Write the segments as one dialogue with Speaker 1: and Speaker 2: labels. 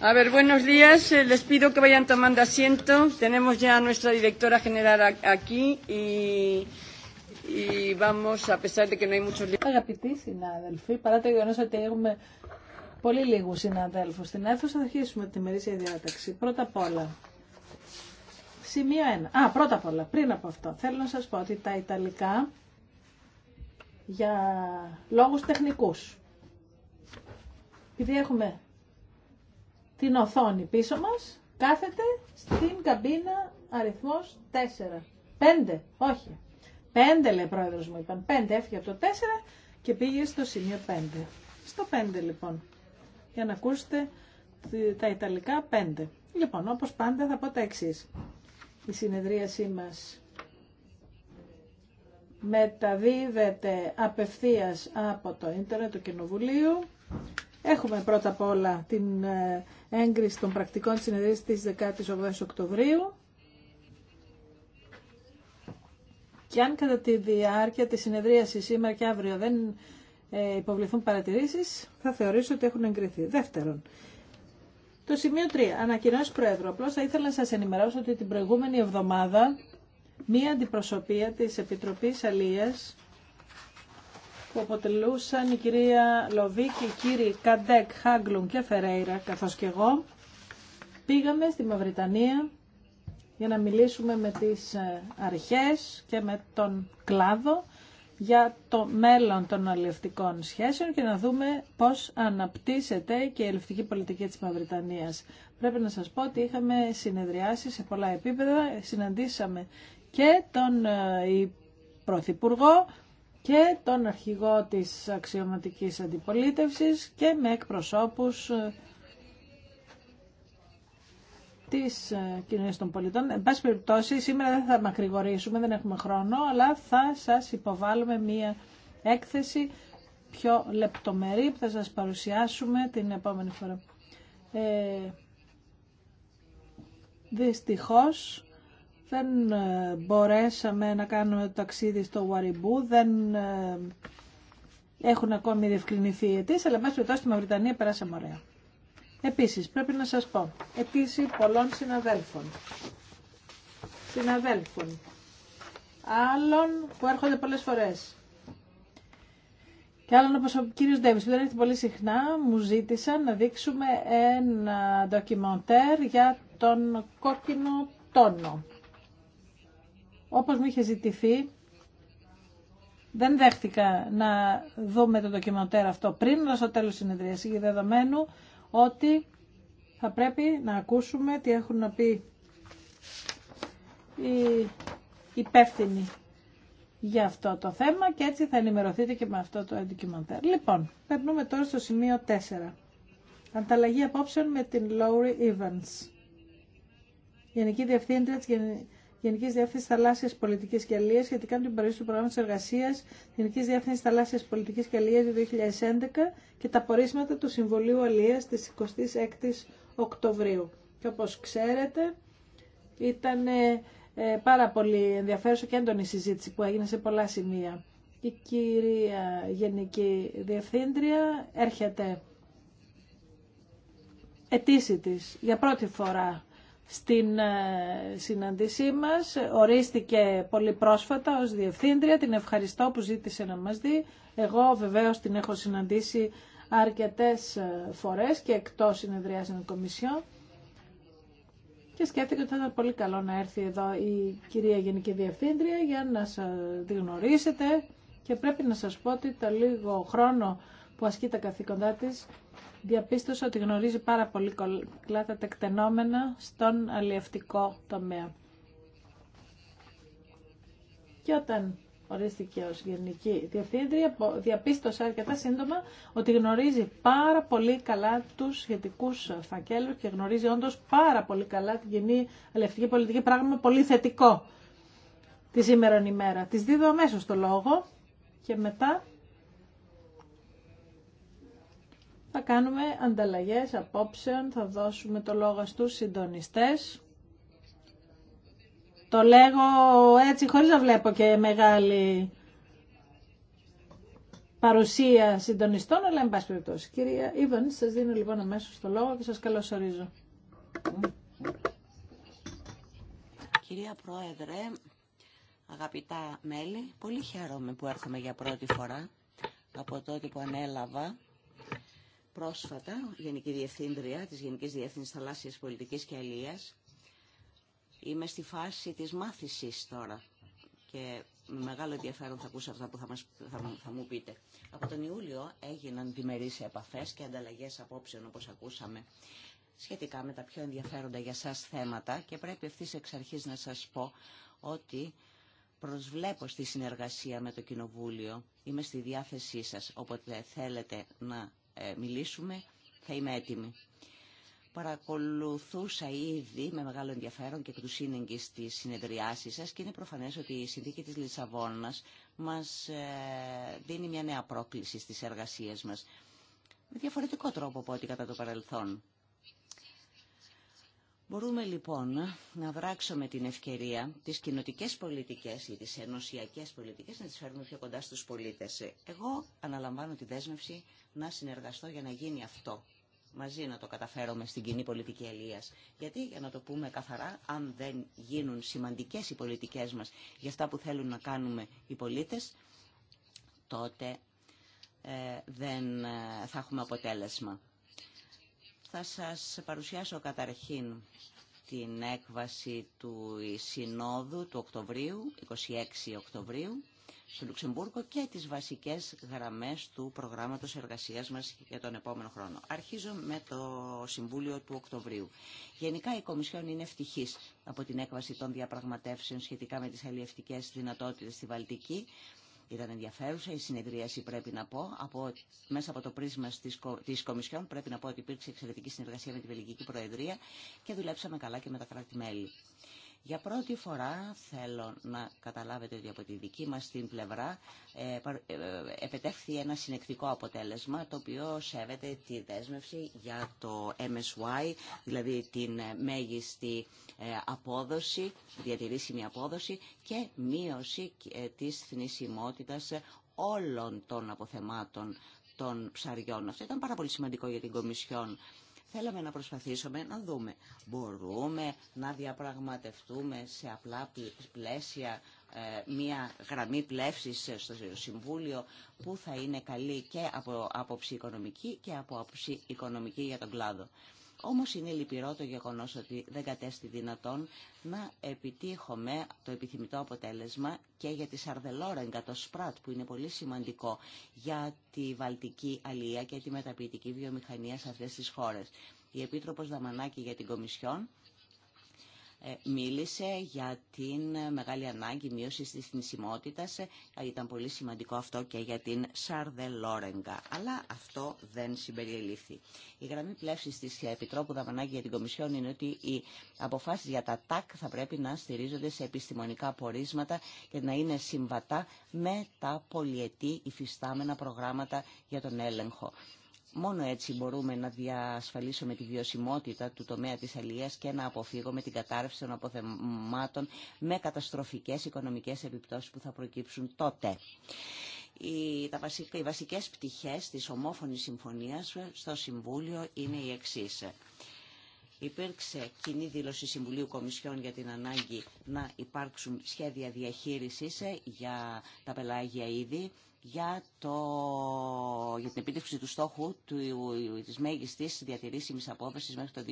Speaker 1: A ver, eh, Tenemos ya nuestra directora general Αγαπητοί συνάδελφοι, παρά το γεγονό ότι έχουμε πολύ λίγου συνάδελφου στην αίθουσα, θα αρχίσουμε τη μερίσια διάταξη. Πρώτα απ' όλα, σημείο Α, πρώτα απ' όλα, πριν από αυτό, θέλω να σας πω ότι τα Ιταλικά, για λόγους τεχνικούς, επειδή έχουμε την οθόνη πίσω μας, κάθεται στην καμπίνα αριθμός 4. 5, όχι. 5 λέει πρόεδρο μου, είπαν 5, έφυγε από το 4 και πήγε στο σημείο 5. Στο 5 λοιπόν, για να ακούσετε τα Ιταλικά 5. Λοιπόν, όπως πάντα θα πω τα εξή. Η συνεδρίασή μας μεταδίδεται απευθείας από το ίντερνετ του Κοινοβουλίου Έχουμε πρώτα απ' όλα την ε, έγκριση των πρακτικών της συνεδρίας της 18 Οκτωβρίου. Και αν κατά τη διάρκεια της συνεδρίασης σήμερα και αύριο δεν ε, υποβληθούν παρατηρήσεις, θα θεωρήσω ότι έχουν εγκριθεί. Δεύτερον, το σημείο 3. Ανακοινώσει Πρόεδρου. Απλώ θα ήθελα να σα ενημερώσω ότι την προηγούμενη εβδομάδα μία αντιπροσωπεία τη Επιτροπή Αλίας που αποτελούσαν η κυρία Λοβίκη, και οι κύριοι Καντέκ, Χάγκλουμ και Φερέιρα, καθώς και εγώ, πήγαμε στη Μαυριτανία για να μιλήσουμε με τις ε, αρχές και με τον κλάδο για το μέλλον των αλληλευτικών σχέσεων και να δούμε πώς αναπτύσσεται και η αλληλευτική πολιτική της Μαυριτανίας. Πρέπει να σας πω ότι είχαμε συνεδριάσει σε πολλά επίπεδα, συναντήσαμε και τον ε, Πρωθυπουργό, και τον αρχηγό της αξιωματικής αντιπολίτευσης και με εκπροσώπους ε, της ε, κοινωνίας των πολιτών. Εν πάση περιπτώσει, σήμερα δεν θα μακρηγορήσουμε, δεν έχουμε χρόνο, αλλά θα σας υποβάλουμε μία έκθεση πιο λεπτομερή που θα σας παρουσιάσουμε την επόμενη φορά. Ε, δυστυχώς, δεν ε, μπορέσαμε να κάνουμε ταξίδι στο Βαριμπού, δεν ε, έχουν ακόμη διευκρινηθεί οι αιτήσεις, αλλά μέσα στη Μαυριτανία περάσαμε ωραία. Επίσης, πρέπει να σας πω, αιτήσει πολλών συναδέλφων. Συναδέλφων. Άλλων που έρχονται πολλές φορές. Και άλλων όπως ο κύριος Ντέβις που δεν έρχεται πολύ συχνά μου ζήτησαν να δείξουμε ένα ντοκιμαντέρ για τον κόκκινο τόνο όπως μου είχε ζητηθεί, δεν δέχτηκα να δούμε το ντοκιμαντέρ αυτό πριν, αλλά στο τέλος συνεδρίας, για δεδομένου ότι θα πρέπει να ακούσουμε τι έχουν να πει οι υπεύθυνοι για αυτό το θέμα και έτσι θα ενημερωθείτε και με αυτό το ντοκιμαντέρ. Λοιπόν, περνούμε τώρα στο σημείο 4. Ανταλλαγή απόψεων με την Lowry Evans, Γενική Διευθύντρια της Γενική Διεύθυνση Θαλάσσια Πολιτική και Αλία σχετικά με την παρουσία του προγράμματο εργασία Γενική Διεύθυνση Θαλάσσια Πολιτική και Αλία 2011 και τα πορίσματα του Συμβουλίου Αλία τη 26η Οκτωβρίου. Και όπω ξέρετε, ήταν ε, πάρα πολύ ενδιαφέρουσα και έντονη συζήτηση που έγινε σε πολλά σημεία. Η κυρία Γενική Διευθύντρια έρχεται ετήσι της για πρώτη φορά στην ε, συναντήσή μας. Ορίστηκε πολύ πρόσφατα ως διευθύντρια. Την ευχαριστώ που ζήτησε να μας δει. Εγώ βεβαίως την έχω συναντήσει αρκετές ε, φορές και εκτός συνεδριάσεων κομισιών. Και σκέφτηκα ότι θα ήταν πολύ καλό να έρθει εδώ η κυρία Γενική Διευθύντρια για να τη γνωρίσετε. Και πρέπει να σας πω ότι το λίγο χρόνο που ασκεί τα καθήκοντά της διαπίστωσα ότι γνωρίζει πάρα πολύ καλά τα τεκτενόμενα στον αλλιευτικό τομέα. Και όταν ορίστηκε ως Γενική Διευθύντρια, διαπίστωσα αρκετά σύντομα ότι γνωρίζει πάρα πολύ καλά τους σχετικούς φακέλους και γνωρίζει όντως πάρα πολύ καλά την κοινή αλλιευτική πολιτική, πράγμα πολύ θετικό τη σήμερα ημέρα. Της δίδω αμέσω το λόγο και μετά Θα κάνουμε ανταλλαγές απόψεων, θα δώσουμε το λόγο στους συντονιστές. Το λέγω έτσι χωρίς να βλέπω και μεγάλη παρουσία συντονιστών, αλλά εν πάση περιπτώσει. Κυρία Ήβαν, σας δίνω λοιπόν αμέσω το λόγο και σας καλωσορίζω.
Speaker 2: Κυρία Πρόεδρε, αγαπητά μέλη, πολύ χαίρομαι που έρχομαι για πρώτη φορά από τότε που ανέλαβα πρόσφατα Γενική Διευθύντρια της Γενικής Διεύθυνσης Θαλάσσιας Πολιτικής και Αλίας. Είμαι στη φάση της μάθησης τώρα και με μεγάλο ενδιαφέρον θα ακούσω αυτά που θα, μας, θα, θα μου πείτε. Από τον Ιούλιο έγιναν διμερείς επαφές και ανταλλαγές απόψεων όπως ακούσαμε σχετικά με τα πιο ενδιαφέροντα για σας θέματα και πρέπει ευθύς εξ αρχής να σας πω ότι προσβλέπω στη συνεργασία με το Κοινοβούλιο. Είμαι στη διάθεσή σας όποτε θέλετε να ε, μιλήσουμε θα είμαι έτοιμη. Παρακολουθούσα ήδη με μεγάλο ενδιαφέρον και του σύνεγγυ τη συνεδριάσει, σα και είναι προφανέ ότι η συνθήκη τη Λισαβόνα μα ε, δίνει μια νέα πρόκληση στι εργασίε μα. Με διαφορετικό τρόπο από ό,τι κατά το παρελθόν. Μπορούμε λοιπόν να βράξουμε την ευκαιρία τις κοινοτικέ πολιτικές ή τις ενωσιακές πολιτικές να τις φέρουμε πιο κοντά στους πολίτες. Εγώ αναλαμβάνω τη δέσμευση να συνεργαστώ για να γίνει αυτό. Μαζί να το καταφέρομαι στην κοινή πολιτική ελίας. Γιατί, για να το πούμε καθαρά, αν δεν γίνουν σημαντικές οι πολιτικές μας για αυτά που θέλουν να κάνουμε οι πολίτες, τότε ε, δεν ε, θα έχουμε αποτέλεσμα. Θα σας παρουσιάσω καταρχήν την έκβαση του Συνόδου του Οκτωβρίου, 26 Οκτωβρίου, στο Λουξεμβούργο και τις βασικές γραμμές του προγράμματος εργασίας μας για τον επόμενο χρόνο. Αρχίζω με το Συμβούλιο του Οκτωβρίου. Γενικά η Κομισιόν είναι ευτυχής από την έκβαση των διαπραγματεύσεων σχετικά με τις αλλιευτικές δυνατότητες στη Βαλτική ήταν ενδιαφέρουσα η συνεδρίαση, πρέπει να πω, από, μέσα από το πρίσμα της, Κομισιόν. Πρέπει να πω ότι υπήρξε εξαιρετική συνεργασία με τη Βελγική Προεδρία και δουλέψαμε καλά και με τα κράτη-μέλη. Για πρώτη φορά θέλω να καταλάβετε ότι από τη δική μας την πλευρά ε, ε, επετέχθη ένα συνεκτικό αποτέλεσμα το οποίο σέβεται τη δέσμευση για το MSY, δηλαδή την ε, μέγιστη απόδοση, διατηρήσιμη απόδοση και μείωση της θνησιμότητας όλων των αποθεμάτων των ψαριών. Αυτό ήταν πάρα πολύ σημαντικό για την Κομισιόν Θέλαμε να προσπαθήσουμε να δούμε. Μπορούμε να διαπραγματευτούμε σε απλά πλαίσια ε, μια γραμμή πλεύσης στο Συμβούλιο που θα είναι καλή και από άποψη οικονομική και από άποψη οικονομική για τον κλάδο. Όμως είναι λυπηρό το γεγονός ότι δεν κατέστη δυνατόν να επιτύχουμε το επιθυμητό αποτέλεσμα και για τη Σαρδελόρεγκα, το ΣΠΡΑΤ, που είναι πολύ σημαντικό για τη βαλτική αλία και τη μεταποιητική βιομηχανία σε αυτές τις χώρες. Η Επίτροπος Δαμανάκη για την Κομισιόν ε, μίλησε για την μεγάλη ανάγκη μείωσης της θνησιμότητας. Ε, ήταν πολύ σημαντικό αυτό και για την Σαρδελόρεγγα. Αλλά αυτό δεν συμπεριελήφθη. Η γραμμή πλεύσης της Επιτρόπου Δαμανάκη για την Κομισιόν είναι ότι οι αποφάσεις για τα ΤΑΚ θα πρέπει να στηρίζονται σε επιστημονικά πορίσματα και να είναι συμβατά με τα πολιετή υφιστάμενα προγράμματα για τον έλεγχο. Μόνο έτσι μπορούμε να διασφαλίσουμε τη βιωσιμότητα του τομέα της αλίας και να αποφύγουμε την κατάρρευση των αποθεμάτων με καταστροφικές οικονομικές επιπτώσεις που θα προκύψουν τότε. Οι, τα βασικά, οι βασικές πτυχές της ομόφωνης συμφωνίας στο Συμβούλιο είναι οι εξής. Υπήρξε κοινή δήλωση Συμβουλίου Κομισιών για την ανάγκη να υπάρξουν σχέδια διαχείρισης ε, για τα πελάγια είδη για, το, για την επίτευξη του στόχου του, της μέγιστης διατηρήσιμης απόφασης μέχρι το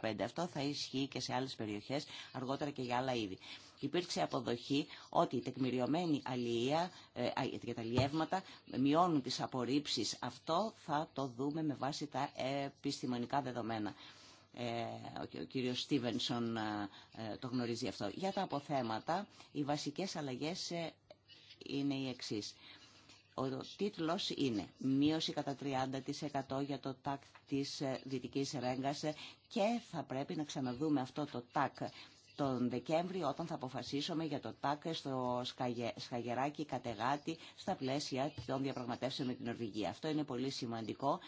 Speaker 2: 2015. Αυτό θα ισχύει και σε άλλες περιοχές, αργότερα και για άλλα είδη. Υπήρξε αποδοχή ότι η τεκμηριωμένη αλληλεία ε, για τα αλληλεύματα μειώνουν τις απορρίψεις. Αυτό θα το δούμε με βάση τα επιστημονικά δεδομένα. Ε, ο κύριος Στίβενσον ε, το γνωρίζει αυτό. Για τα αποθέματα, οι βασικές αλλαγές είναι οι εξής. Ο τίτλος είναι «Μείωση κατά 30% για το ΤΑΚ της ε, Δυτικής Ρέγκας» και θα πρέπει να ξαναδούμε αυτό το ΤΑΚ τον Δεκέμβρη όταν θα αποφασίσουμε για το ΤΑΚ στο Σκαγεράκι Κατεγάτη στα πλαίσια των διαπραγματεύσεων με την Νορβηγία. Αυτό είναι πολύ σημαντικό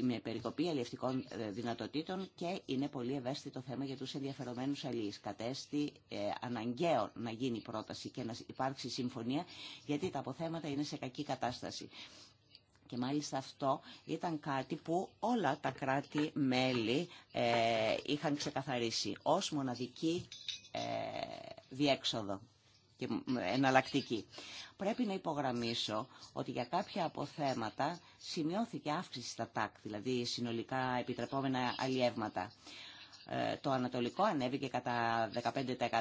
Speaker 2: με περικοπή αλληλευτικών ε, δυνατοτήτων και είναι πολύ ευαίσθητο θέμα για τους ενδιαφερομένους αλληλείς. Κατέστη ε, αναγκαίο να γίνει πρόταση και να υπάρξει συμφωνία γιατί τα αποθέματα είναι σε κακή κατάσταση. Και μάλιστα αυτό ήταν κάτι που όλα τα κράτη-μέλη ε, είχαν ξεκαθαρίσει ως μοναδική διέξοδο και εναλλακτική. Πρέπει να υπογραμμίσω ότι για κάποια αποθέματα σημειώθηκε αύξηση στα τάκ, δηλαδή συνολικά επιτρεπόμενα αλλιεύματα. Ε, το ανατολικό ανέβηκε κατά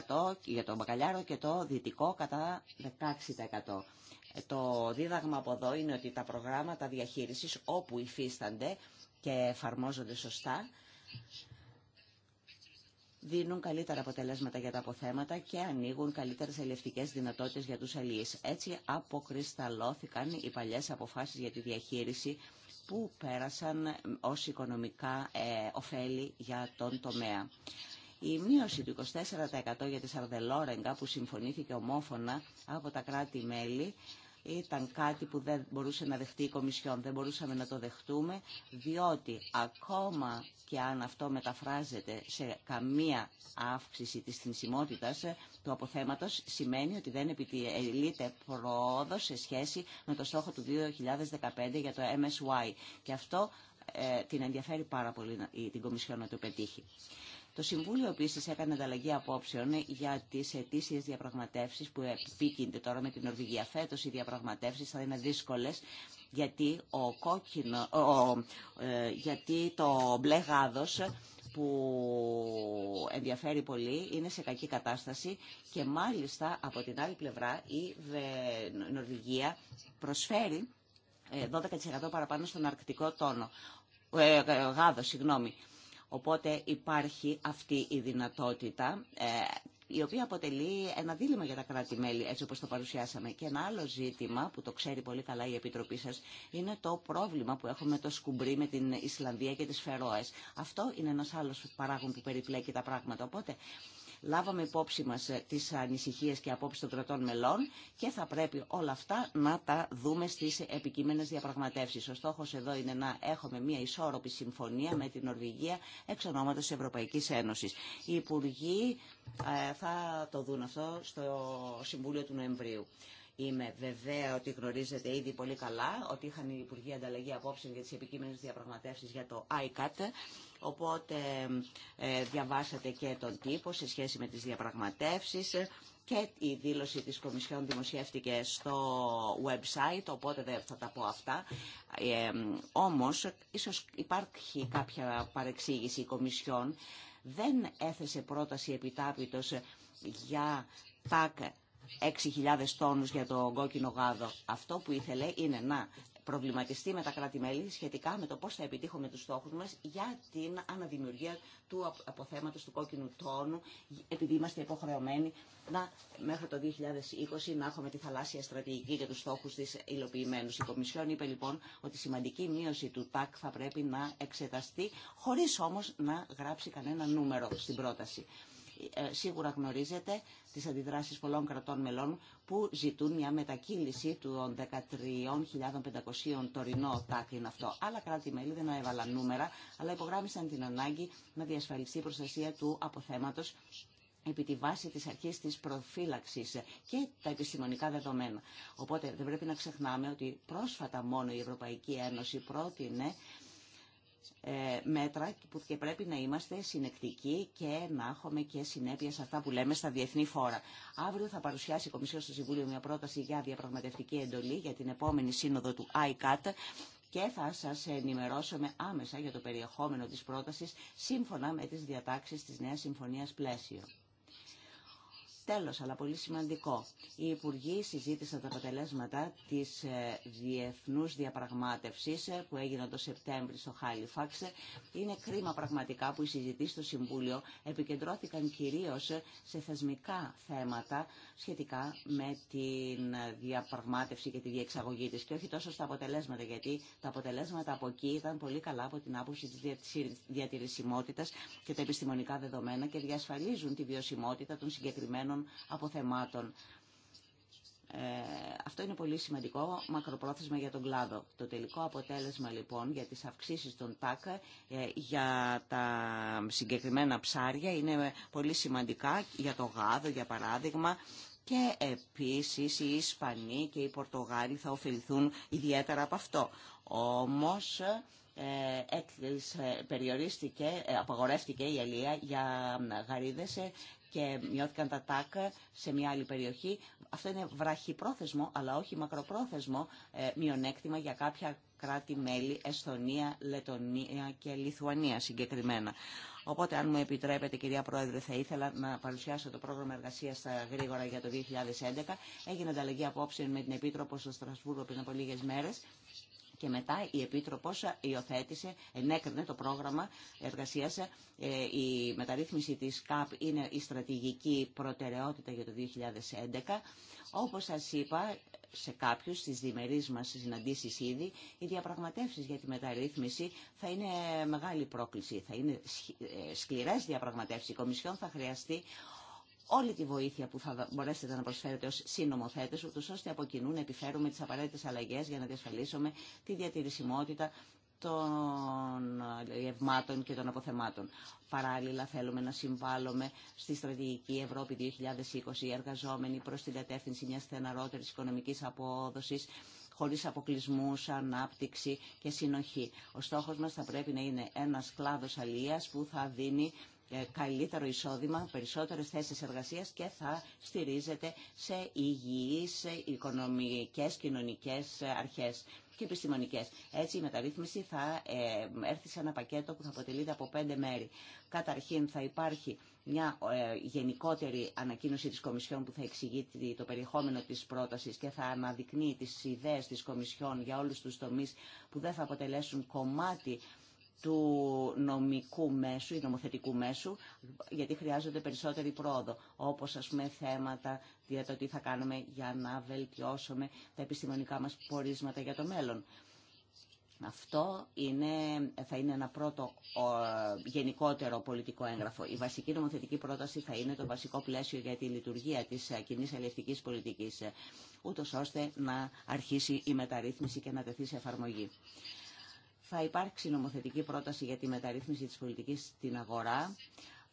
Speaker 2: 15% για το μπακαλιάρο και το δυτικό κατά 16%. Ε, το δίδαγμα από εδώ είναι ότι τα προγράμματα διαχείρισης όπου υφίστανται και εφαρμόζονται σωστά δίνουν καλύτερα αποτελέσματα για τα αποθέματα και ανοίγουν καλύτερες ελευτικέ δυνατότητες για τους αλληλείς. Έτσι αποκρισταλώθηκαν οι παλιές αποφάσεις για τη διαχείριση που πέρασαν ως οικονομικά ε, ωφέλη για τον τομέα. Η μείωση του 24% για τη Σαρδελόρεγγα που συμφωνήθηκε ομόφωνα από τα κράτη-μέλη ήταν κάτι που δεν μπορούσε να δεχτεί η Κομισιόν. Δεν μπορούσαμε να το δεχτούμε, διότι ακόμα και αν αυτό μεταφράζεται σε καμία αύξηση της θνησιμότητας ε, του αποθέματος, σημαίνει ότι δεν επιτελείται πρόοδος σε σχέση με το στόχο του 2015 για το MSY. Και αυτό ε, την ενδιαφέρει πάρα πολύ την Κομισιόν να το πετύχει. Το Συμβούλιο επίση έκανε ανταλλαγή απόψεων για τι ετήσιε διαπραγματεύσει που επίκυνται τώρα με την Νορβηγία. Φέτο οι διαπραγματεύσει θα είναι δύσκολε γιατί, ο ο, ε, γιατί το μπλε γάδος που ενδιαφέρει πολύ είναι σε κακή κατάσταση και μάλιστα από την άλλη πλευρά η Νορβηγία προσφέρει ε, 12% παραπάνω στον αρκτικό τόνο, ε, γάδο, συγγνώμη. Οπότε υπάρχει αυτή η δυνατότητα, ε, η οποία αποτελεί ένα δίλημα για τα κράτη-μέλη, έτσι όπως το παρουσιάσαμε. Και ένα άλλο ζήτημα που το ξέρει πολύ καλά η Επιτροπή σας, είναι το πρόβλημα που έχουμε το σκουμπρί με την Ισλανδία και τις Φερόες. Αυτό είναι ένας άλλος παράγων που περιπλέκει τα πράγματα. Οπότε Λάβαμε υπόψη μας ε, τις ανησυχίες και απόψεις των κρατών μελών και θα πρέπει όλα αυτά να τα δούμε στις επικείμενες διαπραγματεύσεις. Ο στόχος εδώ είναι να έχουμε μια ισόρροπη συμφωνία με την Νορβηγία εξ ονόματος Ευρωπαϊκή Ευρωπαϊκής Ένωσης. Οι υπουργοί ε, θα το δουν αυτό στο Συμβούλιο του Νοεμβρίου. Είμαι βεβαία ότι γνωρίζετε ήδη πολύ καλά ότι είχαν οι Υπουργοί ανταλλαγή απόψεων για τις επικείμενες διαπραγματεύσεις για το ICAT. Οπότε ε, διαβάσατε και τον τύπο σε σχέση με τις διαπραγματεύσεις και η δήλωση της Κομισιόν δημοσιεύτηκε στο website, οπότε δεν θα τα πω αυτά. Ε, όμως, ίσως υπάρχει κάποια παρεξήγηση η Κομισιόν. Δεν έθεσε πρόταση επιτάπητος για τάκ 6.000 τόνους για το κόκκινο γάδο. Αυτό που ήθελε είναι να προβληματιστεί με τα κράτη-μέλη σχετικά με το πώς θα επιτύχουμε τους στόχους μας για την αναδημιουργία του αποθέματος του κόκκινου τόνου, επειδή είμαστε υποχρεωμένοι να, μέχρι το 2020 να έχουμε τη θαλάσσια στρατηγική για τους στόχους της υλοποιημένους. Η Κομισιόν είπε λοιπόν ότι η σημαντική μείωση του ΤΑΚ θα πρέπει να εξεταστεί, χωρίς όμως να γράψει κανένα νούμερο στην πρόταση. Ε, σίγουρα γνωρίζετε τις αντιδράσεις πολλών κρατών μελών που ζητούν μια μετακύληση των 13.500 τωρινο τορινό είναι αυτό. Άλλα κράτη-μέλη δεν έβαλαν νούμερα, αλλά υπογράμμισαν την ανάγκη να διασφαλιστεί η προστασία του αποθέματος επί τη βάση της αρχής της προφύλαξης και τα επιστημονικά δεδομένα. Οπότε δεν πρέπει να ξεχνάμε ότι πρόσφατα μόνο η Ευρωπαϊκή Ένωση πρότεινε ε, μέτρα που και πρέπει να είμαστε συνεκτικοί και να έχουμε και συνέπεια σε αυτά που λέμε στα διεθνή φόρα. Αύριο θα παρουσιάσει η Κομισιόν στο Συμβούλιο μια πρόταση για διαπραγματευτική εντολή για την επόμενη σύνοδο του ICAT και θα σας ενημερώσουμε άμεσα για το περιεχόμενο της πρότασης σύμφωνα με τις διατάξεις της νέας συμφωνίας πλαίσιο. Τέλος, αλλά πολύ σημαντικό, οι Υπουργοί συζήτησαν τα αποτελέσματα της ε, διεθνούς διαπραγμάτευσης ε, που έγινε το Σεπτέμβριο στο Χάλιφαξ. Είναι κρίμα πραγματικά που οι συζητήσεις στο Συμβούλιο επικεντρώθηκαν κυρίως ε, σε θεσμικά θέματα σχετικά με την διαπραγμάτευση και τη διεξαγωγή της και όχι τόσο στα αποτελέσματα, γιατί τα αποτελέσματα από εκεί ήταν πολύ καλά από την άποψη της διατηρησιμότητας και τα επιστημονικά δεδομένα και διασφαλίζουν τη βιωσιμότητα των συγκεκριμένων αποθεμάτων. Ε, αυτό είναι πολύ σημαντικό μακροπρόθεσμα για τον κλάδο. Το τελικό αποτέλεσμα λοιπόν για τις αυξήσεις των ΤΑΚ ε, για τα συγκεκριμένα ψάρια είναι πολύ σημαντικά για το γάδο για παράδειγμα και επίσης οι Ισπανοί και οι Πορτογάλοι θα ωφεληθούν ιδιαίτερα από αυτό. Όμως ε, ε περιορίστηκε, ε, απαγορεύτηκε η αλία για γαρίδες και μειώθηκαν τα ΤΑΚ σε μια άλλη περιοχή. Αυτό είναι βραχυπρόθεσμο, αλλά όχι μακροπρόθεσμο ε, μειονέκτημα για κάποια κράτη-μέλη, Εσθονία, Λετωνία και Λιθουανία συγκεκριμένα. Οπότε, αν μου επιτρέπετε, κυρία Πρόεδρε, θα ήθελα να παρουσιάσω το πρόγραμμα εργασία γρήγορα για το 2011. Έγινε ανταλλαγή απόψεων με την Επίτροπο στο Στρασβούργο πριν από λίγε μέρε και μετά η Επίτροπος υιοθέτησε, ενέκρινε το πρόγραμμα εργασίας. Ε, η μεταρρύθμιση της ΚΑΠ είναι η στρατηγική προτεραιότητα για το 2011. Όπως σας είπα, σε κάποιους στις διμερείς μας συναντήσεις ήδη, οι διαπραγματεύσεις για τη μεταρρύθμιση θα είναι μεγάλη πρόκληση. Θα είναι ε, σκληρές διαπραγματεύσεις. Η Κομισιόν θα χρειαστεί όλη τη βοήθεια που θα μπορέσετε να προσφέρετε ως συνομοθέτες, ούτως ώστε από κοινού να επιφέρουμε τις απαραίτητες αλλαγές για να διασφαλίσουμε τη διατηρησιμότητα των ευμάτων και των αποθεμάτων. Παράλληλα θέλουμε να συμβάλλουμε στη στρατηγική Ευρώπη 2020 εργαζόμενοι προς την κατεύθυνση μιας στεναρότερης οικονομικής απόδοσης χωρίς αποκλεισμούς, ανάπτυξη και συνοχή. Ο στόχος μας θα πρέπει να είναι ένας κλάδος αλίας που θα δίνει ε, καλύτερο εισόδημα, περισσότερες θέσεις εργασίας και θα στηρίζεται σε υγιείς οικονομικές, κοινωνικές αρχές και επιστημονικές. Έτσι η μεταρρύθμιση θα ε, έρθει σε ένα πακέτο που θα αποτελείται από πέντε μέρη. Καταρχήν θα υπάρχει μια ε, γενικότερη ανακοίνωση της Κομισιόν που θα εξηγεί το περιεχόμενο της πρότασης και θα αναδεικνύει τις ιδέες της Κομισιόν για όλους τους τομείς που δεν θα αποτελέσουν κομμάτι του νομικού μέσου ή νομοθετικού μέσου, γιατί χρειάζονται περισσότερη πρόοδο, όπως ας πούμε θέματα για το τι θα κάνουμε για να βελτιώσουμε τα επιστημονικά μας πορίσματα για το μέλλον. Αυτό είναι, θα είναι ένα πρώτο γενικότερο πολιτικό έγγραφο. Η βασική νομοθετική πρόταση θα είναι το βασικό πλαίσιο για τη λειτουργία της ε, κοινή αλληλευτικής πολιτικής, ε, ούτως ώστε να αρχίσει η μεταρρύθμιση και να τεθεί σε εφαρμογή. Θα υπάρξει νομοθετική πρόταση για τη μεταρρύθμιση της πολιτικής στην αγορά.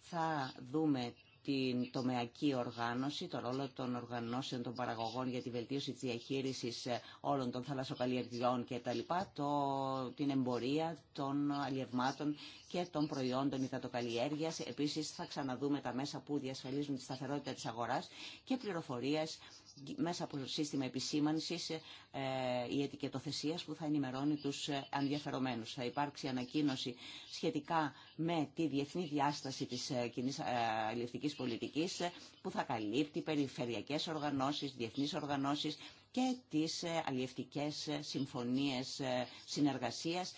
Speaker 2: Θα δούμε την τομεακή οργάνωση, το ρόλο των οργανώσεων των παραγωγών για τη βελτίωση της διαχείρισης ε, όλων των θαλασσοκαλλιεργειών και το, την εμπορία των αλλιευμάτων και των προϊόντων υδατοκαλλιέργειας. Επίσης θα ξαναδούμε τα μέσα που διασφαλίζουν τη σταθερότητα της αγοράς και πληροφορίες μέσα από το σύστημα επισήμανσης ε, η ετικετοθεσία που θα ενημερώνει τους ε, ενδιαφερομένους. Θα υπάρξει ανακοίνωση σχετικά με τη διεθνή διάσταση της ε, κοινής αλληλευτικής πολιτικής που θα καλύπτει περιφερειακές οργανώσεις, διεθνείς οργανώσεις και τις αλληλευτικές συμφωνίες συνεργασίας.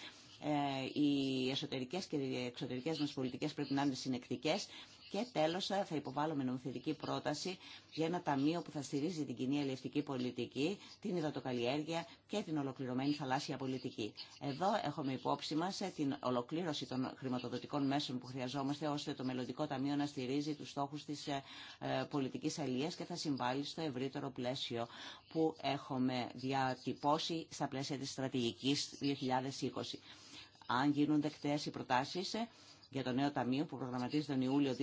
Speaker 2: Οι εσωτερικές και οι εξωτερικές μας πολιτικές πρέπει να είναι συνεκτικές και τέλος θα υποβάλουμε νομοθετική πρόταση για ένα ταμείο που θα στηρίζει την κοινή αλληλευτική πολιτική, την υδατοκαλλιέργεια και την ολοκληρωμένη θαλάσσια πολιτική. Εδώ έχουμε υπόψη μας ε, την ολοκλήρωση των χρηματοδοτικών μέσων που χρειαζόμαστε ώστε το μελλοντικό ταμείο να στηρίζει τους στόχους της ε, ε, πολιτικής αλληλεία και θα συμβάλλει στο ευρύτερο πλαίσιο που έχουμε διατυπώσει στα πλαίσια της στρατηγικής 2020. Αν γίνουν δεκτές οι προτάσεις, για το νέο ταμείο που προγραμματίζεται τον Ιούλιο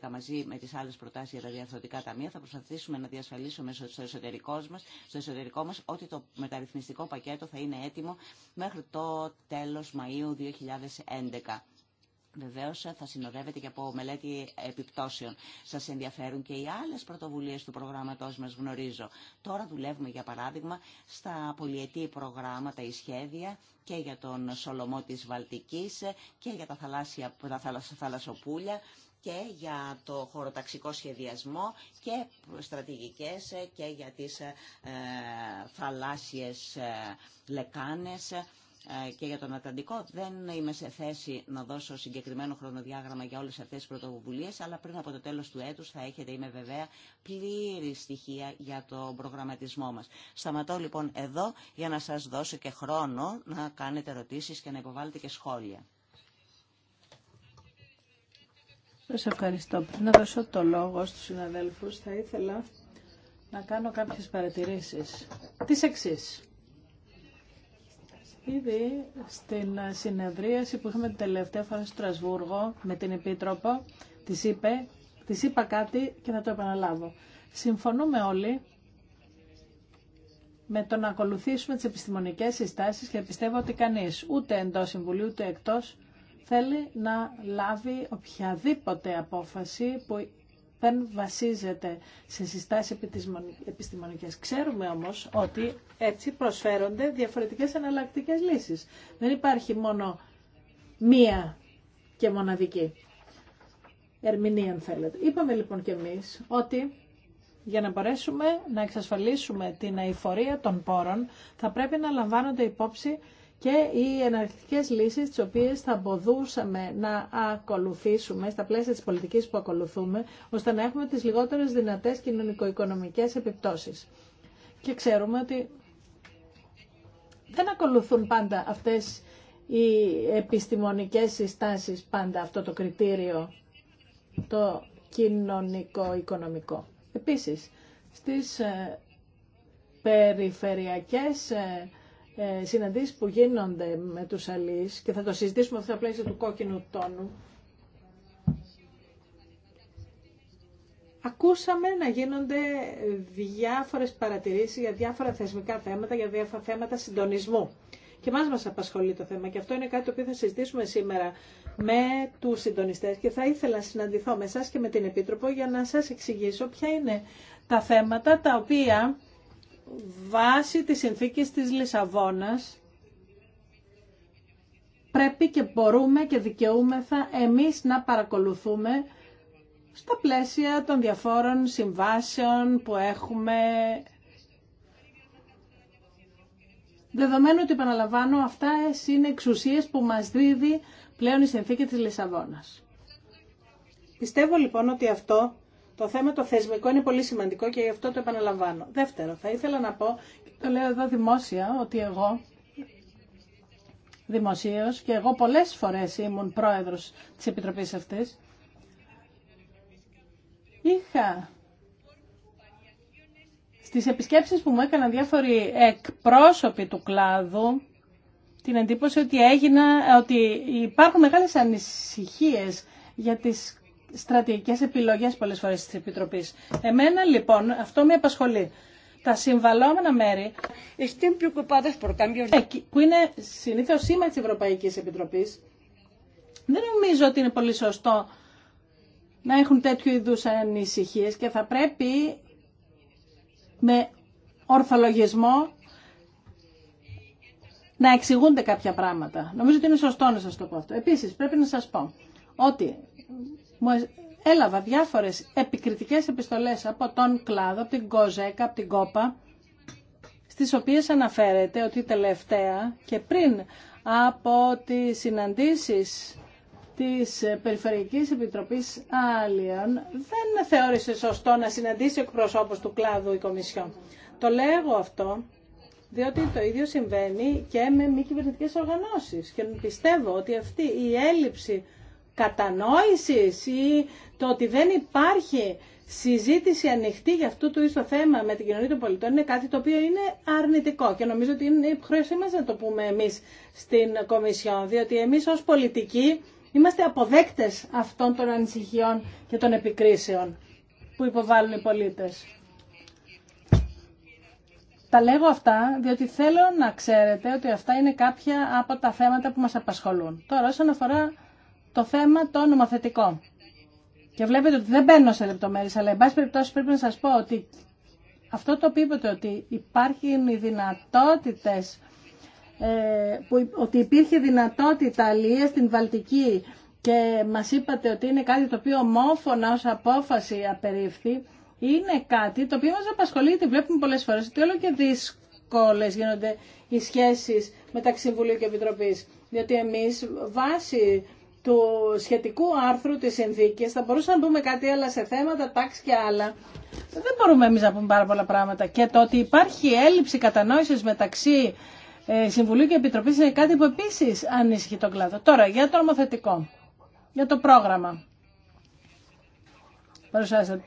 Speaker 2: 2011 μαζί με τις άλλες προτάσεις για τα διαρθρωτικά ταμεία θα προσπαθήσουμε να διασφαλίσουμε στο εσωτερικό μας, στο εσωτερικό μας ότι το μεταρρυθμιστικό πακέτο θα είναι έτοιμο μέχρι το τέλος Μαΐου 2011. Βεβαίω ε, θα συνοδεύεται και από μελέτη επιπτώσεων. Σα ενδιαφέρουν και οι άλλε πρωτοβουλίε του προγράμματό μα, γνωρίζω. Τώρα δουλεύουμε, για παράδειγμα, στα πολιετή προγράμματα ή σχέδια και για τον Σολομό τη Βαλτική και για τα, θαλάσσια, τα θαλασσοπούλια και για το χωροταξικό σχεδιασμό και στρατηγικές ε, και για τις ε, ε θαλάσσιες λεκάνες ε, και για τον Ατλαντικό. Δεν είμαι σε θέση να δώσω συγκεκριμένο χρονοδιάγραμμα για όλες αυτές τις πρωτοβουλίες, αλλά πριν από το τέλος του έτους θα έχετε, είμαι βεβαία, πλήρη στοιχεία για τον προγραμματισμό μας. Σταματώ λοιπόν εδώ για να σας δώσω και χρόνο να κάνετε ερωτήσεις και να υποβάλλετε και σχόλια.
Speaker 1: Σας ευχαριστώ. Πριν να δώσω το λόγο στους συναδέλφους, θα ήθελα να κάνω κάποιες παρατηρήσεις. Τις εξής. Ήδη στην συνεδρίαση που είχαμε την τελευταία φορά στο Στρασβούργο με την Επίτροπο, της, είπε, της είπα κάτι και θα το επαναλάβω. Συμφωνούμε όλοι με το να ακολουθήσουμε τις επιστημονικές συστάσεις και πιστεύω ότι κανείς, ούτε εντός Συμβουλίου, ούτε εκτός, θέλει να λάβει οποιαδήποτε απόφαση που δεν βασίζεται σε συστάσεις επιστημονικές. Ξέρουμε όμως ότι έτσι προσφέρονται διαφορετικές εναλλακτικές λύσεις. Δεν υπάρχει μόνο μία και μοναδική ερμηνεία, αν θέλετε. Είπαμε λοιπόν και εμείς ότι για να μπορέσουμε να εξασφαλίσουμε την αηφορία των πόρων θα πρέπει να λαμβάνονται υπόψη και οι εναρκτικές λύσεις τις οποίες θα μπορούσαμε να ακολουθήσουμε στα πλαίσια της πολιτικής που ακολουθούμε, ώστε να έχουμε τις λιγότερες δυνατές κοινωνικο-οικονομικές επιπτώσεις. Και ξέρουμε ότι δεν ακολουθούν πάντα αυτές οι επιστημονικές συστάσεις πάντα αυτό το κριτήριο το κοινωνικό-οικονομικό. Επίσης, στις ε, περιφερειακές ε, ε, συναντήσεις που γίνονται με τους αλείς και θα το συζητήσουμε αυτό του κόκκινου τόνου. Ακούσαμε να γίνονται διάφορες παρατηρήσεις για διάφορα θεσμικά θέματα, για διάφορα θέματα συντονισμού. Και μας μας απασχολεί το θέμα και αυτό είναι κάτι το οποίο θα συζητήσουμε σήμερα με τους συντονιστές και θα ήθελα να συναντηθώ με εσάς και με την Επίτροπο για να σας εξηγήσω ποια είναι τα θέματα τα οποία βάσει της συνθήκης της Λισαβόνας πρέπει και μπορούμε και δικαιούμεθα εμείς να παρακολουθούμε στα πλαίσια των διαφόρων συμβάσεων που έχουμε Δεδομένου ότι επαναλαμβάνω, αυτά είναι εξουσίες που μας δίδει πλέον η συνθήκη της Λισαβόνας. Πιστεύω λοιπόν ότι αυτό το θέμα το θεσμικό είναι πολύ σημαντικό και γι' αυτό το επαναλαμβάνω. Δεύτερο, θα ήθελα να πω, και το λέω εδώ δημόσια, ότι εγώ δημοσίως και εγώ πολλές φορές ήμουν πρόεδρος της Επιτροπής αυτής, είχα στις επισκέψεις που μου έκαναν διάφοροι εκπρόσωποι του κλάδου την εντύπωση ότι, έγινα, ότι υπάρχουν μεγάλες ανησυχίες για τις στρατηγικές επιλογές πολλές φορές της Επιτροπής. Εμένα λοιπόν αυτό με απασχολεί. Τα συμβαλόμενα μέρη ε, που είναι συνήθως σήμα της Ευρωπαϊκής Επιτροπής δεν νομίζω ότι είναι πολύ σωστό να έχουν τέτοιου είδους ανησυχίες και θα πρέπει με ορθολογισμό να εξηγούνται κάποια πράγματα. Νομίζω ότι είναι σωστό να σας το πω αυτό. Επίσης, πρέπει να σας πω ότι μου ε, έλαβα διάφορες επικριτικές επιστολές από τον κλάδο, από την Κοζέκα, από την Κόπα, στις οποίες αναφέρεται ότι τελευταία και πριν από τις συναντήσεις της Περιφερειακής Επιτροπής Άλλιων δεν θεώρησε σωστό να συναντήσει εκπροσώπους του κλάδου η Κομισιόν. Το λέω αυτό διότι το ίδιο συμβαίνει και με μη κυβερνητικέ οργανώσεις και πιστεύω ότι αυτή η έλλειψη κατανόησης ή το ότι δεν υπάρχει συζήτηση ανοιχτή για αυτού του ίσο θέμα με την κοινωνία των πολιτών είναι κάτι το οποίο είναι αρνητικό και νομίζω ότι είναι υποχρέωσή μας να το πούμε εμείς στην Κομισιόν, διότι εμείς ως πολιτικοί είμαστε αποδέκτες αυτών των ανησυχιών και των επικρίσεων που υποβάλλουν οι πολίτες. Τα λέγω αυτά διότι θέλω να ξέρετε ότι αυτά είναι κάποια από τα θέματα που μας απασχολούν. Τώρα όσον αφορά το θέμα το νομοθετικό. Και βλέπετε ότι δεν μπαίνω σε λεπτομέρειε, αλλά εν πάση περιπτώσει πρέπει να σα πω ότι αυτό το που είπατε ότι υπάρχουν οι δυνατότητε, ε, ότι υπήρχε δυνατότητα αλληλεία στην Βαλτική και μας είπατε ότι είναι κάτι το οποίο ομόφωνα ως απόφαση απερίφθη, είναι κάτι το οποίο μας απασχολεί, γιατί βλέπουμε πολλές φορές, ότι όλο και δύσκολες γίνονται οι σχέσεις μεταξύ Βουλίου και Επιτροπής. Διότι εμείς βάσει του σχετικού άρθρου της συνθήκης. Θα μπορούσαμε να πούμε κάτι άλλα σε θέματα, τάξη και άλλα. Δεν μπορούμε εμείς να πούμε πάρα πολλά πράγματα. Και το ότι υπάρχει έλλειψη κατανόησης μεταξύ ε, Συμβουλίου και Επιτροπής είναι κάτι που επίσης ανησυχεί τον κλάδο. Τώρα, για το νομοθετικό, για το πρόγραμμα.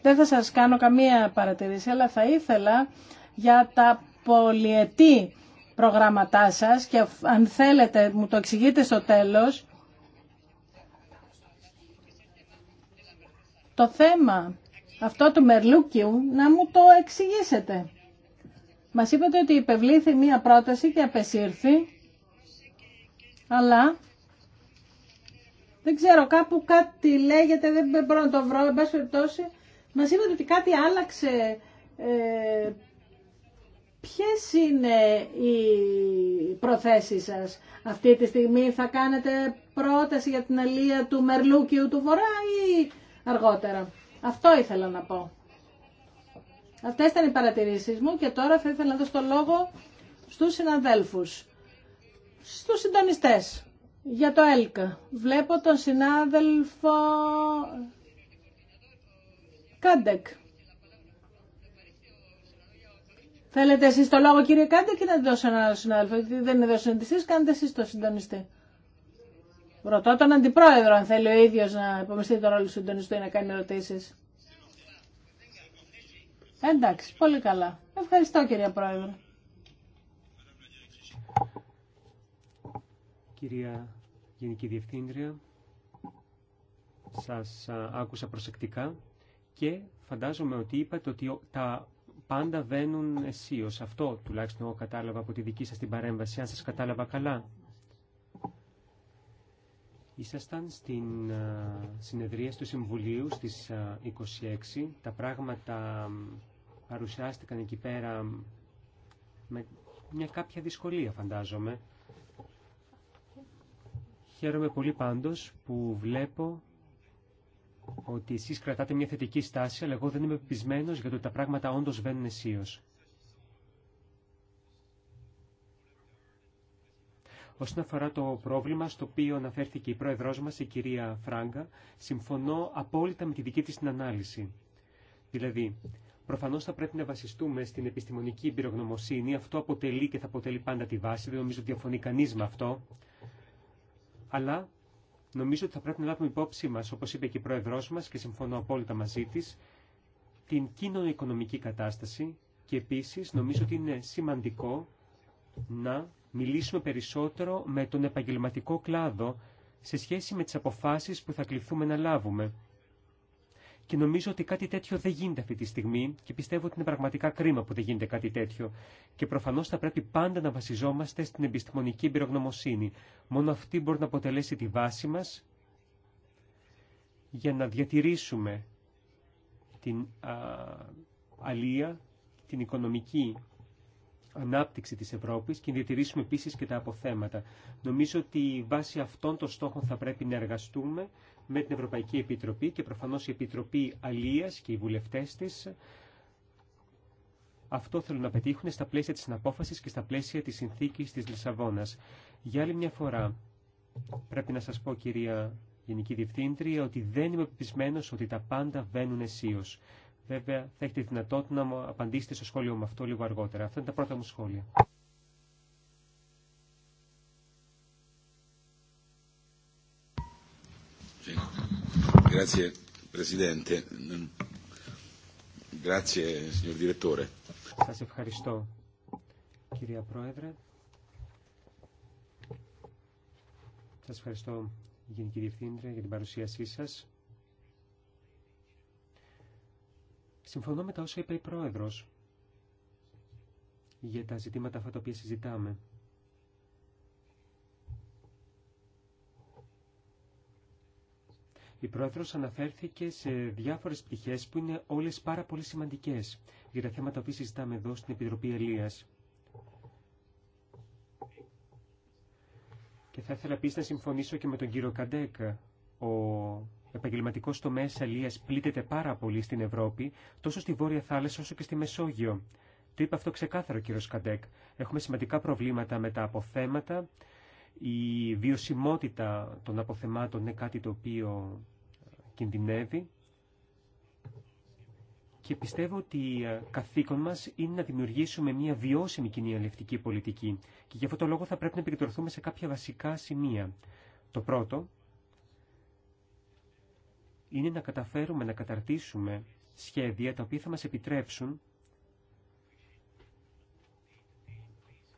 Speaker 1: Δεν θα σας κάνω καμία παρατηρήση, αλλά θα ήθελα για τα πολυετή προγράμματά σας και αν θέλετε μου το εξηγείτε στο τέλος, το θέμα αυτό του Μερλούκιου να μου το εξηγήσετε. Μας είπατε ότι υπευλήθη μία πρόταση και απεσύρθη, αλλά δεν ξέρω, κάπου κάτι λέγεται, δεν μπορώ να το βρω, εν πάση περιπτώσει. Μας είπατε ότι κάτι άλλαξε. Ε, ποιες είναι οι προθέσεις σας αυτή τη στιγμή, θα κάνετε πρόταση για την αλία του Μερλούκιου του Βορρά ή αργότερα. Αυτό ήθελα να πω. Αυτές ήταν οι παρατηρήσεις μου και τώρα θα ήθελα να δώσω το λόγο στους συναδέλφους, στους συντονιστές. Για το ΕΛΚΑ. Βλέπω τον συνάδελφο Κάντεκ. Θέλετε εσείς το λόγο κύριε Κάντεκ ή να δώσω άλλο συνάδελφο. Δεν είναι εδώ συντονιστής, κάντε εσείς το συντονιστή. Ρωτώ τον Αντιπρόεδρο αν θέλει ο ίδιο να υπομειστεί τον ρόλο του συντονιστού ή να κάνει ερωτήσει. Εντάξει, πολύ καλά. Ευχαριστώ κυρία Πρόεδρε.
Speaker 3: Κυρία Γενική Διευθύντρια, σας άκουσα προσεκτικά και φαντάζομαι ότι είπατε ότι τα πάντα βαίνουν αισίως. Αυτό τουλάχιστον κατάλαβα από τη δική σας την παρέμβαση, αν σας κατάλαβα καλά. Ήσασταν στην συνεδρία του Συμβουλίου στις 26. Τα πράγματα παρουσιάστηκαν εκεί πέρα με μια κάποια δυσκολία φαντάζομαι. Χαίρομαι πολύ πάντως που βλέπω ότι εσείς κρατάτε μια θετική στάση, αλλά εγώ δεν είμαι πεπισμένος για το ότι τα πράγματα όντως βαίνουν αισίως. Όσον αφορά το πρόβλημα στο οποίο αναφέρθηκε η πρόεδρός μας, η κυρία Φράγκα, συμφωνώ απόλυτα με τη δική της την ανάλυση. Δηλαδή, προφανώς θα πρέπει να βασιστούμε στην επιστημονική εμπειρογνωμοσύνη. Αυτό αποτελεί και θα αποτελεί πάντα τη βάση. Δεν νομίζω ότι διαφωνεί κανεί με αυτό. Αλλά νομίζω ότι θα πρέπει να λάβουμε υπόψη μας, όπως είπε και η πρόεδρός μας και συμφωνώ απόλυτα μαζί της, την κοινωνικονομική κατάσταση και επίσης νομίζω ότι είναι σημαντικό να μιλήσουμε περισσότερο με τον επαγγελματικό κλάδο σε σχέση με τις αποφάσεις που θα κληθούμε να λάβουμε. Και νομίζω ότι κάτι τέτοιο δεν γίνεται αυτή τη στιγμή και πιστεύω ότι είναι πραγματικά κρίμα που δεν γίνεται κάτι τέτοιο. Και προφανώ θα πρέπει πάντα να βασιζόμαστε στην επιστημονική εμπειρογνωμοσύνη. Μόνο αυτή μπορεί να αποτελέσει τη βάση μα για να διατηρήσουμε την α, αλία, την οικονομική ανάπτυξη της Ευρώπης και να διατηρήσουμε επίσης και τα αποθέματα. Νομίζω ότι βάσει αυτών των στόχων θα πρέπει να εργαστούμε με την Ευρωπαϊκή Επιτροπή και προφανώς η Επιτροπή Αλίας και οι βουλευτές της αυτό θέλουν να πετύχουν στα πλαίσια της συναπόφασης και στα πλαίσια της συνθήκης της Λισαβόνας. Για άλλη μια φορά, πρέπει να σας πω κυρία Γενική Διευθύντρια, ότι δεν είμαι πεπισμένος ότι τα πάντα βαίνουν αισίως. Βέβαια, θα έχετε δυνατότητα να μου απαντήσετε στο σχόλιο μου αυτό λίγο αργότερα. Αυτά είναι τα πρώτα μου σχόλια. Σα ευχαριστώ κυρία Πρόεδρε. Σας ευχαριστώ Γενική Διευθύντρια για την παρουσίασή σας. Συμφωνώ με τα όσα είπε η Πρόεδρος για τα ζητήματα αυτά τα οποία συζητάμε. Η Πρόεδρος αναφέρθηκε σε διάφορες πτυχές που είναι όλες πάρα πολύ σημαντικές για τα θέματα που συζητάμε εδώ στην Επιτροπή Ελίας. Και θα ήθελα επίσης να συμφωνήσω και με τον κύριο Καντέκα. Ο επαγγελματικό τομέα αλληλεία πλήττεται πάρα πολύ στην Ευρώπη, τόσο στη Βόρεια Θάλασσα όσο και στη Μεσόγειο. Το είπε αυτό ξεκάθαρο ο κύριο Καντέκ. Έχουμε σημαντικά προβλήματα με τα αποθέματα. Η βιωσιμότητα των αποθεμάτων είναι κάτι το οποίο κινδυνεύει. Και πιστεύω ότι ε, καθήκον μας είναι να δημιουργήσουμε μια βιώσιμη κοινή αλληλευτική πολιτική. Και γι' αυτό το λόγο θα πρέπει να επικεντρωθούμε σε κάποια βασικά σημεία. Το πρώτο είναι να καταφέρουμε να καταρτήσουμε σχέδια τα οποία θα μας επιτρέψουν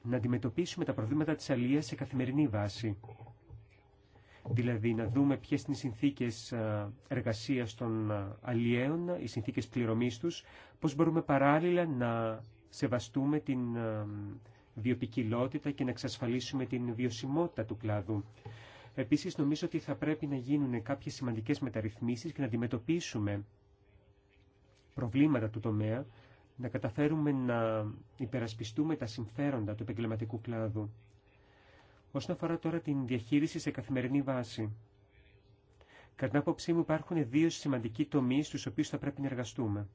Speaker 3: να αντιμετωπίσουμε τα προβλήματα της αλίας σε καθημερινή βάση. Δηλαδή να δούμε ποιες είναι οι συνθήκες εργασίας των αλλιέων, οι συνθήκες πληρωμής τους, πώς μπορούμε παράλληλα να σεβαστούμε την βιοπικιλότητα και να εξασφαλίσουμε την βιωσιμότητα του κλάδου. Επίσης νομίζω ότι θα πρέπει να γίνουν κάποιες σημαντικές μεταρρυθμίσεις και να αντιμετωπίσουμε προβλήματα του τομέα, να καταφέρουμε να υπερασπιστούμε τα συμφέροντα του επαγγελματικού κλάδου. Όσον αφορά τώρα την διαχείριση σε καθημερινή βάση, κατά την άποψή μου υπάρχουν δύο σημαντικοί τομείς στους οποίους θα πρέπει να εργαστούμε.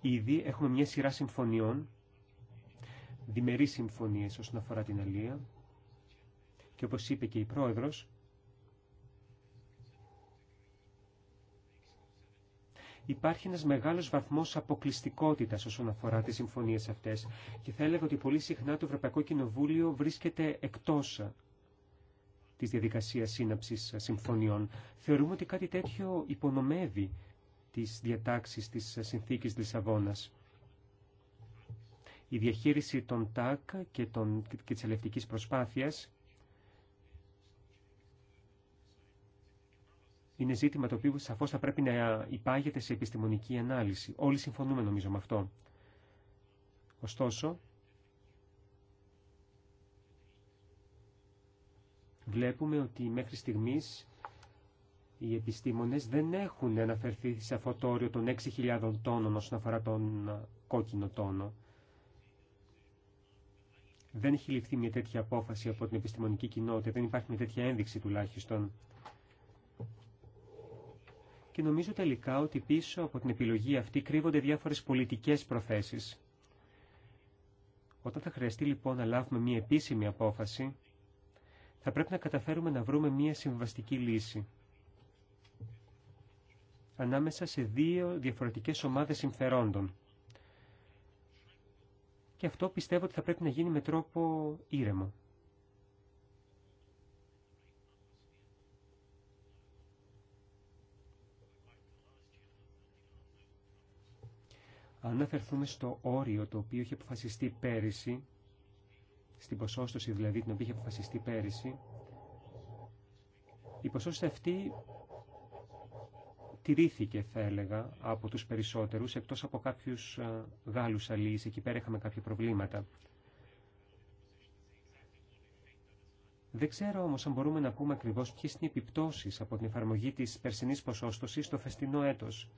Speaker 3: Ήδη έχουμε μια σειρά συμφωνιών διμερείς συμφωνίες όσον αφορά την αλία και όπως είπε και η πρόεδρος, υπάρχει ένας μεγάλος βαθμός αποκλειστικότητας όσον αφορά τις συμφωνίες αυτές και θα έλεγα ότι πολύ συχνά το Ευρωπαϊκό Κοινοβούλιο βρίσκεται εκτός της διαδικασίας σύναψης συμφωνιών. Θεωρούμε ότι κάτι τέτοιο υπονομεύει τις διατάξεις της Συνθήκης Λισαβόνας η διαχείριση των ΤΑΚ και, των, και της ελευτικής προσπάθειας είναι ζήτημα το οποίο σαφώς θα πρέπει να υπάγεται σε επιστημονική ανάλυση. Όλοι συμφωνούμε νομίζω με αυτό. Ωστόσο, βλέπουμε ότι μέχρι στιγμής οι επιστήμονες δεν έχουν αναφερθεί σε αυτό το όριο των 6.000 τόνων όσον αφορά τον κόκκινο τόνο δεν έχει ληφθεί μια τέτοια απόφαση από την επιστημονική κοινότητα, δεν υπάρχει μια τέτοια ένδειξη τουλάχιστον. Και νομίζω τελικά ότι πίσω από την επιλογή αυτή κρύβονται διάφορες πολιτικές προθέσεις. Όταν θα χρειαστεί λοιπόν να λάβουμε μια επίσημη απόφαση, θα πρέπει να καταφέρουμε να βρούμε μια συμβαστική λύση ανάμεσα σε δύο διαφορετικές ομάδες συμφερόντων και αυτό πιστεύω ότι θα πρέπει να γίνει με τρόπο ήρεμο. Αν αναφερθούμε στο όριο το οποίο είχε αποφασιστεί πέρυσι, στην ποσόστοση δηλαδή την οποία είχε αποφασιστεί πέρυσι, η ποσότητα αυτή τηρήθηκε θα έλεγα από τους περισσότερους εκτός από κάποιους Γάλλους αλείς. εκεί πέρα είχαμε κάποια προβλήματα. Δεν ξέρω όμως αν μπορούμε να πούμε ακριβώς ποιες είναι οι επιπτώσεις από την εφαρμογή της περσινής ποσόστοσης στο φεστινό έτος.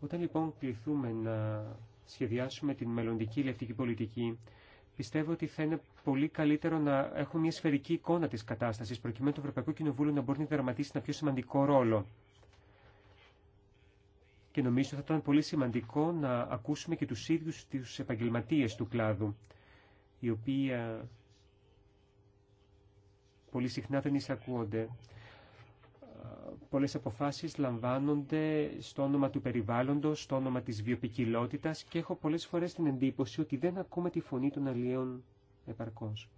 Speaker 3: Όταν λοιπόν κληθούμε να σχεδιάσουμε την μελλοντική ηλεκτρική πολιτική, πιστεύω ότι θα είναι πολύ καλύτερο να έχουμε μια σφαιρική εικόνα της κατάστασης, προκειμένου το Ευρωπαϊκό Κοινοβούλιο να μπορεί να δραματίσει ένα πιο σημαντικό ρόλο. Και νομίζω θα ήταν πολύ σημαντικό να ακούσουμε και τους ίδιους τους επαγγελματίες του κλάδου, οι οποίοι ε, πολύ συχνά δεν εισακούονται πολλές αποφάσεις λαμβάνονται στο όνομα του περιβάλλοντος, στο όνομα της βιοπικιλότητας και έχω πολλές φορές την εντύπωση ότι δεν ακούμε τη φωνή των αλλιέων επαρκώς.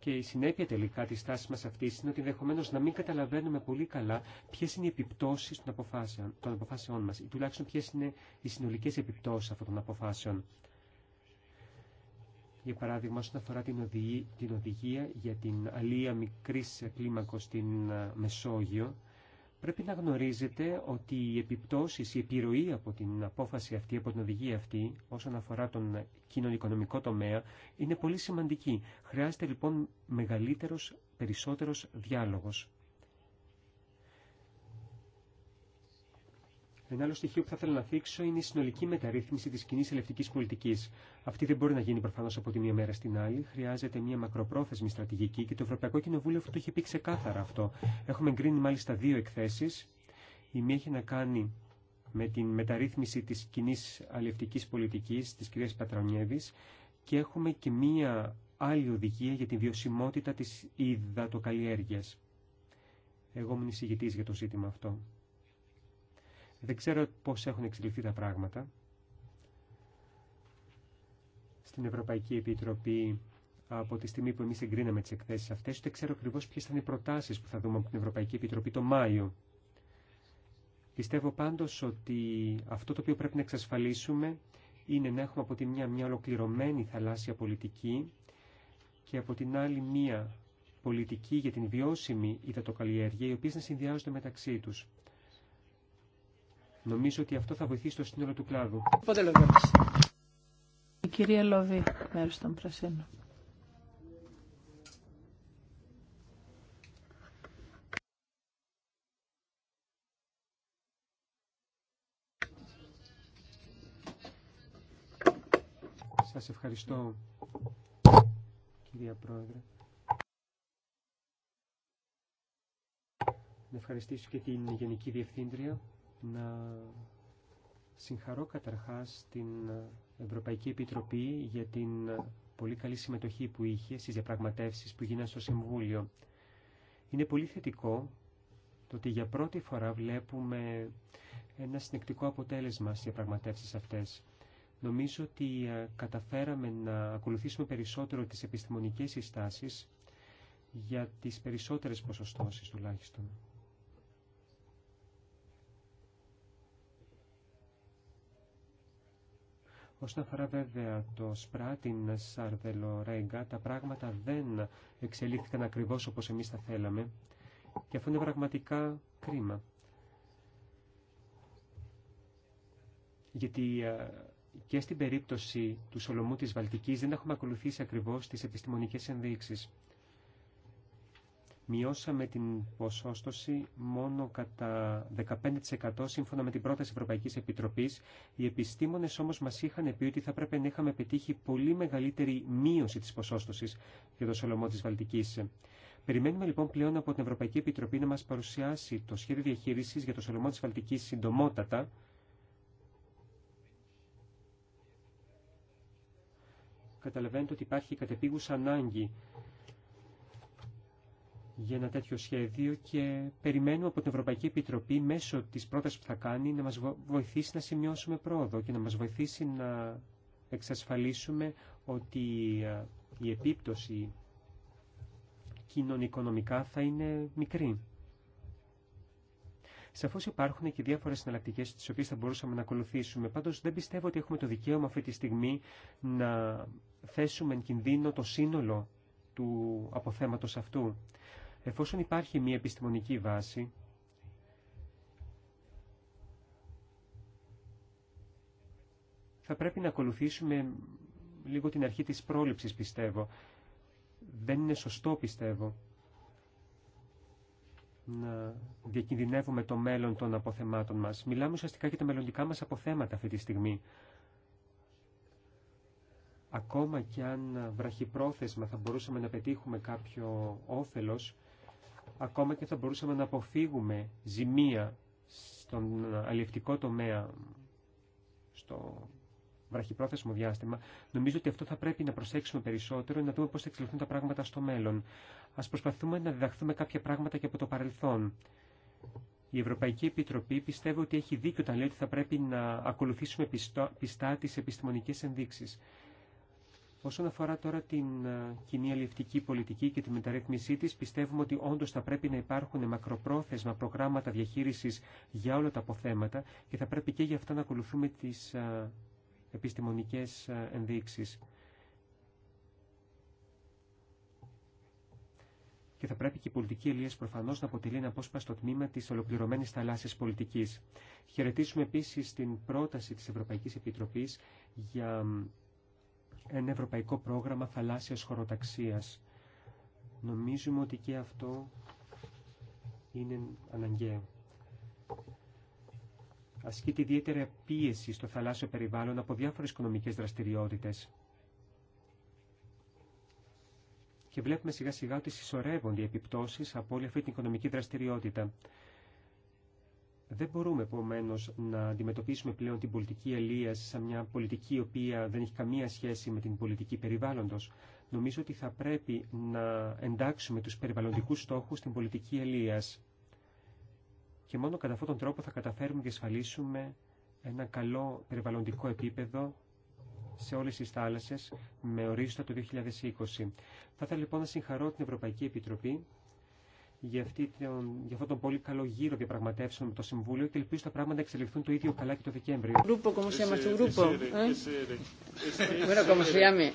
Speaker 3: Και η συνέπεια τελικά της τάσης μας αυτής είναι ότι ενδεχομένω να μην καταλαβαίνουμε πολύ καλά ποιες είναι οι επιπτώσεις των αποφάσεων, των αποφάσεων μας ή τουλάχιστον ποιες είναι οι συνολικές επιπτώσεις αυτών των αποφάσεων για παράδειγμα όσον αφορά την οδηγία για την αλία μικρής κλίμακος στην ε, Μεσόγειο, πρέπει να γνωρίζετε ότι οι επιπτώσεις, η επιρροή από την απόφαση αυτή, από την οδηγία αυτή, όσον αφορά τον κοινωνικονομικό τομέα, είναι πολύ σημαντική. Χρειάζεται λοιπόν μεγαλύτερος, περισσότερος διάλογος. Ένα άλλο στοιχείο που θα ήθελα να θίξω είναι η συνολική μεταρρύθμιση τη κοινή ελευτική πολιτική. Αυτή δεν μπορεί να γίνει προφανώ από τη μία μέρα στην άλλη. Χρειάζεται μία μακροπρόθεσμη στρατηγική και το Ευρωπαϊκό Κοινοβούλιο αυτό το είχε πει ξεκάθαρα αυτό. Έχουμε εγκρίνει μάλιστα δύο εκθέσει. Η μία έχει να κάνει με την μεταρρύθμιση τη κοινή αλληλευτική πολιτική τη κυρία Πατρανιέδη και έχουμε και μία άλλη οδηγία για τη βιωσιμότητα τη υδατοκαλλιέργεια. Εγώ ήμουν εισηγητή για το ζήτημα αυτό. Δεν ξέρω πώς έχουν εξελιχθεί τα πράγματα. Στην Ευρωπαϊκή Επιτροπή από τη στιγμή που εμείς εγκρίναμε τις εκθέσεις αυτές, δεν ξέρω ακριβώ ποιες θα είναι οι προτάσεις που θα δούμε από την Ευρωπαϊκή Επιτροπή το Μάιο. Πιστεύω πάντως ότι αυτό το οποίο πρέπει να εξασφαλίσουμε είναι να έχουμε από τη μια μια ολοκληρωμένη θαλάσσια πολιτική και από την άλλη μια πολιτική για την βιώσιμη υδατοκαλλιέργεια, οι οποίες να συνδυάζονται μεταξύ τους. Νομίζω ότι αυτό θα βοηθήσει το σύνολο του κλάδου.
Speaker 1: Η κυρία Λόβη, μέρος των Πρασίνων.
Speaker 3: Σας ευχαριστώ, κυρία Πρόεδρε. Να ευχαριστήσω και την Γενική Διευθύντρια να συγχαρώ καταρχάς την Ευρωπαϊκή Επιτροπή για την πολύ καλή συμμετοχή που είχε στις διαπραγματεύσεις που γίνανε στο Συμβούλιο. Είναι πολύ θετικό το ότι για πρώτη φορά βλέπουμε ένα συνεκτικό αποτέλεσμα στις διαπραγματεύσεις αυτές. Νομίζω ότι ε, καταφέραμε να ακολουθήσουμε περισσότερο τις επιστημονικές συστάσεις για τις περισσότερες ποσοστώσεις τουλάχιστον. Όσον αφορά βέβαια το σπράτιν σαρδελορέγκα, τα πράγματα δεν εξελίχθηκαν ακριβώς όπως εμείς τα θέλαμε και αυτό είναι πραγματικά κρίμα. Γιατί και στην περίπτωση του Σολομού της Βαλτικής δεν έχουμε ακολουθήσει ακριβώς τις επιστημονικές ενδείξεις μειώσαμε την ποσόστοση μόνο κατά 15% σύμφωνα με την πρόταση Ευρωπαϊκής Επιτροπής. Οι επιστήμονες όμως μας είχαν πει ότι θα πρέπει να είχαμε πετύχει πολύ μεγαλύτερη μείωση της ποσόστοσης για το Σολομό της Βαλτικής. Περιμένουμε λοιπόν πλέον από την Ευρωπαϊκή Επιτροπή να μας παρουσιάσει το σχέδιο διαχείρισης για το Σολομό της Βαλτικής συντομότατα, Καταλαβαίνετε ότι υπάρχει κατεπίγουσα ανάγκη για ένα τέτοιο σχέδιο και περιμένουμε από την Ευρωπαϊκή Επιτροπή μέσω της πρότασης που θα κάνει να μας βοηθήσει να σημειώσουμε πρόοδο και να μας βοηθήσει να εξασφαλίσουμε ότι η επίπτωση κοινωνικονομικά θα είναι μικρή. Σαφώ υπάρχουν και διάφορε εναλλακτικέ τι οποίε θα μπορούσαμε να ακολουθήσουμε. Πάντω δεν πιστεύω ότι έχουμε το δικαίωμα αυτή τη στιγμή να θέσουμε εν κινδύνο το σύνολο του αποθέματο αυτού. Εφόσον υπάρχει μια επιστημονική βάση, θα πρέπει να ακολουθήσουμε λίγο την αρχή της πρόληψης, πιστεύω. Δεν είναι σωστό, πιστεύω, να διακινδυνεύουμε το μέλλον των αποθεμάτων μας. Μιλάμε ουσιαστικά για τα μελλοντικά μας αποθέματα αυτή τη στιγμή. Ακόμα και αν βραχυπρόθεσμα θα μπορούσαμε να πετύχουμε κάποιο όφελος, ακόμα και θα μπορούσαμε να αποφύγουμε ζημία στον αλληλευτικό τομέα, στο βραχυπρόθεσμο διάστημα, νομίζω ότι αυτό θα πρέπει να προσέξουμε περισσότερο, να δούμε πώς θα εξελιχθούν τα πράγματα στο μέλλον. Ας προσπαθούμε να διδαχθούμε κάποια πράγματα και από το παρελθόν. Η Ευρωπαϊκή Επιτροπή πιστεύω ότι έχει δίκιο όταν λέει ότι θα πρέπει να ακολουθήσουμε πιστά, πιστά τις επιστημονικές ενδείξεις. Όσον αφορά τώρα την ε, κοινή αλληλευτική πολιτική και τη μεταρρύθμισή της, πιστεύουμε ότι όντως θα πρέπει να υπάρχουν μακροπρόθεσμα προγράμματα διαχείρισης για όλα τα αποθέματα και θα πρέπει και γι' αυτό να ακολουθούμε τις ε, επιστημονικές ε, ενδείξεις. Και θα πρέπει και η πολιτική ελίας προφανώς να αποτελεί ένα απόσπαστο τμήμα της ολοκληρωμένης θαλάσσιας πολιτικής. Χαιρετήσουμε επίσης την πρόταση της Ευρωπαϊκής Επιτροπής για ένα ευρωπαϊκό πρόγραμμα θαλάσσιας χωροταξίας. Νομίζουμε ότι και αυτό είναι αναγκαίο. Ασκείται ιδιαίτερη πίεση στο θαλάσσιο περιβάλλον από διάφορες οικονομικές δραστηριότητες. Και βλέπουμε σιγά σιγά ότι συσσωρεύονται οι επιπτώσεις από όλη αυτή την οικονομική δραστηριότητα. Δεν μπορούμε επομένω να αντιμετωπίσουμε πλέον την πολιτική ελεία σαν μια πολιτική η οποία δεν έχει καμία σχέση με την πολιτική περιβάλλοντο. Νομίζω ότι θα πρέπει να εντάξουμε του περιβαλλοντικού στόχου στην πολιτική ελεία. Και μόνο κατά αυτόν τον τρόπο θα καταφέρουμε να διασφαλίσουμε ένα καλό περιβαλλοντικό επίπεδο σε όλες τις θάλασσες με ορίζοντα το 2020. Θα ήθελα λοιπόν να συγχαρώ την Ευρωπαϊκή Επιτροπή για, αυτή τον, για αυτόν τον πολύ καλό γύρο διαπραγματεύσεων με το Συμβούλιο και ελπίζω τα πράγματα να εξελιχθούν το ίδιο καλά και το Δεκέμβριο. Grupo, ¿cómo se llama su grupo?
Speaker 1: Bueno, ¿cómo se llame?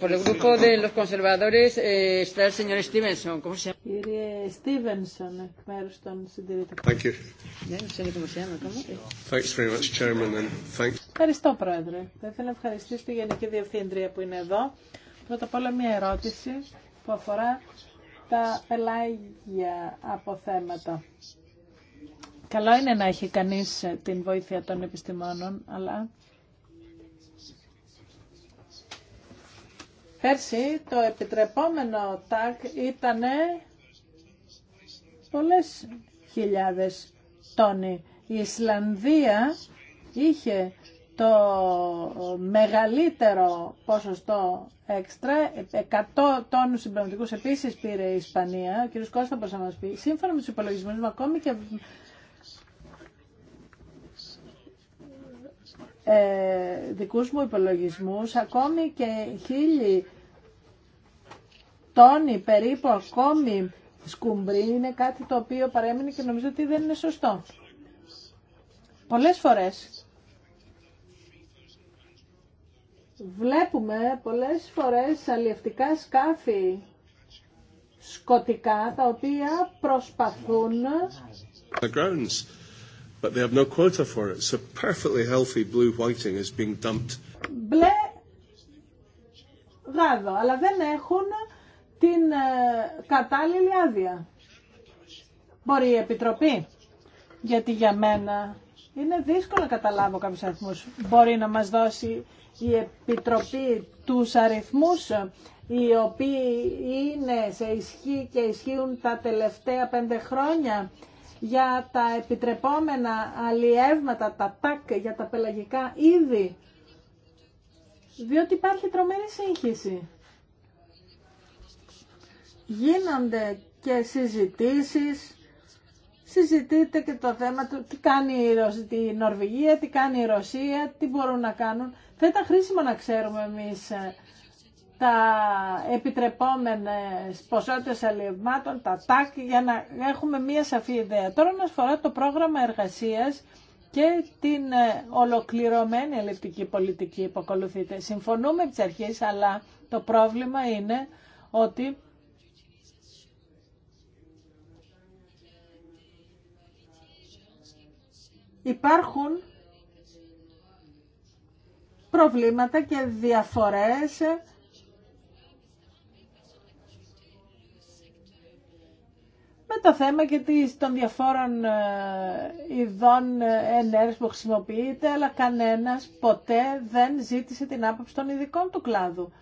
Speaker 1: por el grupo de los conservadores ε, está el señor Stevenson. ¿Cómo se llama? Κύριε Stevenson, εκ μέρους των συντηρητικών. Thank you. Ναι,
Speaker 2: thanks very much, Chairman, and thanks.
Speaker 1: Ευχαριστώ, Πρόεδρε. Θα ήθελα να ευχαριστήσω τη Γενική Διευθύντρια που είναι εδώ. Πρώτα απ' όλα μια ερώτηση που αφορά τα πελάγια θέματα. Καλό είναι να έχει κανείς ε, την βοήθεια των επιστημόνων, αλλά... Πέρσι το επιτρεπόμενο τάκ ήταν πολλές χιλιάδες τόνοι. Η Ισλανδία είχε το μεγαλύτερο ποσοστό έξτρα, 100 τόνους συμπληρωματικού επίσης πήρε η Ισπανία. Ο κ. Κώστα να μας πει, σύμφωνα με τους υπολογισμούς μου, ακόμη και ε, δικούς μου υπολογισμούς, ακόμη και χίλιοι τόνοι περίπου ακόμη σκουμπρί είναι κάτι το οποίο παρέμεινε και νομίζω ότι δεν είναι σωστό. Πολλές φορές βλέπουμε πολλές φορές αλλιευτικά σκάφη σκοτικά τα οποία προσπαθούν
Speaker 2: But
Speaker 1: Μπλε γάδο, αλλά δεν έχουν την ε, κατάλληλη άδεια. Μπορεί η Επιτροπή, γιατί για μένα είναι δύσκολο να καταλάβω κάποιους αριθμούς. Μπορεί να μας δώσει η Επιτροπή τους αριθμούς οι οποίοι είναι σε ισχύ και ισχύουν τα τελευταία πέντε χρόνια για τα επιτρεπόμενα αλλιεύματα, τα τάκ για τα πελαγικά είδη, διότι υπάρχει τρομερή σύγχυση. Γίνονται και συζητήσεις, συζητείται και το θέμα του τι κάνει η Νορβηγία, τι κάνει η Ρωσία, τι μπορούν να κάνουν. Θα ήταν χρήσιμο να ξέρουμε εμείς ε, τα επιτρεπόμενες ποσότητες αλλιευμάτων, τα τάκ, για να έχουμε μία σαφή ιδέα. Τώρα μας φορά το πρόγραμμα εργασίας και την ε, ολοκληρωμένη ελληνική πολιτική που ακολουθείται. Συμφωνούμε τις αρχές, αλλά το πρόβλημα είναι ότι υπάρχουν προβλήματα και διαφορές με το θέμα και των διαφόρων ε, ειδών ε, ενέργειας που χρησιμοποιείται, αλλά κανένας ποτέ δεν ζήτησε την άποψη των ειδικών του κλάδου.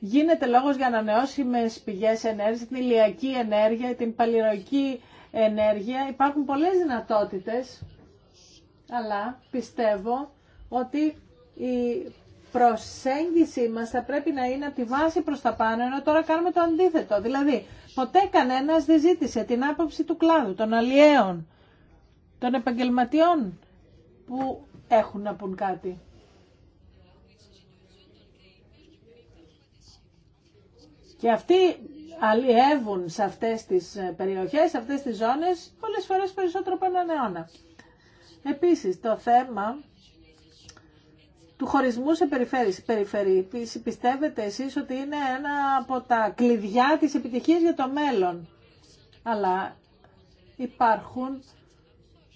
Speaker 1: Γίνεται λόγος για ανανεώσιμες πηγές ενέργειας, την ηλιακή ενέργεια, την παλιροϊκή ενέργεια. Υπάρχουν πολλές δυνατότητες, αλλά πιστεύω ότι η προσέγγιση μας θα πρέπει να είναι από τη βάση προς τα πάνω, ενώ τώρα κάνουμε το αντίθετο. Δηλαδή, ποτέ κανένας δεν ζήτησε την άποψη του κλάδου, των αλλιέων, των επαγγελματιών που έχουν να πούν κάτι. Και αυτοί αλλιεύουν σε αυτές τις περιοχές, σε αυτές τις ζώνες, πολλές φορές περισσότερο από έναν αιώνα. Επίσης, το θέμα του χωρισμού σε περιφέρειες. Περιφέρει. Πιστεύετε εσείς ότι είναι ένα από τα κλειδιά της επιτυχίας για το μέλλον. Αλλά υπάρχουν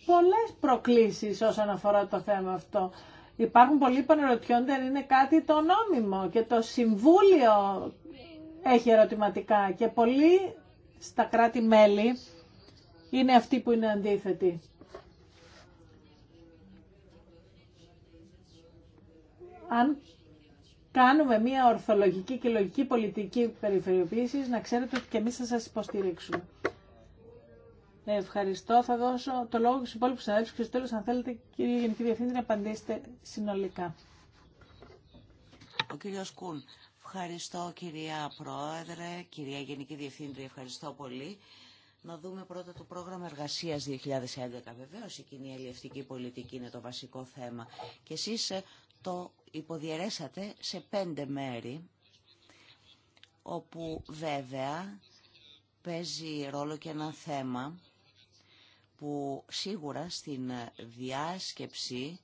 Speaker 1: πολλές προκλήσεις όσον αφορά το θέμα αυτό. Υπάρχουν πολλοί που αναρωτιόνται αν είναι κάτι το νόμιμο και το Συμβούλιο έχει ερωτηματικά και πολλοί στα κράτη-μέλη είναι αυτοί που είναι αντίθετοι. αν κάνουμε μια ορθολογική και λογική πολιτική περιφερειοποίηση, να ξέρετε ότι και εμεί θα σα υποστηρίξουμε. Ε, ευχαριστώ. Θα δώσω το λόγο στου υπόλοιπου συνάδελφου και στο τέλο, αν θέλετε, κύριε Γενική Διευθύντρια, να απαντήσετε συνολικά.
Speaker 2: Ο κύριο Κούν. Ευχαριστώ κυρία Πρόεδρε, κυρία Γενική Διευθύντρια, ευχαριστώ πολύ. Να δούμε πρώτα το πρόγραμμα εργασίας 2011. Βεβαίως η κοινή αλληλευτική πολιτική είναι το βασικό θέμα. Και εσείς ε, το υποδιαιρέσατε σε πέντε μέρη, όπου βέβαια παίζει ρόλο και ένα θέμα που σίγουρα στην διάσκεψη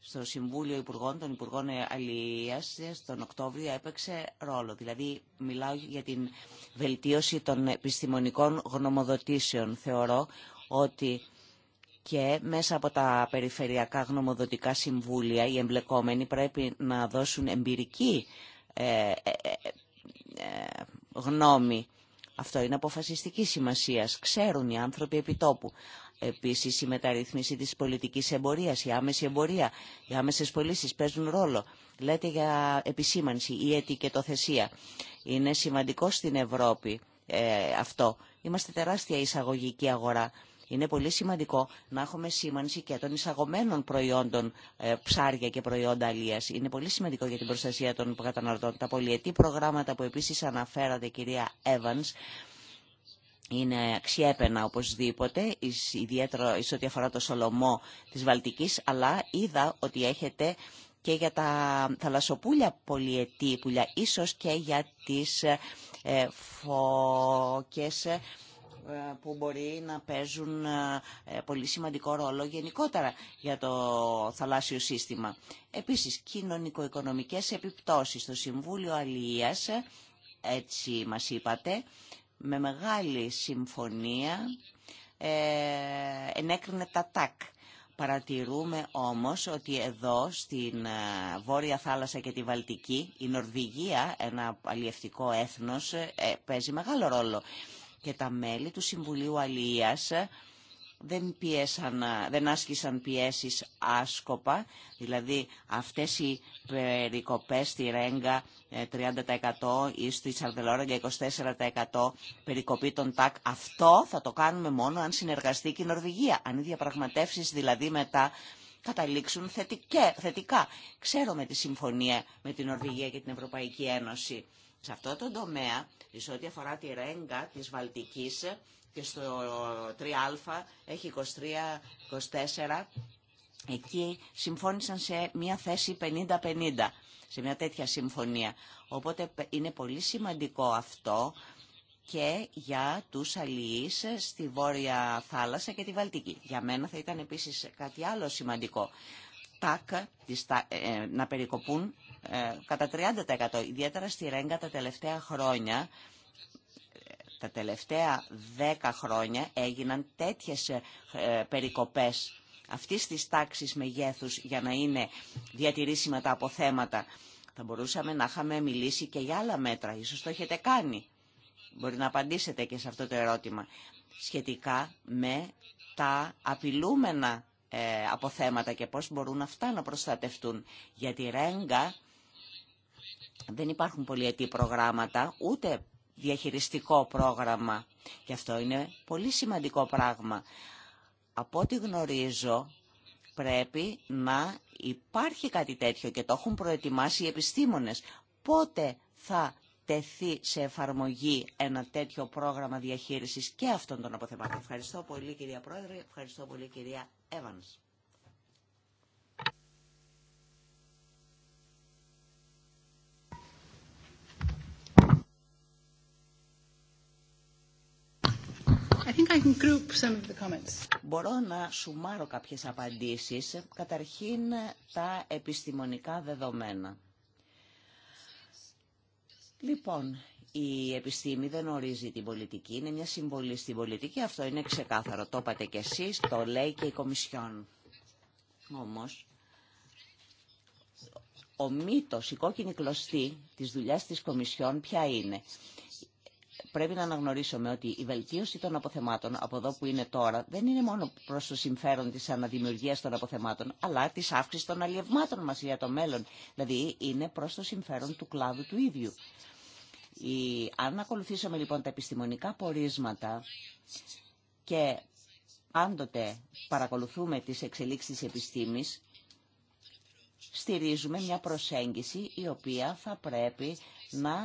Speaker 2: στο Συμβούλιο Υπουργών των Υπουργών Αλληλείας τον Οκτώβριο έπαιξε ρόλο. Δηλαδή μιλάω για την βελτίωση των επιστημονικών γνωμοδοτήσεων. Θεωρώ ότι και μέσα από τα περιφερειακά γνωμοδοτικά συμβούλια οι εμπλεκόμενοι πρέπει να δώσουν εμπειρική ε, ε, ε, γνώμη. Αυτό είναι αποφασιστική σημασία. Ξέρουν οι άνθρωποι επιτόπου. Επίσης η μεταρρύθμιση της πολιτικής εμπορίας, η άμεση εμπορία, οι άμεσες πωλήσει παίζουν ρόλο. Λέτε για επισήμανση ή ετικετοθεσία. Είναι σημαντικό στην Ευρώπη αυτό. Είμαστε τεράστια εισαγωγική αγορά. Είναι πολύ σημαντικό να έχουμε σήμανση και των εισαγωμένων προϊόντων ε, ψάρια και προϊόντα αλεία. Είναι πολύ σημαντικό για την προστασία των καταναλωτών. Τα πολυετή προγράμματα που επίσης αναφέρατε κυρία Evans είναι αξιέπαινα οπωσδήποτε, ιδιαίτερα σε ό,τι αφορά το Σολομό της Βαλτικής, αλλά είδα ότι έχετε και για τα θαλασσοπούλια πολυετή πουλιά, ίσως και για τις ε, ε ε, που μπορεί να παίζουν ε, ε, πολύ σημαντικό ρόλο γενικότερα για το θαλάσσιο σύστημα. Επίσης, κοινωνικο-οικονομικές επιπτώσεις. Το Συμβούλιο Αλίας, έτσι μας είπατε, με μεγάλη συμφωνία ενέκρινε τα ΤΑΚ. Παρατηρούμε όμως ότι εδώ στην Βόρεια Θάλασσα και τη Βαλτική η Νορβηγία, ένα αλλιευτικό έθνος, παίζει μεγάλο ρόλο και τα μέλη του Συμβουλίου Αλίας δεν, πιέσαν, δεν άσκησαν πιέσεις άσκοπα, δηλαδή αυτές οι περικοπές στη Ρέγγα 30% ε, ή στη Σαρδελόρεγγα 24% περικοπή των ΤΑΚ, αυτό θα το κάνουμε μόνο αν συνεργαστεί και η Νορβηγία, αν οι διαπραγματεύσεις δηλαδή μετά καταλήξουν θετικά. Ξέρω με τη συμφωνία με την Νορβηγία και την Ευρωπαϊκή Ένωση. Σε αυτό το τομέα σε ό,τι αφορά τη ρέγγα της Βαλτικής και στο 3α έχει 23-24 εκεί συμφώνησαν σε μια θέση 50-50 σε μια τέτοια συμφωνία. Οπότε είναι πολύ σημαντικό αυτό και για τους αλληλείς στη Βόρεια Θάλασσα και τη Βαλτική. Για μένα θα ήταν επίσης κάτι άλλο σημαντικό. ΤΑΚ ε, ε, να περικοπούν ε, κατά 30%. Ιδιαίτερα στη Ρέγκα τα τελευταία χρόνια, τα τελευταία 10 χρόνια έγιναν τέτοιες ε, περικοπές αυτής της τάξης μεγέθους για να είναι διατηρήσιμα τα αποθέματα. Θα μπορούσαμε να είχαμε μιλήσει και για άλλα μέτρα. Ίσως το έχετε κάνει. Μπορεί να απαντήσετε και σε αυτό το ερώτημα. Σχετικά με τα απειλούμενα ε, αποθέματα και πώς μπορούν αυτά να προστατευτούν. Γιατί τη Ρέγγα δεν υπάρχουν πολυετή προγράμματα, ούτε διαχειριστικό πρόγραμμα. Και αυτό είναι πολύ σημαντικό πράγμα. Από ό,τι γνωρίζω, πρέπει να υπάρχει κάτι τέτοιο και το έχουν προετοιμάσει οι επιστήμονες. Πότε θα τεθεί σε εφαρμογή ένα τέτοιο πρόγραμμα διαχείρισης και αυτών των αποθεμάτων. Ευχαριστώ πολύ κυρία Πρόεδρε, ευχαριστώ πολύ κυρία Εύανς. Μπορώ να σουμάρω κάποιες απαντήσεις. Καταρχήν τα επιστημονικά δεδομένα. Λοιπόν, η επιστήμη δεν ορίζει την πολιτική, είναι μια συμβολή στην πολιτική, αυτό είναι ξεκάθαρο. Το είπατε κι εσείς, το λέει και η Κομισιόν. Όμως, ο μύτος, η κόκκινη κλωστή της δουλειάς της Κομισιόν ποια είναι πρέπει να αναγνωρίσουμε ότι η βελτίωση των αποθεμάτων από εδώ που είναι τώρα δεν είναι μόνο προ το συμφέρον τη αναδημιουργία των αποθεμάτων, αλλά τη αύξηση των αλλιευμάτων μα για το μέλλον. Δηλαδή είναι προ το συμφέρον του κλάδου του ίδιου. Η... Αν ακολουθήσουμε λοιπόν τα επιστημονικά πορίσματα και πάντοτε παρακολουθούμε τις εξελίξεις της επιστήμης, στηρίζουμε μια προσέγγιση η οποία θα πρέπει να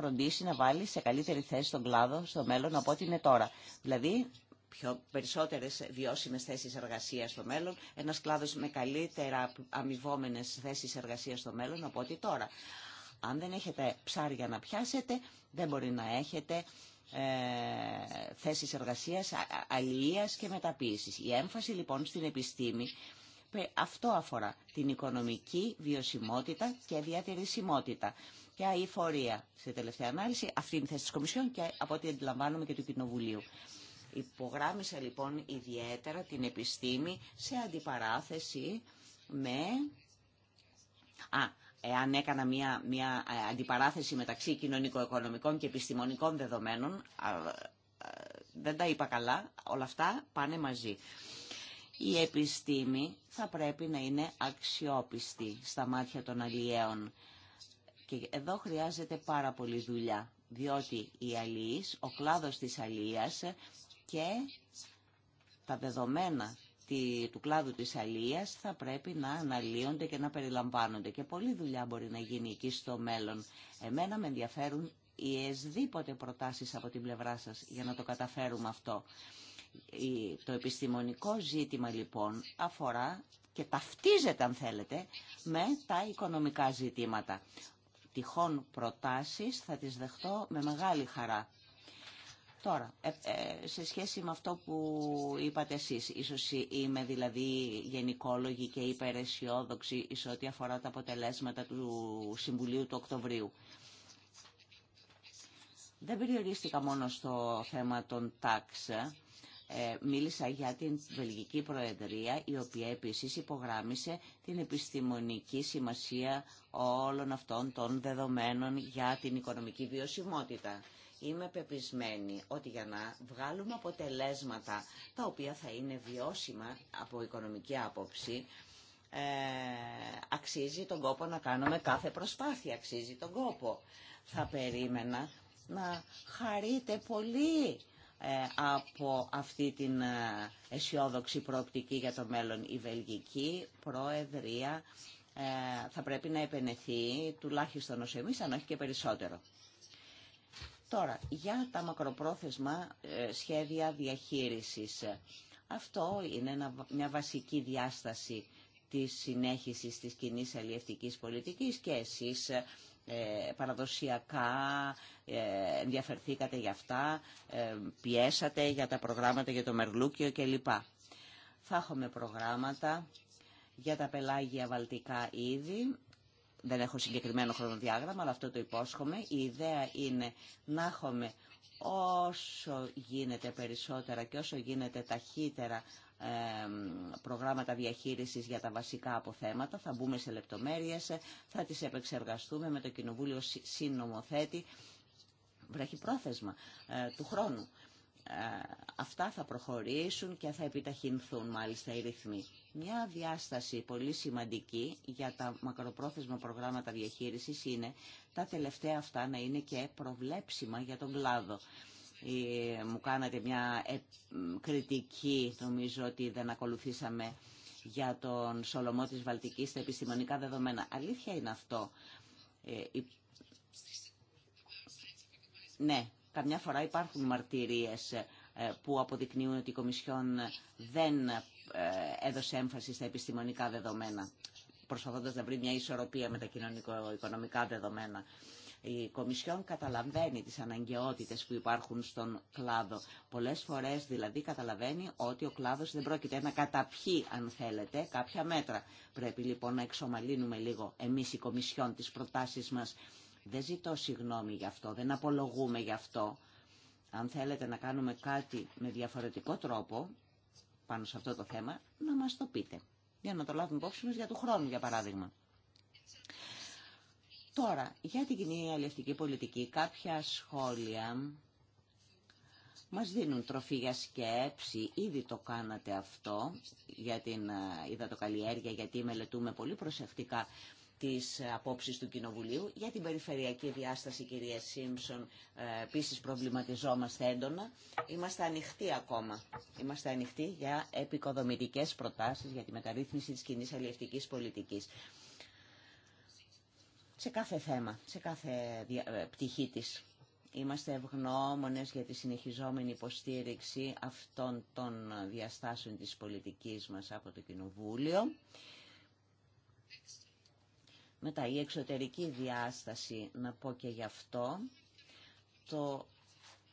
Speaker 2: φροντίσει να βάλει σε καλύτερη θέση τον κλάδο στο μέλλον από ό,τι είναι τώρα. Δηλαδή, πιο περισσότερες βιώσιμες θέσεις στο μέλλον, ένα κλάδο με καλύτερα αμοιβόμενε θέσεις εργασία στο μέλλον από ό,τι τώρα. Αν δεν έχετε ψάρια να πιάσετε, δεν μπορεί να έχετε ε, θέσεις εργασίας, αλληλείας και μεταποίησης. Η έμφαση λοιπόν στην επιστήμη αυτό αφορά την οικονομική βιωσιμότητα και διατηρησιμότητα και Φορεία. Στη τελευταία ανάλυση αυτή είναι η θέση της Κομισιόν και από ό,τι αντιλαμβάνομαι και του Κοινοβουλίου. Υπογράμμισα λοιπόν ιδιαίτερα την επιστήμη σε αντιπαράθεση με... Α, εάν έκανα μια, μια ε, αντιπαράθεση μεταξύ κοινωνικο-οικονομικών και επιστημονικών δεδομένων, ε, δεν τα είπα καλά, όλα αυτά πάνε μαζί. Η επιστήμη θα πρέπει να είναι αξιόπιστη στα μάτια των αλλιέων. Και εδώ χρειάζεται πάρα πολύ δουλειά, διότι η αλής, ο κλάδος της αλίας και τα δεδομένα του κλάδου της αλίας θα πρέπει να αναλύονται και να περιλαμβάνονται. Και πολλή δουλειά μπορεί να γίνει εκεί στο μέλλον. Εμένα με ενδιαφέρουν οι εσδήποτε προτάσεις από την πλευρά σας για να το καταφέρουμε αυτό. Το επιστημονικό ζήτημα λοιπόν αφορά και ταυτίζεται αν θέλετε με τα οικονομικά ζητήματα τυχόν προτάσεις θα τις δεχτώ με μεγάλη χαρά. Τώρα, ε, ε, σε σχέση με αυτό που είπατε εσείς, ίσως είμαι δηλαδή γενικόλογη και υπεραισιόδοξη σε ό,τι αφορά τα αποτελέσματα του Συμβουλίου του Οκτωβρίου. Δεν περιορίστηκα μόνο στο θέμα των τάξεων ε, μίλησα για την Βελγική Προεδρία, η οποία επίσης υπογράμμισε την επιστημονική σημασία όλων αυτών των δεδομένων για την οικονομική βιωσιμότητα. Είμαι πεπισμένη ότι για να βγάλουμε αποτελέσματα τα οποία θα είναι βιώσιμα από οικονομική άποψη, ε, αξίζει τον κόπο να κάνουμε κάθε προσπάθεια, αξίζει τον κόπο. Θα περίμενα να χαρείτε πολύ ε, από αυτή την ε, αισιόδοξη προοπτική για το μέλλον. Η Βελγική Προεδρία ε, θα πρέπει να επενεθεί τουλάχιστον ως εμείς, αν όχι και περισσότερο. Τώρα, για τα μακροπρόθεσμα σχέδια διαχείρισης. Αυτό είναι μια βασική διάσταση της συνέχισης της κοινή αλλιευτικής πολιτικής και εσείς ε, παραδοσιακά ε, ενδιαφερθήκατε για αυτά, ε, πιέσατε για τα προγράμματα για το Μερλούκιο κλπ. Θα έχουμε προγράμματα για τα πελάγια βαλτικά ήδη. Δεν έχω συγκεκριμένο χρονοδιάγραμμα, αλλά αυτό το υπόσχομαι. Η ιδέα είναι να έχουμε όσο γίνεται περισσότερα και όσο γίνεται ταχύτερα προγράμματα διαχείρισης για τα βασικά αποθέματα. Θα μπούμε σε λεπτομέρειες, θα τις επεξεργαστούμε με το Κοινοβούλιο Συνομοθέτη πρόθεσμα ε, του χρόνου. Ε, αυτά θα προχωρήσουν και θα επιταχυνθούν μάλιστα οι ρυθμοί. Μια διάσταση πολύ σημαντική για τα μακροπρόθεσμα προγράμματα διαχείρισης είναι τα τελευταία αυτά να είναι και προβλέψιμα για τον κλάδο. Ε, μου κάνατε μια ε, κριτική, νομίζω ότι δεν ακολουθήσαμε για τον Σολομό της Βαλτικής στα επιστημονικά δεδομένα. Αλήθεια είναι αυτό. Ε, ναι, καμιά φορά υπάρχουν μαρτυρίες που αποδεικνύουν ότι η Κομισιόν δεν έδωσε έμφαση στα επιστημονικά δεδομένα, προσπαθώντας να βρει μια ισορροπία με τα κοινωνικο-οικονομικά δεδομένα. Η Κομισιόν καταλαβαίνει τις αναγκαιότητες που υπάρχουν στον κλάδο. Πολλές φορές δηλαδή καταλαβαίνει ότι ο κλάδος δεν πρόκειται να καταπιεί, αν θέλετε, κάποια μέτρα. Πρέπει λοιπόν να εξομαλύνουμε λίγο εμείς η Κομισιόν τις προτάσεις μας. Δεν ζητώ συγγνώμη γι' αυτό, δεν απολογούμε γι' αυτό. Αν θέλετε να κάνουμε κάτι με διαφορετικό τρόπο πάνω σε αυτό το θέμα, να μας το πείτε. Για να το λάβουμε υπόψη μας για του χρόνου, για παράδειγμα. Τώρα, για την κοινή αλληλευτική πολιτική, κάποια σχόλια μας δίνουν τροφή για σκέψη. Ήδη το κάνατε αυτό για την υδατοκαλλιέργεια, ε, γιατί μελετούμε πολύ προσεκτικά τις απόψεις του Κοινοβουλίου. Για την περιφερειακή διάσταση, κυρία Σίμψον, ε, επίση προβληματιζόμαστε έντονα. Είμαστε ανοιχτοί ακόμα. Είμαστε ανοιχτοί για επικοδομητικές προτάσεις για τη μεταρρύθμιση της κοινή αλληλευτικής πολιτικής σε κάθε θέμα, σε κάθε ε, πτυχή της. Είμαστε ευγνώμονες για τη συνεχιζόμενη υποστήριξη αυτών των διαστάσεων της πολιτικής μας από το Κοινοβούλιο. Μετά η εξωτερική διάσταση, να πω και γι' αυτό, το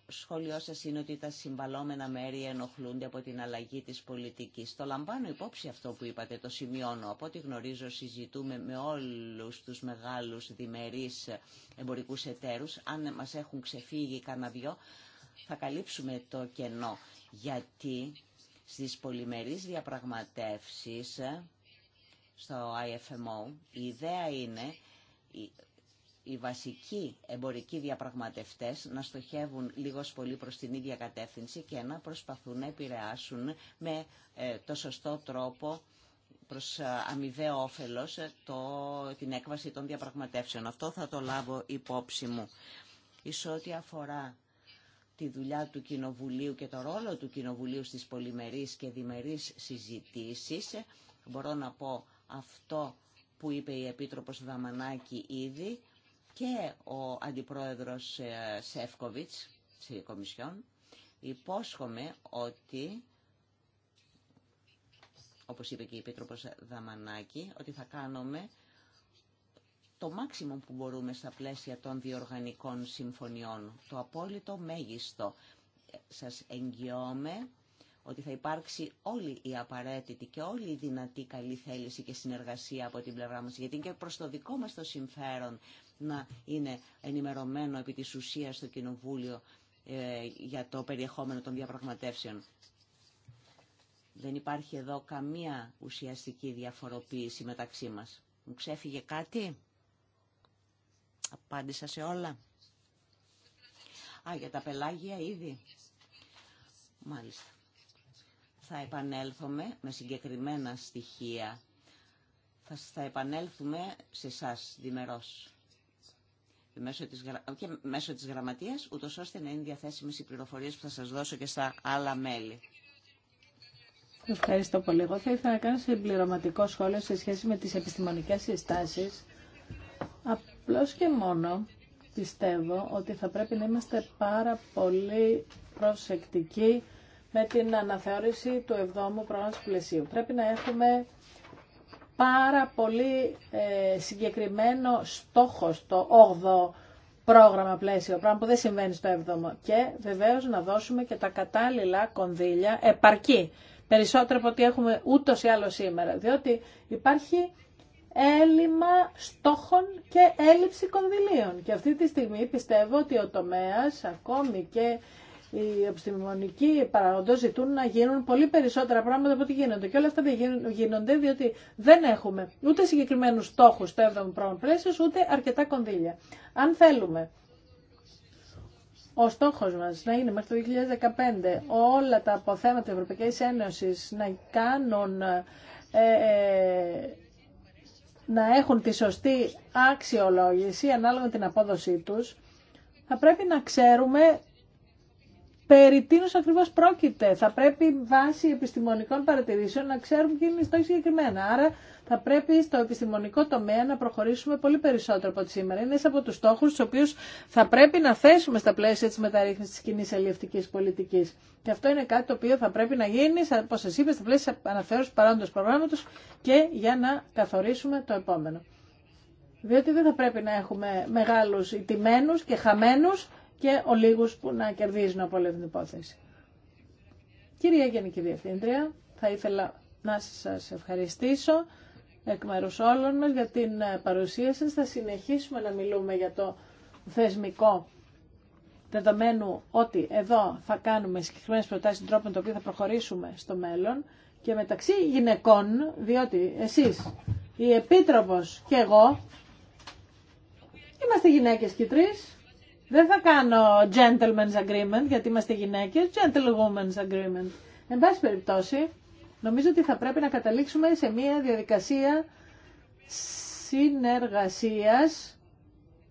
Speaker 2: σχόλιο σας είναι ότι τα συμβαλόμενα μέρη ενοχλούνται από την αλλαγή της πολιτικής. Το λαμβάνω υπόψη αυτό που είπατε, το σημειώνω. Από ό,τι γνωρίζω συζητούμε με όλους τους μεγάλους διμερείς εμπορικούς εταίρους. Αν μας έχουν ξεφύγει κανένα δυο, θα καλύψουμε το κενό. Γιατί στις πολυμερείς διαπραγματεύσεις στο IFMO η ιδέα είναι οι βασικοί εμπορικοί διαπραγματευτές να στοχεύουν λίγος πολύ προς την ίδια κατεύθυνση και να προσπαθούν να επηρεάσουν με ε, το σωστό τρόπο προς ε, αμοιβαίο όφελος ε, το, την έκβαση των διαπραγματεύσεων. Αυτό θα το λάβω υπόψη μου. Ίσως ό,τι αφορά τη δουλειά του Κοινοβουλίου και το ρόλο του Κοινοβουλίου στις πολυμερείς και διμερείς συζητήσεις, μπορώ να πω αυτό που είπε η Επίτροπος Δαμανάκη ήδη, και ο αντιπρόεδρος ε, Σεύκοβιτς της Κομισιόν υπόσχομαι ότι όπως είπε και η Επίτροπος Δαμανάκη ότι θα κάνουμε το μάξιμο που μπορούμε στα πλαίσια των διοργανικών συμφωνιών το απόλυτο μέγιστο σας εγγυώμαι ότι θα υπάρξει όλη η απαραίτητη και όλη η δυνατή καλή θέληση και συνεργασία από την πλευρά μας, γιατί και προς το δικό μας το συμφέρον να είναι ενημερωμένο επί της ουσίας στο Κοινοβούλιο ε, για το περιεχόμενο των διαπραγματεύσεων. Δεν υπάρχει εδώ καμία ουσιαστική διαφοροποίηση μεταξύ μας. Μου ξέφυγε κάτι? Απάντησα σε όλα. Α, για τα πελάγια ήδη. Μάλιστα. Θα επανέλθουμε με συγκεκριμένα στοιχεία. Θα, επανέλθουμε σε σας διμερός μέσω της, και μέσω της γραμματείας, ούτως ώστε να είναι διαθέσιμες οι πληροφορίες που θα σας δώσω και στα άλλα μέλη.
Speaker 1: Ευχαριστώ πολύ. Εγώ θα ήθελα να κάνω συμπληρωματικό σχόλιο σε σχέση με τις επιστημονικές συστάσεις. Απλώς και μόνο πιστεύω ότι θα πρέπει να είμαστε πάρα πολύ προσεκτικοί με την αναθεώρηση του 7ου πρόγραμματος πλαισίου. Πρέπει να έχουμε πάρα πολύ ε, συγκεκριμένο στόχο στο 8ο πρόγραμμα πλαίσιο, πράγμα που δεν συμβαίνει στο 7ο. Και βεβαίως να δώσουμε και τα κατάλληλα κονδύλια επαρκή, περισσότερο από ό,τι έχουμε ούτως ή άλλως σήμερα, διότι υπάρχει έλλειμμα στόχων και έλλειψη κονδυλίων. Και αυτή τη στιγμή πιστεύω ότι ο τομέας, ακόμη και οι επιστημονικοί παραγοντέ ζητούν να γίνουν πολύ περισσότερα πράγματα από ό,τι γίνονται. Και όλα αυτά δεν γίνονται διότι δεν έχουμε ούτε συγκεκριμένου στόχου στο 7ο πρόγραμμα πλαίσιο, ούτε αρκετά κονδύλια. Αν θέλουμε ο προγραμμα πλαισιο ουτε αρκετα κονδυλια αν θελουμε ο στόχο μας να είναι μέχρι το 2015 όλα τα αποθέματα της Ευρωπαϊκής Ένωσης να κάνουν ε, ε, να έχουν τη σωστή αξιολόγηση ανάλογα με την απόδοσή τους, θα πρέπει να ξέρουμε περί τίνους ακριβώς πρόκειται. Θα πρέπει βάσει επιστημονικών παρατηρήσεων να ξέρουμε ποιοι είναι οι στόχοι συγκεκριμένα. Άρα θα πρέπει στο επιστημονικό τομέα να προχωρήσουμε πολύ περισσότερο από ό,τι σήμερα. Είναι από τους στόχους τους οποίους θα πρέπει να θέσουμε στα πλαίσια της μεταρρύθμισης της κοινή αλληλευτικής πολιτικής. Και αυτό είναι κάτι το οποίο θα πρέπει να γίνει, όπω σα είπα, στα πλαίσια αναφέρωση παρόντος προγράμματος και για να καθορίσουμε το επόμενο. Διότι δεν θα πρέπει να έχουμε μεγάλου ιτημένους και χαμένους και ο που να κερδίζουν από όλη την υπόθεση. Κυρία Γενική Διευθύντρια, θα ήθελα να σας ευχαριστήσω εκ μέρους όλων μας για την ε, παρουσία σας. Θα συνεχίσουμε να μιλούμε για το θεσμικό δεδομένου ότι εδώ θα κάνουμε συγκεκριμένε προτάσεις τρόπο με το οποίο θα προχωρήσουμε στο μέλλον και μεταξύ γυναικών, διότι εσείς, η Επίτροπος και εγώ, είμαστε γυναίκες και τρεις, δεν θα κάνω gentleman's agreement, γιατί είμαστε γυναίκε. gentlewoman's agreement. Εν πάση περιπτώσει, νομίζω ότι θα πρέπει να καταλήξουμε σε μια διαδικασία συνεργασία.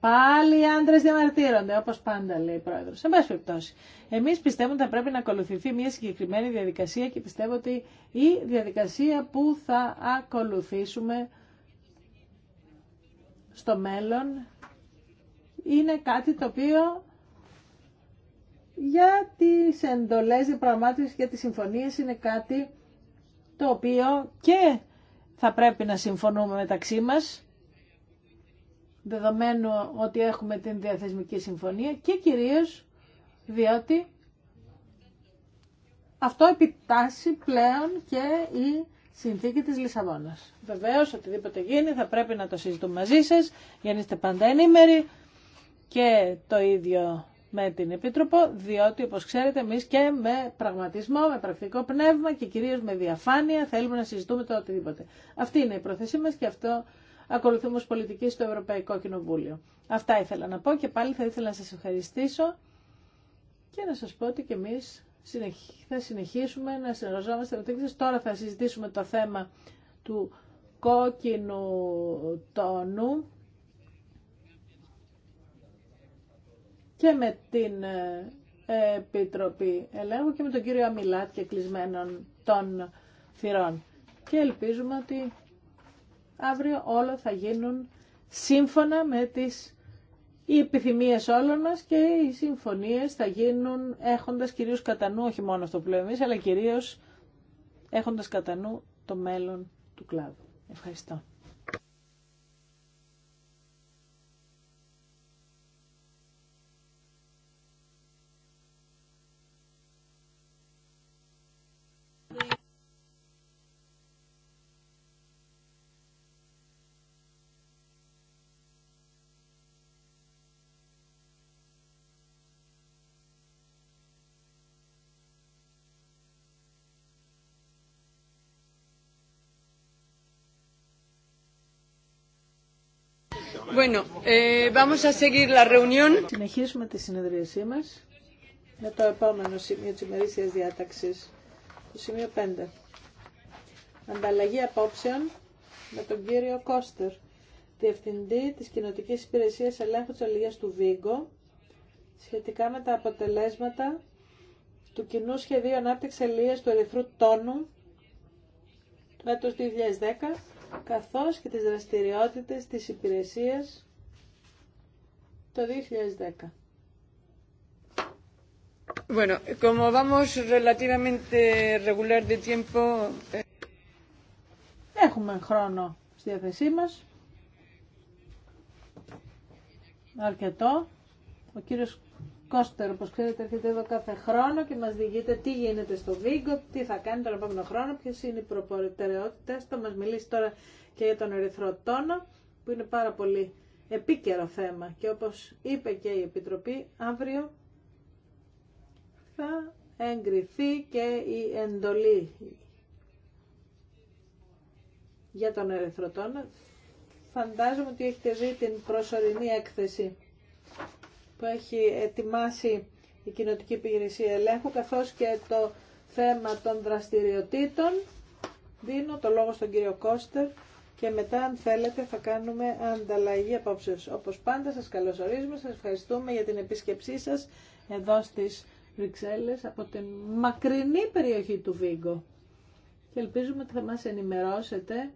Speaker 1: Πάλι οι άντρε διαμαρτύρονται, όπω πάντα λέει η πρόεδρο. Εν πάση περιπτώσει, εμείς πιστεύουμε ότι θα πρέπει να ακολουθηθεί μια συγκεκριμένη διαδικασία και πιστεύω ότι η διαδικασία που θα ακολουθήσουμε στο μέλλον είναι κάτι το οποίο για τις εντολές διαπραγμάτευσης για τις συμφωνίες είναι κάτι το οποίο και θα πρέπει να συμφωνούμε μεταξύ μας δεδομένου ότι έχουμε την διαθεσμική συμφωνία και κυρίως διότι αυτό επιτάσσει πλέον και η συνθήκη της Λισαβόνας. Βεβαίως, οτιδήποτε γίνει θα πρέπει να το συζητούμε μαζί σας για να είστε πάντα ενήμεροι και το ίδιο με την Επίτροπο, διότι όπως ξέρετε εμείς και με πραγματισμό, με πρακτικό πνεύμα και κυρίως με διαφάνεια θέλουμε να συζητούμε το οτιδήποτε. Αυτή είναι η πρόθεσή μας και αυτό ακολουθούμε ως πολιτική στο Ευρωπαϊκό Κοινοβούλιο. Αυτά ήθελα να πω και πάλι θα ήθελα να σας ευχαριστήσω και να σας πω ότι και εμείς θα συνεχίσουμε να συνεργαζόμαστε με Τώρα θα συζητήσουμε το θέμα του κόκκινου τόνου και με την ε, Επιτροπή Ελέγχου και με τον κύριο Αμιλάτ και κλεισμένων των θυρών. Και ελπίζουμε ότι αύριο όλα θα γίνουν σύμφωνα με τις οι επιθυμίες όλων μας και οι συμφωνίες θα γίνουν έχοντας κυρίως κατά νου, όχι μόνο στο πλοίο εμείς, αλλά κυρίως έχοντας κατά νου το μέλλον του κλάδου. Ευχαριστώ. Bueno, eh, vamos a seguir la reunión. Συνεχίζουμε τη συνεδρίασή μα με το επόμενο σημείο τη ημερήσια διάταξη, το σημείο 5. Ανταλλαγή απόψεων με τον κύριο Κώστερ, Διευθυντή τη Κοινοτική Υπηρεσία Ελέγχου τη Αλληλίας του Βίγκο, σχετικά με τα αποτελέσματα του κοινού σχεδίου ανάπτυξη αλληλείας του ερυθρού τόνου του 2010 καθώς και τις δραστηριότητες της υπηρεσίας το 2010. Bueno, como vamos relativamente regular de tiempo... Eh, Έχουμε χρόνο στη διάθεσή μας. ¿Arqueto? ¿O κύριος Κώστερ, όπω ξέρετε, έρχεται εδώ κάθε χρόνο και μας διηγείτε τι γίνεται στο Βίγκο, τι θα κάνει τον επόμενο χρόνο, Ποιε είναι οι προτεραιότητε. Θα μας μιλήσει τώρα και για τον ερυθρό που είναι πάρα πολύ επίκαιρο θέμα. Και όπως είπε και η Επιτροπή, αύριο θα εγκριθεί και η εντολή για τον ερυθρό Φαντάζομαι ότι έχετε δει την προσωρινή έκθεση που έχει ετοιμάσει η Κοινοτική Υπηρεσία Ελέγχου, καθώς και το θέμα των δραστηριοτήτων. Δίνω το λόγο στον κύριο Κώστερ και μετά αν θέλετε θα κάνουμε ανταλλαγή απόψεως. Όπως πάντα σας καλωσορίζουμε, σας ευχαριστούμε για την επίσκεψή σας εδώ στις Βρυξέλλες από την μακρινή περιοχή του Βίγκο. Και ελπίζουμε ότι θα μας ενημερώσετε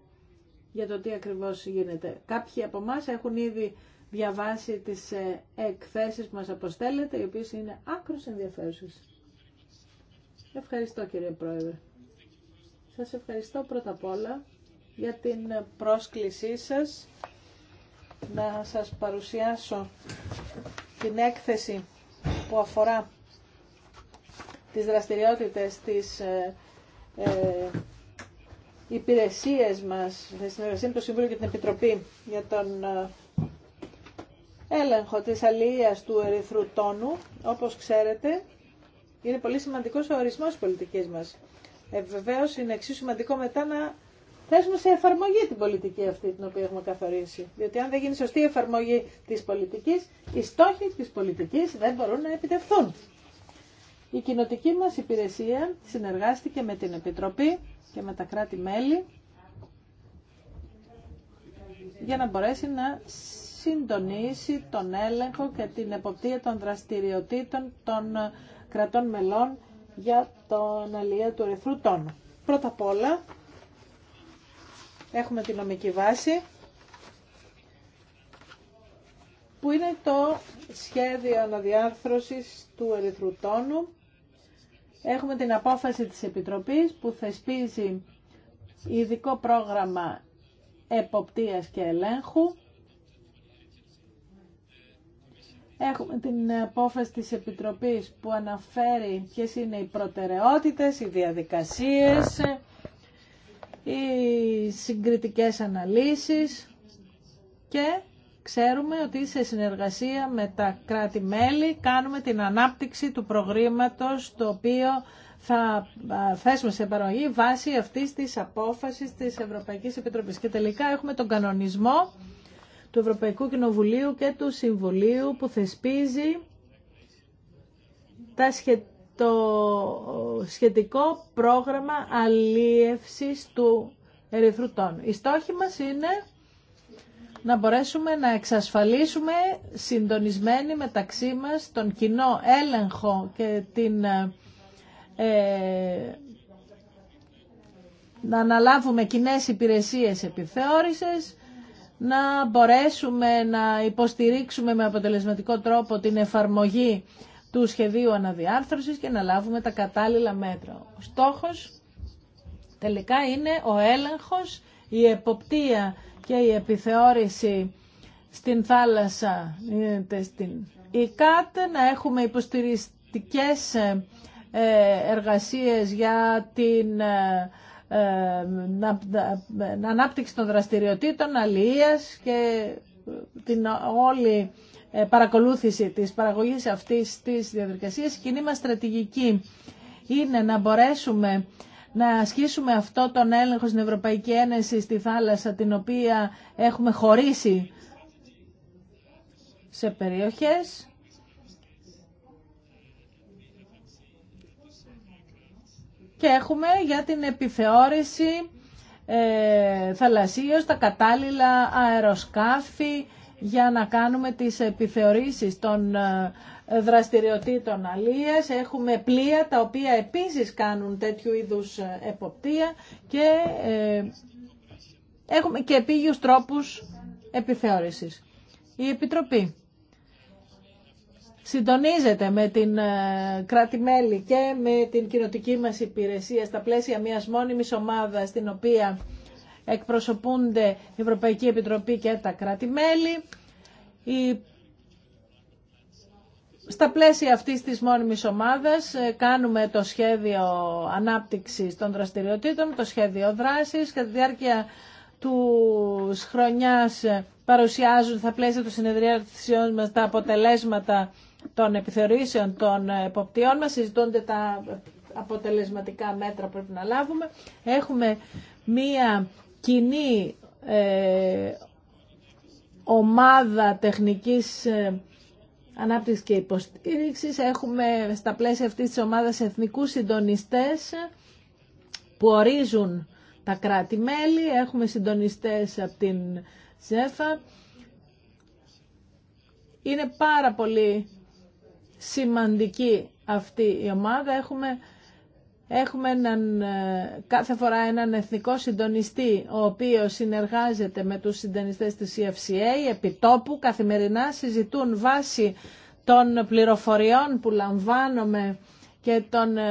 Speaker 1: για το τι ακριβώς γίνεται. Κάποιοι από εμά έχουν ήδη διαβάσει τις ε, εκθέσεις που μας αποστέλλετε, οι οποίες είναι άκρως ενδιαφέρουσες. Ευχαριστώ κύριε Πρόεδρε. Σας ευχαριστώ πρώτα απ' όλα για την πρόσκλησή σας να σας παρουσιάσω την έκθεση που αφορά τις δραστηριότητες της ε, ε υπηρεσίες μας, στην συνεργασία με το και την Επιτροπή για τον ε, έλεγχο της αλληλείας του ερυθρού τόνου, όπως ξέρετε, είναι πολύ σημαντικός ο ορισμός της πολιτικής μας. Ε, Βεβαίω είναι εξίσου σημαντικό μετά να θέσουμε σε εφαρμογή την πολιτική αυτή την οποία έχουμε καθορίσει. Διότι αν δεν γίνει σωστή η εφαρμογή της πολιτικής, οι στόχοι της πολιτικής δεν μπορούν να επιτευχθούν. Η κοινοτική μας υπηρεσία συνεργάστηκε με την Επιτροπή και με τα κράτη-μέλη για να μπορέσει να συντονίσει τον έλεγχο και την εποπτεία των δραστηριοτήτων των ε, κρατών μελών για τον αλληλεία του ερυθρού τόνου. Πρώτα απ' όλα έχουμε τη νομική βάση που είναι το σχέδιο αναδιάρθρωσης του ερυθρού τόνου. Έχουμε την απόφαση της Επιτροπής που θεσπίζει ειδικό πρόγραμμα εποπτείας και ελέγχου Έχουμε την απόφαση της Επιτροπής που αναφέρει ποιες είναι οι προτεραιότητες, οι διαδικασίες, οι συγκριτικές αναλύσεις και ξέρουμε ότι σε συνεργασία με τα κράτη-μέλη κάνουμε την ανάπτυξη του προγρήματος το οποίο θα θέσουμε σε παραγωγή βάσει αυτής της απόφασης της Ευρωπαϊκής Επιτροπής. Και τελικά έχουμε τον κανονισμό του Ευρωπαϊκού Κοινοβουλίου και του Συμβουλίου που θεσπίζει τα το σχετικό πρόγραμμα αλίευσης του ερυθρού Η στόχη μας είναι να μπορέσουμε να εξασφαλίσουμε συντονισμένοι μεταξύ μας τον κοινό έλεγχο και την, ε, να αναλάβουμε κοινές υπηρεσίες επιθεώρησης να μπορέσουμε να υποστηρίξουμε με αποτελεσματικό τρόπο την εφαρμογή του σχεδίου αναδιάρθρωσης και να λάβουμε τα κατάλληλα μέτρα. Ο στόχος τελικά είναι ο έλεγχος, η εποπτεία και η επιθεώρηση στην θάλασσα, ε, στην ΙΚΑΤ, να έχουμε υποστηριστικές ε, εργασίες για την ε, ε, να ανάπτυξη των δραστηριοτήτων, αλληλείας και ε, την όλη ε, παρακολούθηση της παραγωγής αυτής της διαδικασίας. Η κοινή μας στρατηγική είναι να μπορέσουμε να ασκήσουμε αυτό τον έλεγχο στην Ευρωπαϊκή Ένωση στη θάλασσα την οποία έχουμε χωρίσει σε περιοχές και έχουμε για την επιθεώρηση ε, θαλασσίως τα κατάλληλα αεροσκάφη για να κάνουμε τις επιθεωρήσεις των ε, δραστηριοτήτων αλίας. Έχουμε πλοία τα οποία επίσης κάνουν τέτοιου είδους ε, εποπτεία και ε, έχουμε και επίγειους τρόπους επιθεώρησης. Η Επιτροπή συντονίζεται με την ε, κράτη-μέλη και με την κοινοτική μας υπηρεσία στα πλαίσια μιας μόνιμης ομάδας στην οποία εκπροσωπούνται η Ευρωπαϊκή Επιτροπή και τα κράτη-μέλη. Στα πλαίσια αυτής της μόνιμης ομάδας ε, κάνουμε το σχέδιο ανάπτυξης των δραστηριοτήτων, το σχέδιο δράσης. και τη διάρκεια του χρονιάς ε, παρουσιάζουν στα πλαίσια των συνεδριάσεων μας τα αποτελέσματα των επιθεωρήσεων των εποπτιών μας, συζητώνται τα αποτελεσματικά μέτρα που πρέπει να λάβουμε. Έχουμε μία κοινή ε, ομάδα τεχνικής ε, ανάπτυξης και υποστήριξης. Έχουμε στα πλαίσια αυτής της ομάδας εθνικούς συντονιστές που ορίζουν τα κράτη-μέλη. Έχουμε συντονιστές από την ΖΕΦΑ. Είναι πάρα πολύ σημαντική αυτή η ομάδα. Έχουμε, έχουμε έναν, ε, κάθε φορά έναν εθνικό συντονιστή, ο οποίος συνεργάζεται με τους συντονιστές της EFCA, επιτόπου καθημερινά συζητούν βάση των πληροφοριών που λαμβάνομαι και των ε,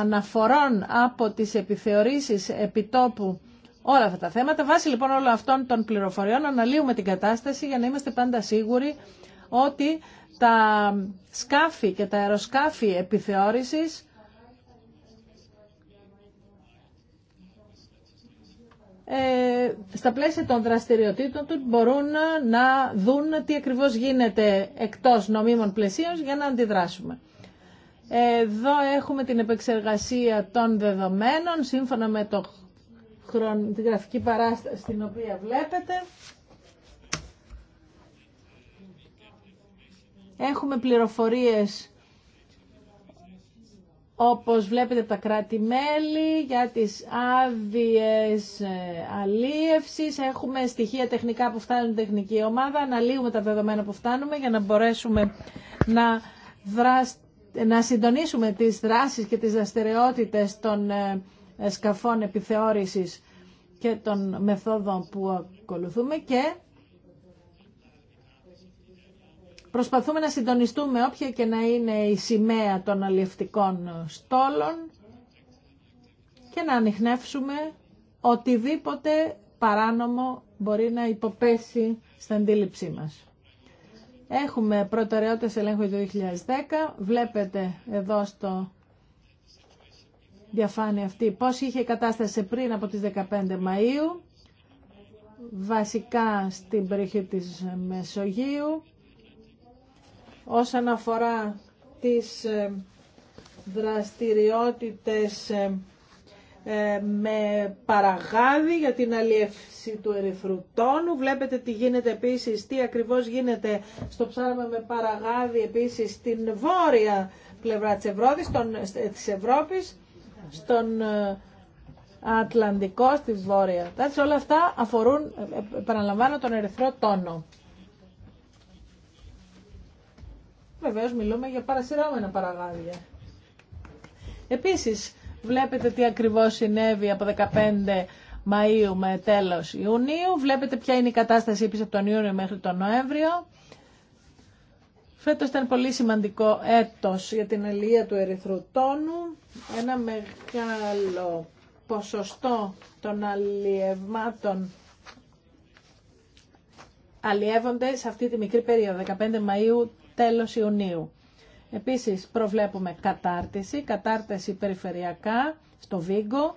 Speaker 1: αναφορών από τις επιθεωρήσεις επιτόπου όλα αυτά τα θέματα. Βάσει λοιπόν όλων αυτών των πληροφοριών αναλύουμε την κατάσταση για να είμαστε πάντα σίγουροι ότι τα σκάφη και τα αεροσκάφη επιθεώρησης ε, στα πλαίσια των δραστηριοτήτων του μπορούν να δουν τι ακριβώς γίνεται εκτός νομίμων πλαισίων για να αντιδράσουμε. Εδώ έχουμε την επεξεργασία των δεδομένων σύμφωνα με το χρον... τη γραφική παράσταση την οποία βλέπετε. Έχουμε πληροφορίες όπως βλέπετε τα κράτη-μέλη για τις άδειες ε, αλίευσης. Έχουμε στοιχεία τεχνικά που φτάνουν την τεχνική ομάδα. Αναλύουμε τα δεδομένα που φτάνουμε για να μπορέσουμε να, να συντονίσουμε τις δράσεις και τις δραστηριότητε των ε, σκαφών επιθεώρησης και των μεθόδων που ακολουθούμε και Προσπαθούμε να συντονιστούμε όποια και να είναι η σημαία των αλληλευτικών στόλων και να ανοιχνεύσουμε οτιδήποτε παράνομο μπορεί να υποπέσει στην αντίληψή μας. Έχουμε προτεραιότητες ελέγχου 2010. Βλέπετε εδώ στο διαφάνεια αυτή πώς είχε η κατάσταση πριν από τις 15 Μαΐου, βασικά στην περιοχή της Μεσογείου όσον αφορά τις ε, δραστηριότητες ε, ε, με παραγάδι για την αλλιεύση του ερυθρού τόνου. Βλέπετε τι γίνεται επίσης, τι ακριβώς γίνεται στο ψάρεμα με παραγάδι επίσης στην βόρεια πλευρά της Ευρώπης, στον, της Ευρώπης, στον Ατλαντικό, στη Βόρεια. όλα αυτά αφορούν, επαναλαμβάνω, τον ερυθρό τόνο. βεβαίως μιλούμε για παρασυρώμενα παραγάδια. Επίσης, βλέπετε τι ακριβώς συνέβη από 15 Μαΐου με τέλος Ιουνίου. Βλέπετε ποια είναι η κατάσταση επίσης από τον Ιούνιο μέχρι τον Νοέμβριο. Φέτος ήταν πολύ σημαντικό έτος για την αλληλεία του ερυθρού τόνου. Ένα μεγάλο ποσοστό των αλλιευμάτων αλλιεύονται σε αυτή τη μικρή περίοδο, 15 Μαΐου τέλος Ιουνίου. Επίσης προβλέπουμε κατάρτιση, κατάρτιση περιφερειακά στο Βίγκο.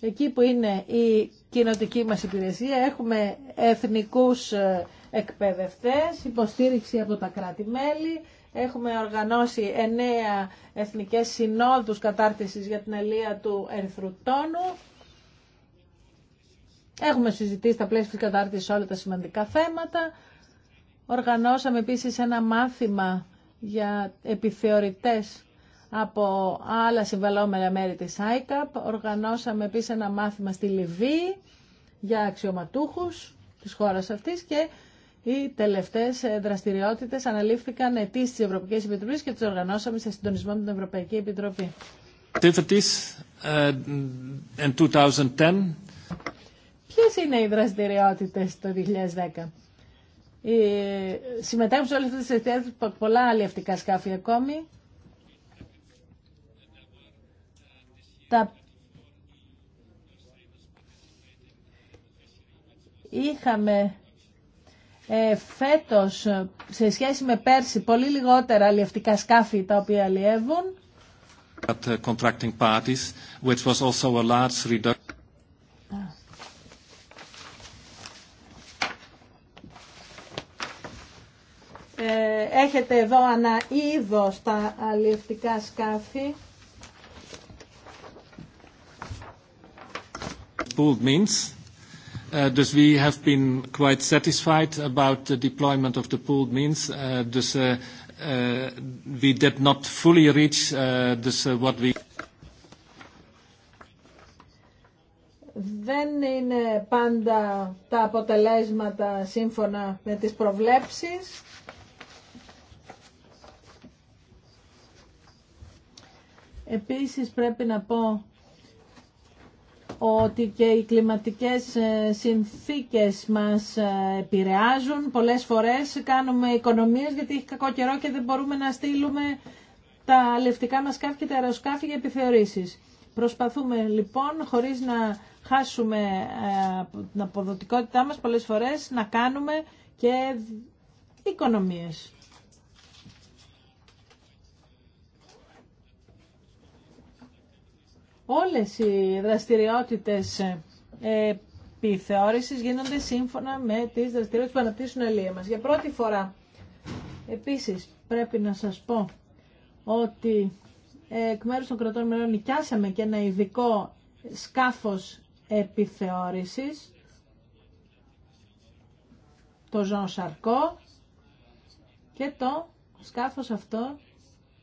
Speaker 1: Εκεί που είναι η κοινοτική μας υπηρεσία έχουμε εθνικούς ε, εκπαιδευτές, υποστήριξη από τα κράτη-μέλη. Έχουμε οργανώσει εννέα εθνικές συνόδους κατάρτισης για την αλία του ερυθρού Έχουμε συζητήσει τα πλαίσια της κατάρτισης όλα τα σημαντικά θέματα. Οργανώσαμε επίσης ένα μάθημα για επιθεωρητές από άλλα συμβαλόμενα μέρη της ICAP. Οργανώσαμε επίσης ένα μάθημα στη Λιβύη για αξιωματούχους της χώρας αυτής και οι τελευταίες δραστηριότητες αναλήφθηκαν αιτήσεις της Ευρωπαϊκής Επιτροπής και τις οργανώσαμε σε συντονισμό με την Ευρωπαϊκή Επιτροπή.
Speaker 3: Uh,
Speaker 1: Ποιες είναι οι δραστηριότητες το 2010? Ε, συμμετέχουν σε όλες αυτές τις εστιάσεις πολλά αλλιευτικά σκάφη ακόμη. Τα... Είχαμε ε, φέτος σε σχέση με πέρσι πολύ λιγότερα αλλιευτικά σκάφη τα οποία αλλιεύουν.
Speaker 3: contracting parties, which was also a large
Speaker 1: έχετε εδώ ανα είδο τα αλλιευτικά σκάφη.
Speaker 3: Bold means. Dus we have been quite satisfied about the deployment of the pooled means. Dus we did not fully reach this what we.
Speaker 1: Δεν είναι πάντα τα αποτελέσματα σύμφωνα με τις προβλέψεις. Επίσης πρέπει να πω ότι και οι κλιματικές ε, συνθήκες μας ε, επηρεάζουν. Πολλές φορές κάνουμε οικονομίες γιατί έχει κακό καιρό και δεν μπορούμε να στείλουμε τα λευτικά μας σκάφη και τα αεροσκάφη για επιθεωρήσεις. Προσπαθούμε λοιπόν χωρίς να χάσουμε ε, την αποδοτικότητά μας πολλές φορές να κάνουμε και οικονομίες. όλες οι δραστηριότητες επιθεώρησης γίνονται σύμφωνα με τις δραστηριότητες που αναπτύσσουν αλία μας. Για πρώτη φορά, επίσης, πρέπει να σας πω ότι εκ μέρους των κρατών μελών νοικιάσαμε και ένα ειδικό σκάφος επιθεώρησης, το Ζων και το σκάφος αυτό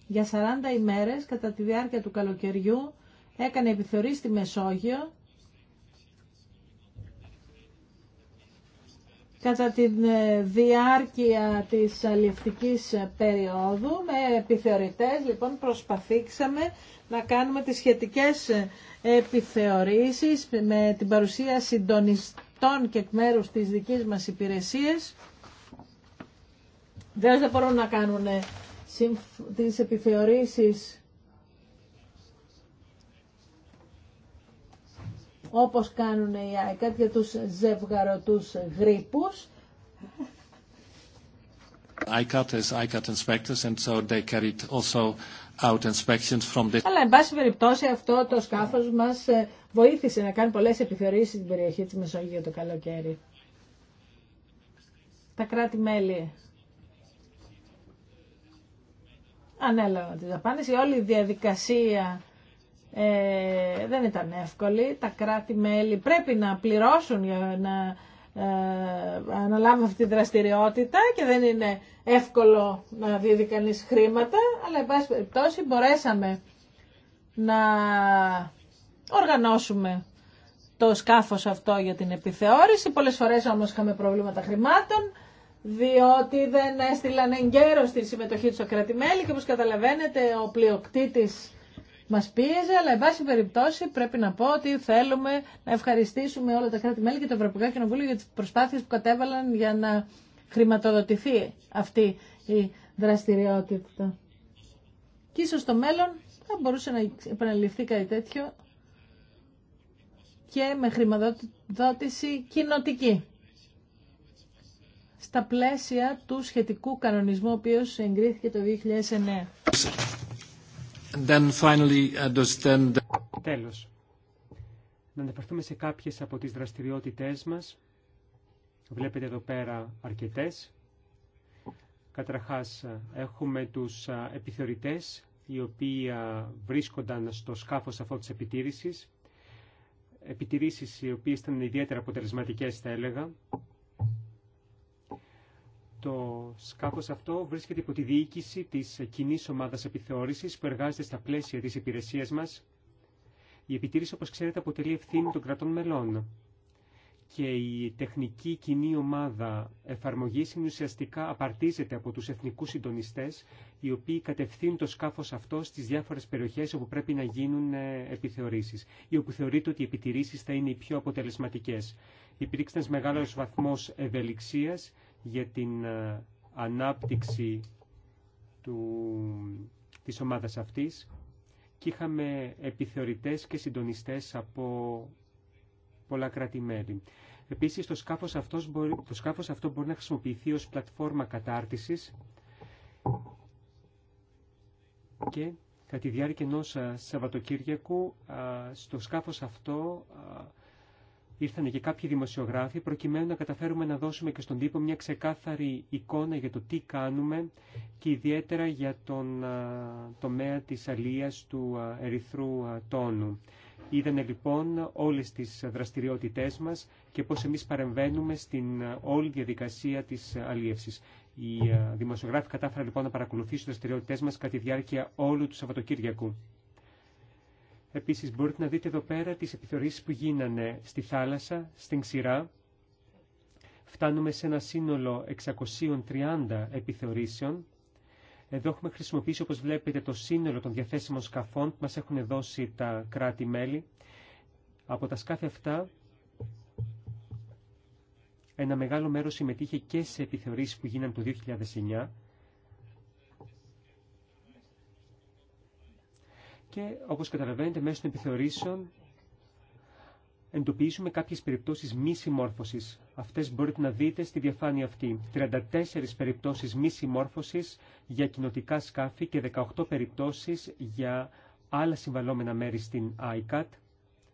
Speaker 1: για 40 ημέρες κατά τη διάρκεια του καλοκαιριού έκανε επιθεωρή στη Μεσόγειο κατά τη ε, διάρκεια της αλληλευτικής περίοδου. Με επιθεωρητές λοιπόν προσπαθήξαμε να κάνουμε τις σχετικές επιθεωρήσεις με την παρουσία συντονιστών και εκ μέρους της δικής μας υπηρεσίας. Βέβαια δεν μπορούν να κάνουν ε, τις επιθεωρήσεις όπως κάνουν οι ΆΕΚΑΤ για τους ζευγαρωτούς γρήπους. Αλλά εν πάση περιπτώσει αυτό το σκάφος μας ε, βοήθησε να κάνει πολλές επιθεωρήσεις στην περιοχή της Μεσογείου το καλοκαίρι. Τα κράτη-μέλη ανέλαβαν τις δαπάνες. Η όλη διαδικασία ε, δεν ήταν εύκολη. Τα κράτη-μέλη πρέπει να πληρώσουν για να ε, αναλάβουν αυτή τη δραστηριότητα και δεν είναι εύκολο να δίδει κανείς χρήματα, αλλά εν πάση περιπτώσει μπορέσαμε να οργανώσουμε το σκάφος αυτό για την επιθεώρηση. Πολλές φορές όμως είχαμε προβλήματα χρημάτων, διότι δεν έστειλαν εγκαίρως τη συμμετοχή του στο κρατημέλη και όπως καταλαβαίνετε ο πλειοκτήτης Μα πίεζε, αλλά εν πάση περιπτώσει πρέπει να πω ότι θέλουμε να ευχαριστήσουμε όλα τα κράτη-μέλη και το Ευρωπαϊκό Κοινοβούλιο για τι προσπάθειε που κατέβαλαν για να χρηματοδοτηθεί αυτή η δραστηριότητα. Και ίσως στο μέλλον θα μπορούσε να επαναληφθεί κάτι τέτοιο και με χρηματοδότηση κοινοτική στα πλαίσια του σχετικού κανονισμού ο οποίος εγκρίθηκε το 2009. Then uh,
Speaker 3: Τέλος, να αναφερθούμε σε κάποιες από τις δραστηριότητές μας. Βλέπετε εδώ πέρα αρκετές. Καταρχάς, έχουμε τους επιθεωρητές, οι οποίοι βρίσκονταν στο σκάφος αυτό της επιτήρησης. Επιτηρήσεις οι οποίες ήταν ιδιαίτερα αποτελεσματικές, θα έλεγα. Το σκάφος αυτό βρίσκεται υπό τη διοίκηση της κοινή ομάδας επιθεώρησης που εργάζεται στα πλαίσια της υπηρεσίας μας. Η επιτήρηση, όπως ξέρετε, αποτελεί ευθύνη των κρατών μελών και η τεχνική κοινή ομάδα εφαρμογής είναι ουσιαστικά απαρτίζεται από τους εθνικούς συντονιστές οι οποίοι κατευθύνουν το σκάφος αυτό στις διάφορες περιοχές όπου πρέπει να γίνουν ε, επιθεωρήσεις ή όπου θεωρείται ότι οι επιτηρήσεις θα είναι οι πιο αποτελεσματικές. Υπήρξε ένα μεγάλος βαθμός ευελιξίας για την ε, ανάπτυξη του, της ομάδας αυτής και είχαμε επιθεωρητές και συντονιστές από πολλά κράτη-μέλη. Επίσης, το σκάφος, αυτός μπορεί, το σκάφος αυτό μπορεί να χρησιμοποιηθεί ως πλατφόρμα κατάρτισης και κατά τη διάρκεια ενός ε, Σαββατοκύριακου ε, στο σκάφος αυτό ήρθαν και κάποιοι δημοσιογράφοι προκειμένου να καταφέρουμε να δώσουμε και στον τύπο μια ξεκάθαρη εικόνα για το τι κάνουμε και ιδιαίτερα για τον τομέα της αλίας του ερυθρού τόνου. Είδανε λοιπόν όλες τις δραστηριότητές μας και πώς εμείς παρεμβαίνουμε στην όλη διαδικασία της αλίευσης. Οι δημοσιογράφοι κατάφεραν λοιπόν να παρακολουθήσουν τις δραστηριότητές μας κατά τη διάρκεια όλου του Σαββατοκύριακου. Επίσης μπορείτε να δείτε εδώ πέρα τις επιθεωρήσεις που γίνανε στη θάλασσα, στην ξηρά. Φτάνουμε σε ένα σύνολο 630 επιθεωρήσεων. Εδώ έχουμε χρησιμοποιήσει, όπως βλέπετε, το σύνολο των διαθέσιμων σκαφών που μας έχουν δώσει τα κράτη-μέλη. Από τα σκάφη αυτά, ένα μεγάλο μέρος συμμετείχε και σε επιθεωρήσεις που γίνανε το 2009 και όπως καταλαβαίνετε μέσω των επιθεωρήσεων εντοπίζουμε κάποιες περιπτώσεις μη συμμόρφωσης. Αυτές μπορείτε να δείτε στη διαφάνεια αυτή. 34 περιπτώσεις μη συμμόρφωσης για κοινοτικά σκάφη και 18 περιπτώσεις για άλλα συμβαλόμενα μέρη στην ICAT.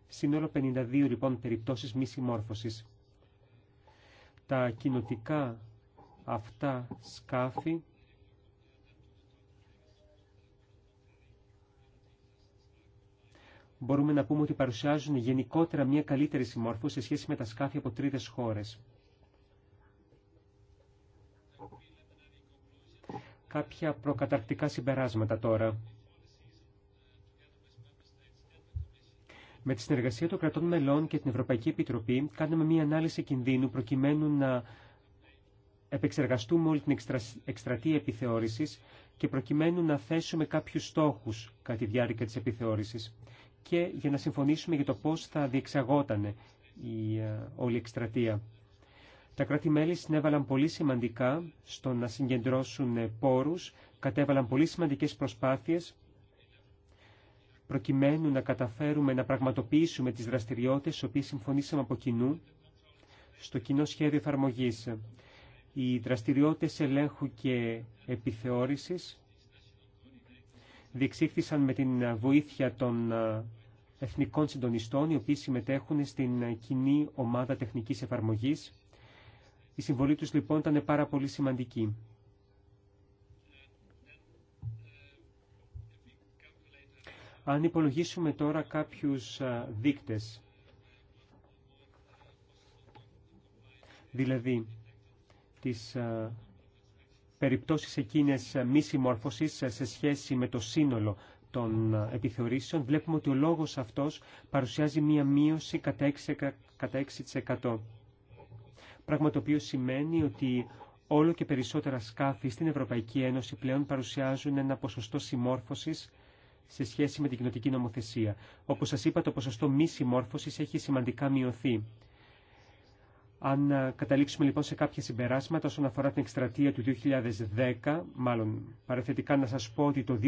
Speaker 3: Σύνολο 52 λοιπόν περιπτώσεις μη συμμόρφωσης. Τα κοινοτικά αυτά σκάφη μπορούμε να πούμε ότι παρουσιάζουν γενικότερα μια καλύτερη συμμόρφωση σε σχέση με τα σκάφη από τρίτες χώρες. Κάποια προκαταρκτικά συμπεράσματα τώρα. Με τη συνεργασία των κρατών μελών και την Ευρωπαϊκή Επιτροπή κάνουμε μια ανάλυση κινδύνου προκειμένου να επεξεργαστούμε όλη την εκστρατεία επιθεώρησης και προκειμένου να θέσουμε κάποιους στόχους κατά τη διάρκεια της επιθεώρησης και για να συμφωνήσουμε για το πώς θα διεξαγόταν η ε, όλη εκστρατεία. Τα κράτη-μέλη συνέβαλαν πολύ σημαντικά στο να συγκεντρώσουν πόρους, κατέβαλαν πολύ σημαντικές προσπάθειες προκειμένου να καταφέρουμε να πραγματοποιήσουμε τις δραστηριότητες στις οποίες συμφωνήσαμε από κοινού στο κοινό σχέδιο εφαρμογής. Οι δραστηριότητες ελέγχου και επιθεώρησης διεξήχθησαν με την βοήθεια των ε, εθνικών συντονιστών, οι οποίοι συμμετέχουν στην ε, κοινή ομάδα τεχνικής εφαρμογής. Η συμβολή τους λοιπόν ήταν πάρα πολύ σημαντική. Αν υπολογίσουμε τώρα κάποιους ε, δείκτες, δηλαδή τις περιπτώσεις εκείνες μη συμμόρφωσης σε σχέση με το σύνολο των επιθεωρήσεων, βλέπουμε ότι ο λόγος αυτός παρουσιάζει μία μείωση κατά 6%. Πράγμα το οποίο σημαίνει ότι όλο και περισσότερα σκάφη στην Ευρωπαϊκή Ένωση πλέον παρουσιάζουν ένα ποσοστό συμμόρφωσης σε σχέση με την κοινωτική νομοθεσία. Όπως σας είπα, το ποσοστό μη συμμόρφωσης έχει σημαντικά μειωθεί. Αν ε, καταλήξουμε λοιπόν σε κάποια συμπεράσματα όσον αφορά την εκστρατεία του 2010, μάλλον παραθετικά να σας πω ότι το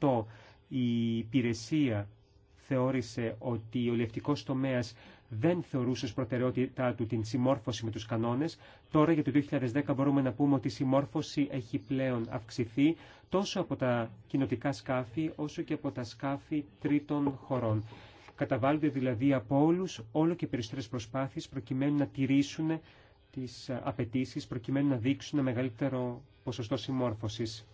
Speaker 3: 2008 η υπηρεσία θεώρησε ότι ο λευτικός τομέας δεν θεωρούσε ως προτεραιότητά του την συμμόρφωση με τους κανόνες. Τώρα για το 2010 μπορούμε να πούμε ότι η συμμόρφωση έχει πλέον αυξηθεί τόσο από τα κοινοτικά σκάφη όσο και από τα σκάφη τρίτων χωρών. Καταβάλλονται δηλαδή από όλου όλο και περισσότερε προσπάθειε προκειμένου να τηρήσουν τι απαιτήσει, προκειμένου να δείξουν ένα μεγαλύτερο ποσοστό συμμόρφωση.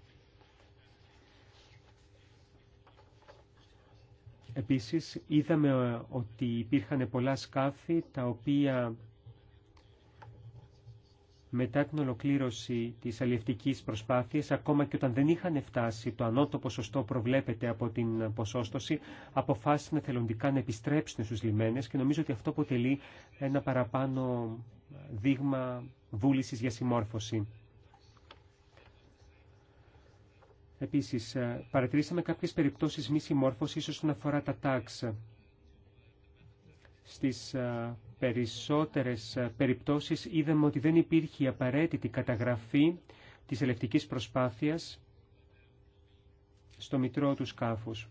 Speaker 3: Επίσης, είδαμε ότι υπήρχαν πολλά σκάφη τα οποία μετά την ολοκλήρωση της αλληλευτική προσπάθειας, ακόμα και όταν δεν είχαν φτάσει το ανώτο ποσοστό προβλέπεται από την ποσόστοση, αποφάσισαν θελοντικά να επιστρέψουν στους λιμένες και νομίζω ότι αυτό αποτελεί ένα παραπάνω δείγμα βούλησης για συμμόρφωση. Επίσης, ε, παρατηρήσαμε κάποιες περιπτώσεις μη συμμόρφωσης όσον αφορά τα τάξ. Στις ε, περισσότερες ε, περιπτώσεις είδαμε ότι δεν υπήρχε η απαραίτητη καταγραφή της ελευτικής προσπάθειας στο μητρό του σκάφους.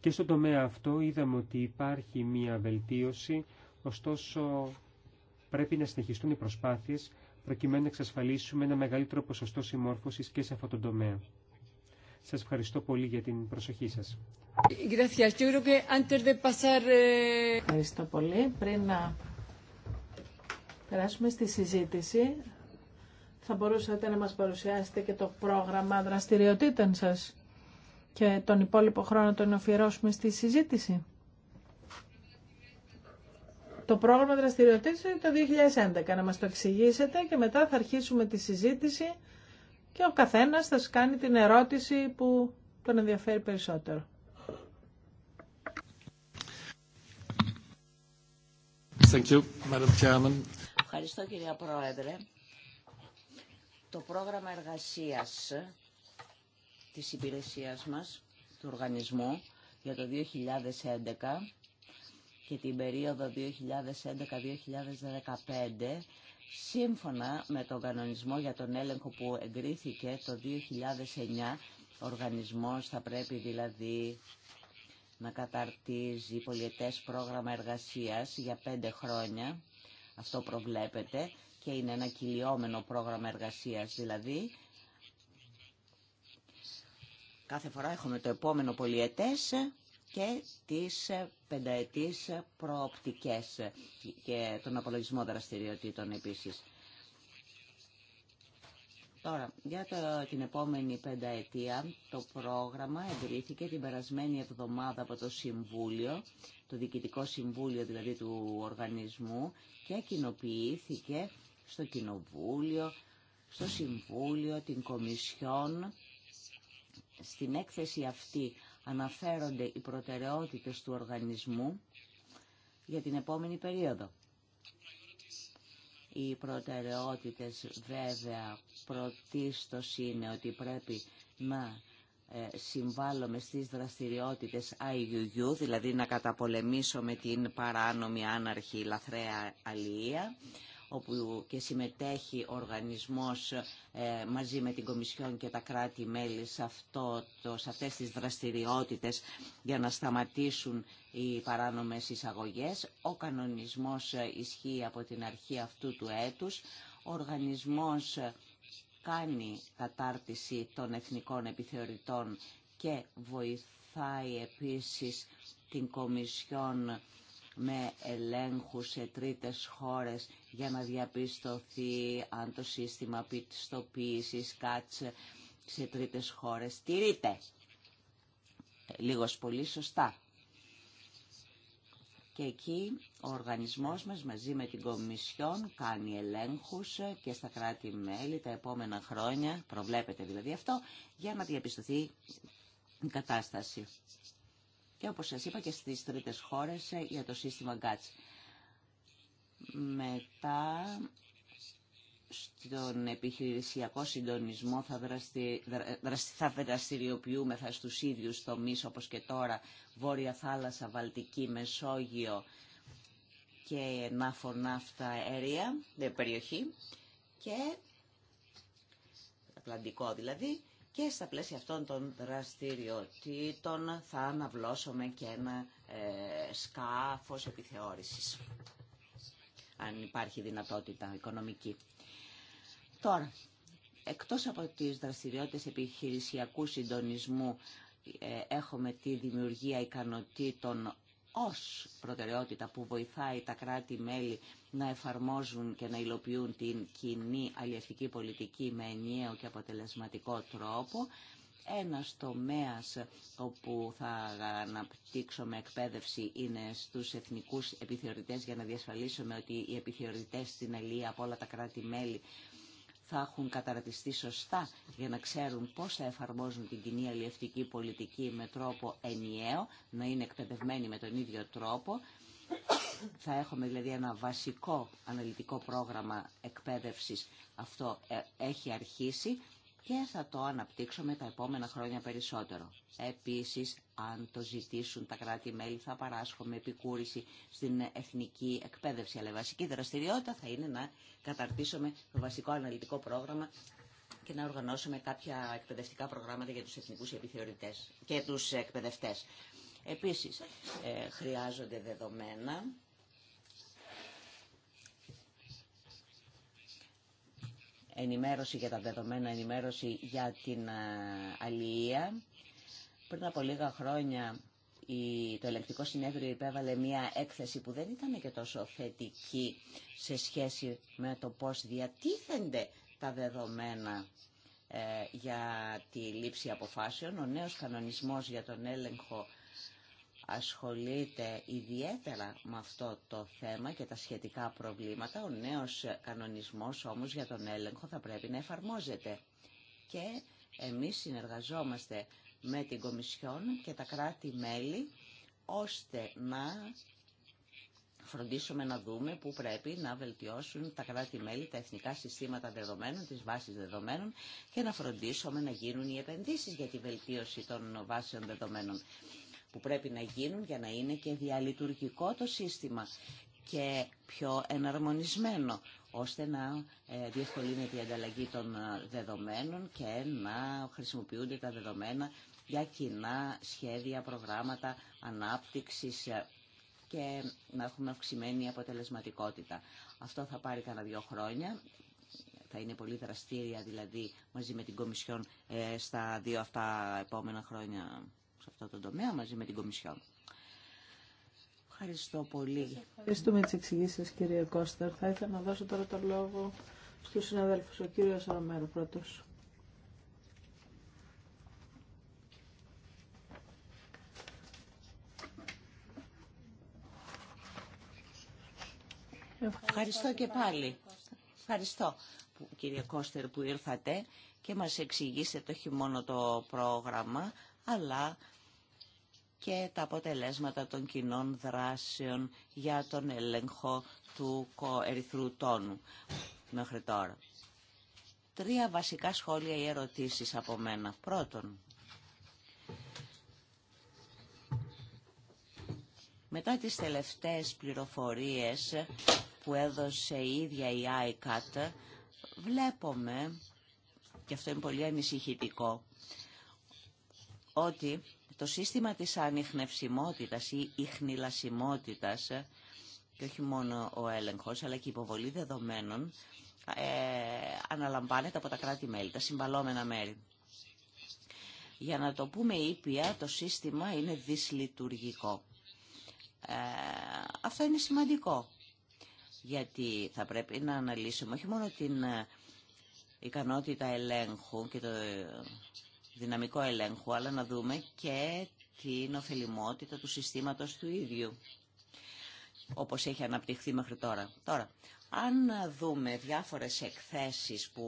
Speaker 3: Και στον τομέα αυτό είδαμε ότι υπάρχει μία βελτίωση, ωστόσο πρέπει να συνεχιστούν οι προσπάθειες προκειμένου να εξασφαλίσουμε ένα μεγαλύτερο ποσοστό συμμόρφωσης και σε αυτό το τομέα. Σας ευχαριστώ πολύ για την προσοχή σας.
Speaker 1: Eh, ευχαριστώ πολύ. Πριν να περάσουμε στη συζήτηση, θα μπορούσατε να μας παρουσιάσετε και το πρόγραμμα δραστηριοτήτων σας και τον υπόλοιπο χρόνο τον αφιερώσουμε στη συζήτηση. Το πρόγραμμα δραστηριοτήτων είναι το 2011. Να μας το εξηγήσετε και μετά θα αρχίσουμε τη συζήτηση και ο καθένας θα σας κάνει την ερώτηση που τον ενδιαφέρει περισσότερο.
Speaker 3: Madam Chairman.
Speaker 2: Ευχαριστώ κυρία Πρόεδρε. Το πρόγραμμα εργασίας της υπηρεσίας μας, του οργανισμού, για το 2011 και την περίοδο 2011-2015 Σύμφωνα με τον κανονισμό για τον έλεγχο που εγκρίθηκε το 2009, ο οργανισμός θα πρέπει δηλαδή να καταρτίζει πολιετές πρόγραμμα εργασίας για πέντε χρόνια. Αυτό προβλέπεται και είναι ένα κυλιόμενο πρόγραμμα εργασίας δηλαδή. Κάθε φορά έχουμε το επόμενο πολιετές και τις ε, πενταετής ε, προοπτικές και τον απολογισμό δραστηριοτήτων επίσης. Τώρα, για το, την επόμενη πενταετία, το πρόγραμμα εγκρίθηκε την περασμένη εβδομάδα από το Συμβούλιο, το Διοικητικό Συμβούλιο δηλαδή του Οργανισμού και κοινοποιήθηκε στο Κοινοβούλιο, στο Συμβούλιο, την Κομισιόν. Στην έκθεση αυτή αναφέρονται οι προτεραιότητες του οργανισμού για την επόμενη περίοδο. Οι προτεραιότητες βέβαια πρωτίστως είναι ότι πρέπει να ε, συμβάλλουμε στις δραστηριότητες IUU, δηλαδή να καταπολεμήσουμε την παράνομη άναρχη λαθρέα αλληλεία όπου και συμμετέχει ο οργανισμός ε, μαζί με την Κομισιόν και τα κράτη-μέλη σε, αυτό, το, σε αυτές δραστηριότητες για να σταματήσουν οι παράνομες εισαγωγές. Ο κανονισμός ε, ισχύει από την αρχή αυτού του έτους. Ο οργανισμός ε, κάνει κατάρτιση των εθνικών επιθεωρητών και βοηθάει επίσης την Κομισιόν με ελέγχους σε τρίτες χώρες για να διαπιστωθεί αν το σύστημα πιστοποίησης κάτσε σε τρίτες χώρες τηρείται. Λίγος πολύ σωστά. Και εκεί ο οργανισμός μας μαζί με την Κομισιόν κάνει ελέγχους και στα κράτη-μέλη τα επόμενα χρόνια, προβλέπεται δηλαδή αυτό, για να διαπιστωθεί η κατάσταση και όπως σας είπα και στις τρίτες χώρες ε, για το σύστημα GATS. Μετά στον επιχειρησιακό συντονισμό θα, δραστη, θα δραστηριοποιούμε θα στους ίδιους τομείς όπως και τώρα Βόρεια Θάλασσα, Βαλτική, Μεσόγειο και νάφο ναύτα αέρια, ε, περιοχή και Ατλαντικό δηλαδή και στα πλαίσια αυτών των δραστηριοτήτων θα αναβλώσουμε και ένα ε, σκάφος επιθεώρησης, αν υπάρχει δυνατότητα οικονομική. Τώρα, εκτός από τις δραστηριότητες επιχειρησιακού συντονισμού, ε, έχουμε τη δημιουργία ικανοτήτων ως προτεραιότητα που βοηθάει τα κράτη-μέλη να εφαρμόζουν και να υλοποιούν την κοινή αλλιευτική πολιτική με ενιαίο και αποτελεσματικό τρόπο. Ένας τομέας όπου θα αναπτύξουμε εκπαίδευση είναι στους εθνικούς επιθεωρητές για να διασφαλίσουμε ότι οι επιθεωρητές στην Αλία από όλα τα κράτη-μέλη θα έχουν καταρτιστεί σωστά για να ξέρουν πώς θα εφαρμόζουν την κοινή αλληλευτική πολιτική με τρόπο ενιαίο, να είναι εκπαιδευμένοι με τον ίδιο τρόπο. Θα έχουμε δηλαδή ένα βασικό αναλυτικό πρόγραμμα εκπαίδευσης. Αυτό ε, έχει αρχίσει και θα το αναπτύξουμε τα επόμενα χρόνια περισσότερο. Επίσης αν το ζητήσουν τα κράτη-μέλη θα παράσχουμε επικούρηση στην εθνική εκπαίδευση. Αλλά η βασική δραστηριότητα θα είναι να καταρτήσουμε το βασικό αναλυτικό πρόγραμμα και να οργανώσουμε κάποια εκπαιδευτικά προγράμματα για τους εθνικούς επιθεωρητές και τους εκπαιδευτές. Επίσης, ε, χρειάζονται δεδομένα ενημέρωση για τα δεδομένα, ενημέρωση για την ε, αλληλεία πριν από λίγα χρόνια το ελεκτικό συνέδριο υπέβαλε μια έκθεση που δεν ήταν και τόσο θετική σε σχέση με το πώς διατίθενται τα δεδομένα ε, για τη λήψη αποφάσεων. Ο νέος κανονισμός για τον έλεγχο ασχολείται ιδιαίτερα με αυτό το θέμα και τα σχετικά προβλήματα. Ο νέος κανονισμός όμως για τον έλεγχο θα πρέπει να εφαρμόζεται. Και εμείς συνεργαζόμαστε με την Κομισιόν και τα κράτη-μέλη ώστε να φροντίσουμε να δούμε πού πρέπει να βελτιώσουν τα κράτη-μέλη, τα εθνικά συστήματα δεδομένων, τις βάσεις δεδομένων και να φροντίσουμε να γίνουν οι επενδύσεις για τη βελτίωση των βάσεων δεδομένων που πρέπει να γίνουν για να είναι και διαλειτουργικό το σύστημα και πιο εναρμονισμένο ώστε να ε, διευκολύνεται η ανταλλαγή των ε, δεδομένων και να χρησιμοποιούνται τα δεδομένα για κοινά σχέδια, προγράμματα ανάπτυξης ε, και να έχουμε αυξημένη αποτελεσματικότητα. Αυτό θα πάρει κανένα δύο χρόνια. Θα είναι πολύ δραστήρια δηλαδή μαζί με την Κομισιόν στα δύο αυτά επόμενα χρόνια σε αυτό το τομέα μαζί με την Κομισιόν. Ευχαριστώ πολύ.
Speaker 1: Ευχαριστούμε τι εξηγήσει κύριε Κώστερ. Θα ήθελα να δώσω τώρα το λόγο στους συναδέλφους. Ο κύριο Ρωμέρο πρώτος. Ευχαριστώ, και πάλι.
Speaker 2: Ευχαριστώ κύριε Κώστερ που ήρθατε και μας εξηγήσετε όχι μόνο το πρόγραμμα αλλά και τα αποτελέσματα των κοινών δράσεων για τον έλεγχο του ερυθρού τόνου μέχρι τώρα. Τρία βασικά σχόλια ή ερωτήσεις από μένα. Πρώτον, μετά τις τελευταίες πληροφορίες που έδωσε η ίδια η ICAT, βλέπουμε, και αυτό είναι πολύ ανησυχητικό, ότι το σύστημα της ανιχνευσιμότητας ή ιχνηλασιμότητας ε, και όχι μόνο ο έλεγχος αλλά και η υποβολή δεδομένων ε, αναλαμβάνεται από τα κράτη-μέλη, τα συμβαλόμενα μέρη. Για να το πούμε ήπια, το σύστημα είναι δυσλειτουργικό. Ε, αυτό είναι σημαντικό, γιατί θα πρέπει να αναλύσουμε όχι μόνο την ε, ικανότητα ελέγχου και δυναμικό ελέγχου, αλλά να δούμε και την ωφελημότητα του συστήματος του ίδιου, όπως έχει αναπτυχθεί μέχρι τώρα. Τώρα, αν δούμε διάφορες εκθέσεις που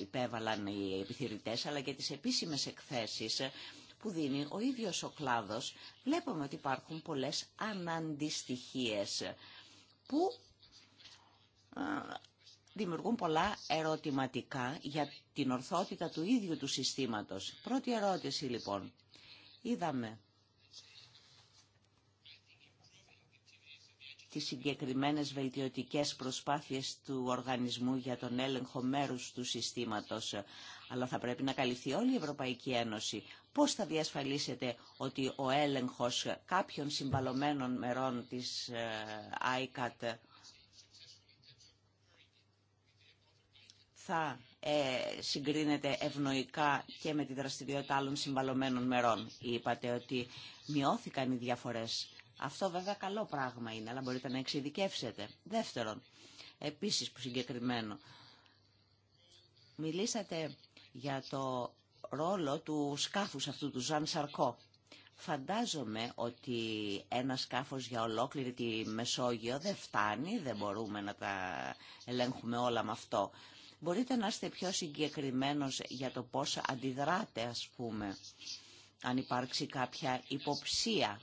Speaker 2: υπέβαλαν οι επιθυρητές, αλλά και τις επίσημες εκθέσεις που δίνει ο ίδιος ο κλάδος, βλέπουμε ότι υπάρχουν πολλές αναντιστοιχίες που δημιουργούν πολλά ερωτηματικά για την ορθότητα του ίδιου του συστήματος. Πρώτη ερώτηση λοιπόν. Είδαμε τις συγκεκριμένες βελτιωτικές προσπάθειες του οργανισμού για τον έλεγχο μέρους του συστήματος. Αλλά θα πρέπει να καλυφθεί όλη η Ευρωπαϊκή Ένωση. Πώς θα διασφαλίσετε ότι ο έλεγχος κάποιων συμβαλωμένων μερών της ε, ICAT θα ε, συγκρίνεται ευνοϊκά και με τη δραστηριότητα άλλων συμβαλωμένων μερών. Είπατε ότι μειώθηκαν οι διαφορές. Αυτό βέβαια καλό πράγμα είναι, αλλά μπορείτε να εξειδικεύσετε. Δεύτερον, επίσης που συγκεκριμένο, μιλήσατε για το ρόλο του σκάφους αυτού του Ζαν Σαρκό. Φαντάζομαι ότι ένα σκάφος για ολόκληρη τη Μεσόγειο δεν φτάνει, δεν μπορούμε να τα ελέγχουμε όλα με αυτό. Μπορείτε να είστε πιο συγκεκριμένος για το πώς αντιδράτε, ας πούμε, αν υπάρξει κάποια υποψία.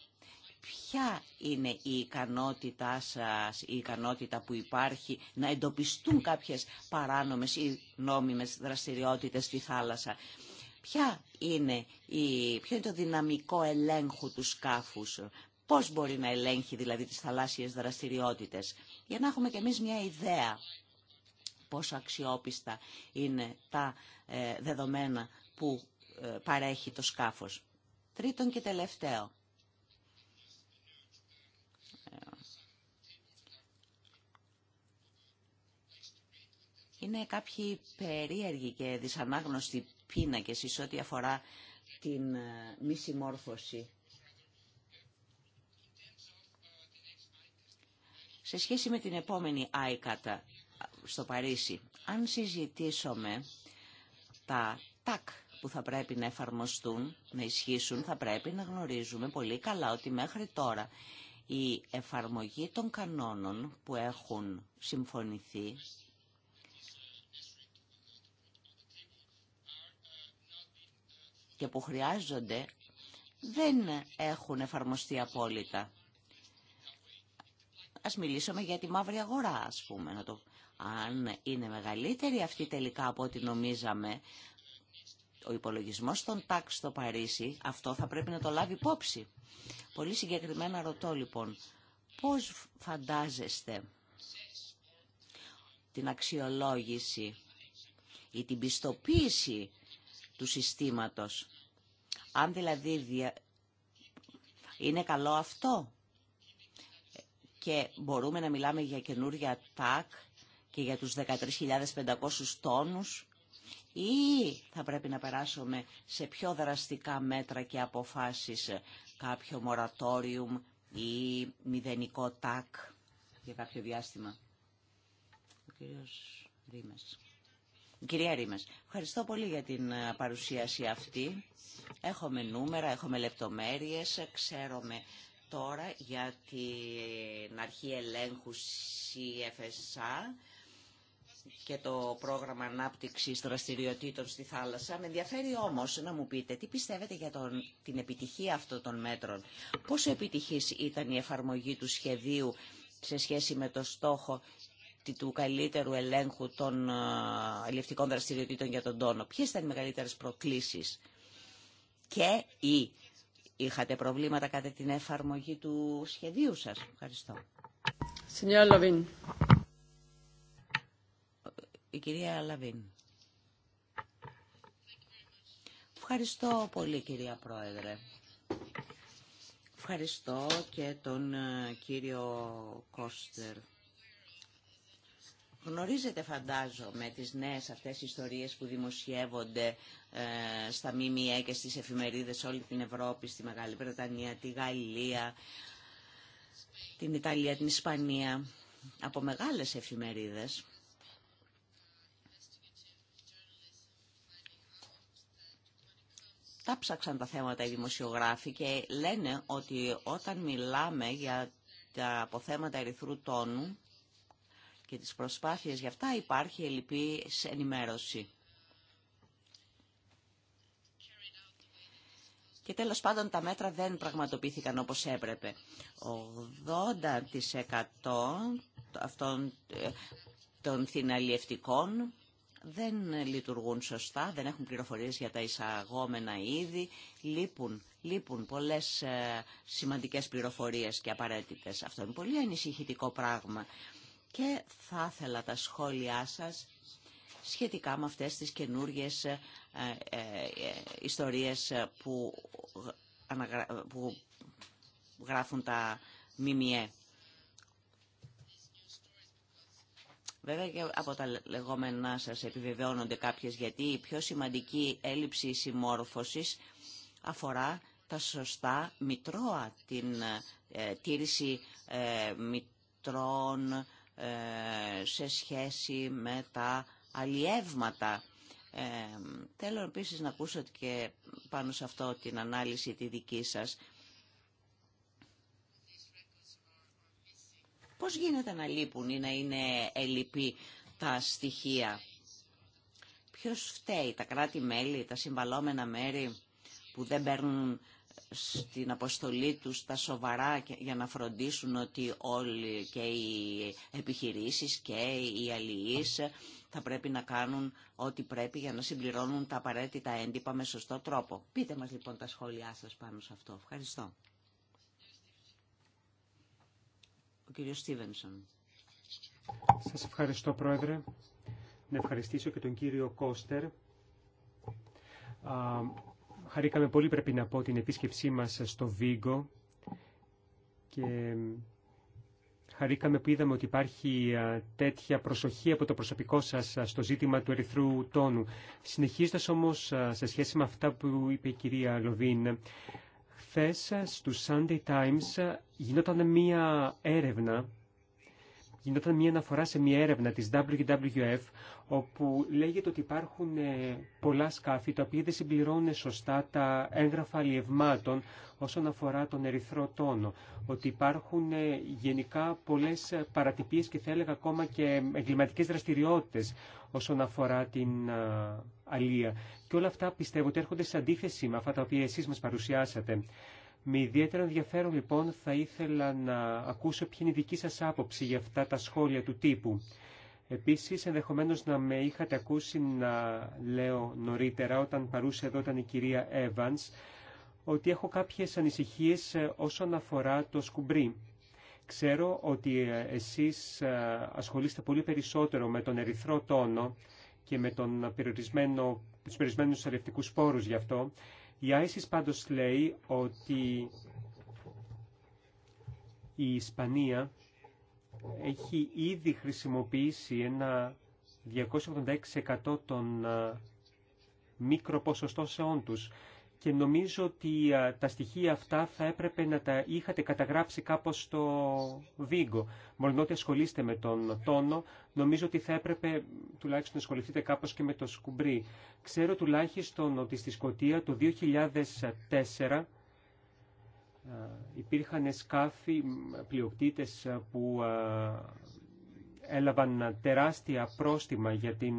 Speaker 2: Ποια είναι η ικανότητά σας, η ικανότητα που υπάρχει να εντοπιστούν κάποιες παράνομες ή νόμιμες δραστηριότητες στη θάλασσα. Ποια είναι η, ποιο είναι το δυναμικό ελέγχου του σκάφους, πώς μπορεί να ελέγχει δηλαδή τις θαλάσσιες δραστηριότητες, για να έχουμε κι εμείς μια ιδέα πόσο αξιόπιστα είναι τα ε, δεδομένα που ε, παρέχει το σκάφος. Τρίτον και τελευταίο. Είναι κάποιοι περίεργοι και δυσανάγνωστοι πίνακες εις ό,τι αφορά την ε, μη συμμόρφωση. Σε σχέση με την επόμενη ΆΙΚΑΤΑ στο Παρίσι. Αν συζητήσουμε τα τάκ που θα πρέπει να εφαρμοστούν, να ισχύσουν, θα πρέπει να γνωρίζουμε πολύ καλά ότι μέχρι τώρα η εφαρμογή των κανόνων που έχουν συμφωνηθεί και που χρειάζονται δεν έχουν εφαρμοστεί απόλυτα. Ας μιλήσουμε για τη μαύρη αγορά, ας πούμε, να αν είναι μεγαλύτερη αυτή τελικά από ό,τι νομίζαμε, ο υπολογισμός των τάξ στο Παρίσι, αυτό θα πρέπει να το λάβει υπόψη. Πολύ συγκεκριμένα ρωτώ λοιπόν, πώς φαντάζεστε την αξιολόγηση ή την πιστοποίηση του συστήματος. Αν δηλαδή είναι καλό αυτό και μπορούμε να μιλάμε για καινούρια τάκ και για τους 13.500 τόνους ή θα πρέπει να περάσουμε σε πιο δραστικά μέτρα και αποφάσεις κάποιο μορατόριουμ ή μηδενικό τάκ για κάποιο διάστημα. Ο κύριος Ρήμες. Κυρία Ρήμες, ευχαριστώ πολύ για την ε, παρουσίαση αυτή. Έχουμε νούμερα, έχουμε λεπτομέρειες, ξέρουμε τώρα για την αρχή ελέγχου CFSA και το πρόγραμμα ανάπτυξης δραστηριοτήτων στη θάλασσα. Με ενδιαφέρει όμως να μου πείτε τι πιστεύετε για τον, την επιτυχία αυτών των μέτρων. Πόσο επιτυχής ήταν η εφαρμογή του σχεδίου σε σχέση με το στόχο του καλύτερου ελέγχου των αλληλευτικών δραστηριοτήτων για τον τόνο. Ποιες ήταν οι μεγαλύτερες προκλήσεις και ή είχατε προβλήματα κατά την εφαρμογή του σχεδίου σας. Ευχαριστώ. Η κυρία Λαβίν. Ευχαριστώ πολύ κυρία Πρόεδρε. Ευχαριστώ και τον ε, κύριο Κώστερ. Γνωρίζετε φαντάζομαι τις νέες αυτές ιστορίες που δημοσιεύονται ε, στα ΜΜΕ και στις εφημερίδες σε όλη την Ευρώπη, στη Μεγάλη Βρετανία, τη Γαλλία, την Ιταλία, την Ισπανία, από μεγάλες εφημερίδες τα ψάξαν τα θέματα οι δημοσιογράφοι και λένε ότι όταν μιλάμε για τα αποθέματα ερυθρού τόνου και τις προσπάθειες για αυτά υπάρχει ελλειπή ενημέρωση. Και τέλος πάντων τα μέτρα δεν πραγματοποιήθηκαν όπως έπρεπε. 80% αυτών ε, των θυναλιευτικών δεν λειτουργούν σωστά, δεν έχουν πληροφορίες για τα εισαγόμενα είδη, λείπουν, λείπουν πολλές ε, σημαντικές πληροφορίες και απαραίτητες. Αυτό είναι πολύ ανησυχητικό πράγμα. Και θα ήθελα τα σχόλιά σας σχετικά με αυτές τις καινούργιες ε, ε, ιστορίες που, που γράφουν τα ΜΜΕ. Βέβαια και από τα λεγόμενά σας επιβεβαιώνονται κάποιες γιατί η πιο σημαντική έλλειψη συμμόρφωσης αφορά τα σωστά μητρώα, την ε, τήρηση ε, ε σε σχέση με τα αλλιεύματα. Ε, θέλω επίσης να ακούσω και πάνω σε αυτό την ανάλυση τη δική σας. Πώς γίνεται να λείπουν ή να είναι ελλειπή τα στοιχεία. Ποιος φταίει, τα κράτη-μέλη, τα συμβαλόμενα μέρη που δεν παίρνουν στην αποστολή τους τα σοβαρά για να φροντίσουν ότι όλοι και οι επιχειρήσεις και οι αλληλείς θα πρέπει να κάνουν ό,τι πρέπει για να συμπληρώνουν τα απαραίτητα έντυπα με σωστό τρόπο. Πείτε μας λοιπόν τα σχόλιά σας πάνω σε αυτό. Ευχαριστώ. Σα
Speaker 3: Σας ευχαριστώ Πρόεδρε. Να ευχαριστήσω και τον κύριο Κώστερ. Α, χαρήκαμε πολύ πρέπει να πω την επίσκεψή μας στο Βίγκο και χαρήκαμε που είδαμε ότι υπάρχει τέτοια προσοχή από το προσωπικό σας στο ζήτημα του ερυθρού τόνου. Συνεχίζοντας όμως σε σχέση με αυτά που είπε η κυρία Λοβίν, Χθε στους Sunday Times γινόταν μία έρευνα, γινόταν μία αναφορά σε μία έρευνα της WWF όπου λέγεται ότι υπάρχουν ε, πολλά σκάφη τα οποία δεν συμπληρώνουν σωστά τα έγγραφα αλλιευμάτων όσον αφορά τον ερυθρό τόνο, ότι υπάρχουν ε, γενικά πολλές ε, παρατυπίες και θα έλεγα ακόμα και εγκληματικές δραστηριότητες όσον αφορά την αλία. Και όλα αυτά πιστεύω ότι έρχονται σε αντίθεση με αυτά τα οποία εσείς μας παρουσιάσατε. Με ιδιαίτερο ενδιαφέρον λοιπόν θα ήθελα να ακούσω ποια είναι η δική σας άποψη για αυτά τα σχόλια του τύπου. Επίσης, ενδεχομένως να με είχατε ακούσει να λέω νωρίτερα, όταν παρούσε εδώ ήταν η κυρία Evans, ότι έχω κάποιες ανησυχίες ε, όσον αφορά το σκουμπρί. Ξέρω ότι ε, εσείς ε, ασχολείστε πολύ περισσότερο με τον ερυθρό τόνο και με τον περιορισμένο, τους περιορισμένους σπόρους γι' αυτό. Η ISIS πάντως λέει ότι η Ισπανία έχει ήδη χρησιμοποιήσει ένα 286% των μικροποσοστώσεών τους και νομίζω ότι τα στοιχεία αυτά θα έπρεπε να τα είχατε καταγράψει κάπως στο Βίγκο. Μόλις ότι ασχολείστε με τον τόνο, νομίζω ότι θα έπρεπε τουλάχιστον να ασχοληθείτε κάπως και με το σκουμπρί. Ξέρω τουλάχιστον ότι στη Σκωτία το 2004 ε, υπήρχαν σκάφη, πλειοκτήτες ε, που ε, έλαβαν τεράστια πρόστιμα για την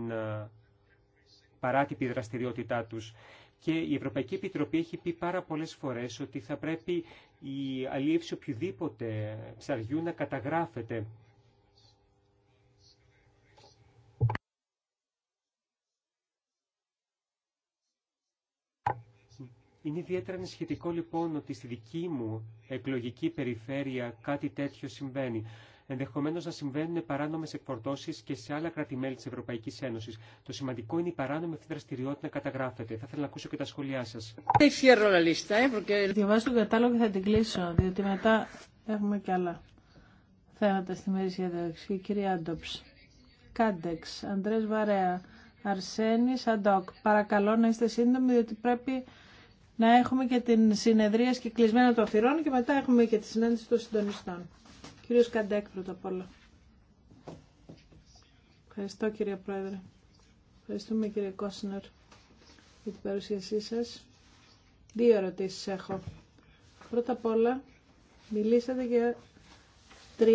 Speaker 3: παράτυπη δραστηριότητά τους. Και η Ευρωπαϊκή Επιτροπή έχει πει πάρα πολλές φορές ότι θα πρέπει η αλίευση οποιοδήποτε ψαριού να καταγράφεται Είναι ιδιαίτερα ενισχυτικό λοιπόν ότι στη δική μου εκλογική περιφέρεια κάτι τέτοιο συμβαίνει. Ενδεχομένω να συμβαίνουν παράνομε εκφορτώσει και σε άλλα κράτη-μέλη τη Ευρωπαϊκή Ένωση. Το σημαντικό είναι η παράνομη αυτή δραστηριότητα να καταγράφεται. Θα ήθελα να ακούσω και τα σχόλιά
Speaker 1: σα. Διαβάζω τον κατάλογο και θα την κλείσω, διότι μετά έχουμε και άλλα θέματα στη μερίσια διαδοχή. Κύριε Άντοψ, Κάντεξ, Αντρέ Βαρέα, Αρσένη, Αντόκ. Παρακαλώ να είστε σύντομοι, διότι πρέπει να έχουμε και την συνεδρία σκυκλισμένα των θυρών και μετά έχουμε και τη συνάντηση των συντονιστών. Κύριος Καντέκ πρώτα απ' όλα. Ευχαριστώ κύριε Πρόεδρε. Ευχαριστούμε κύριε Κόσνερ για την παρουσίασή σας. Δύο ερωτήσεις έχω. Πρώτα απ' όλα μιλήσατε για 34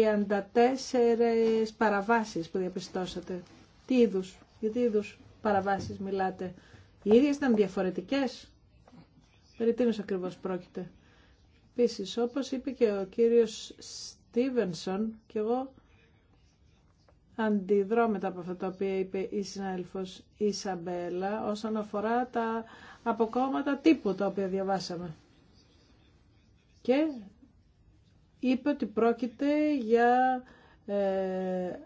Speaker 1: παραβάσεις που διαπιστώσατε. Τι είδους, Γιατί τι είδους παραβάσεις μιλάτε. Οι ίδιες ήταν διαφορετικές Περί τίνος ακριβώς πρόκειται. Επίση, όπως είπε και ο κύριος Στίβενσον, και εγώ αντιδρώ μετά από αυτό το οποίο είπε η συνάδελφος Ισαμπέλα όσον αφορά τα αποκόμματα τύπου τα οποία διαβάσαμε. Και είπε ότι πρόκειται για ε,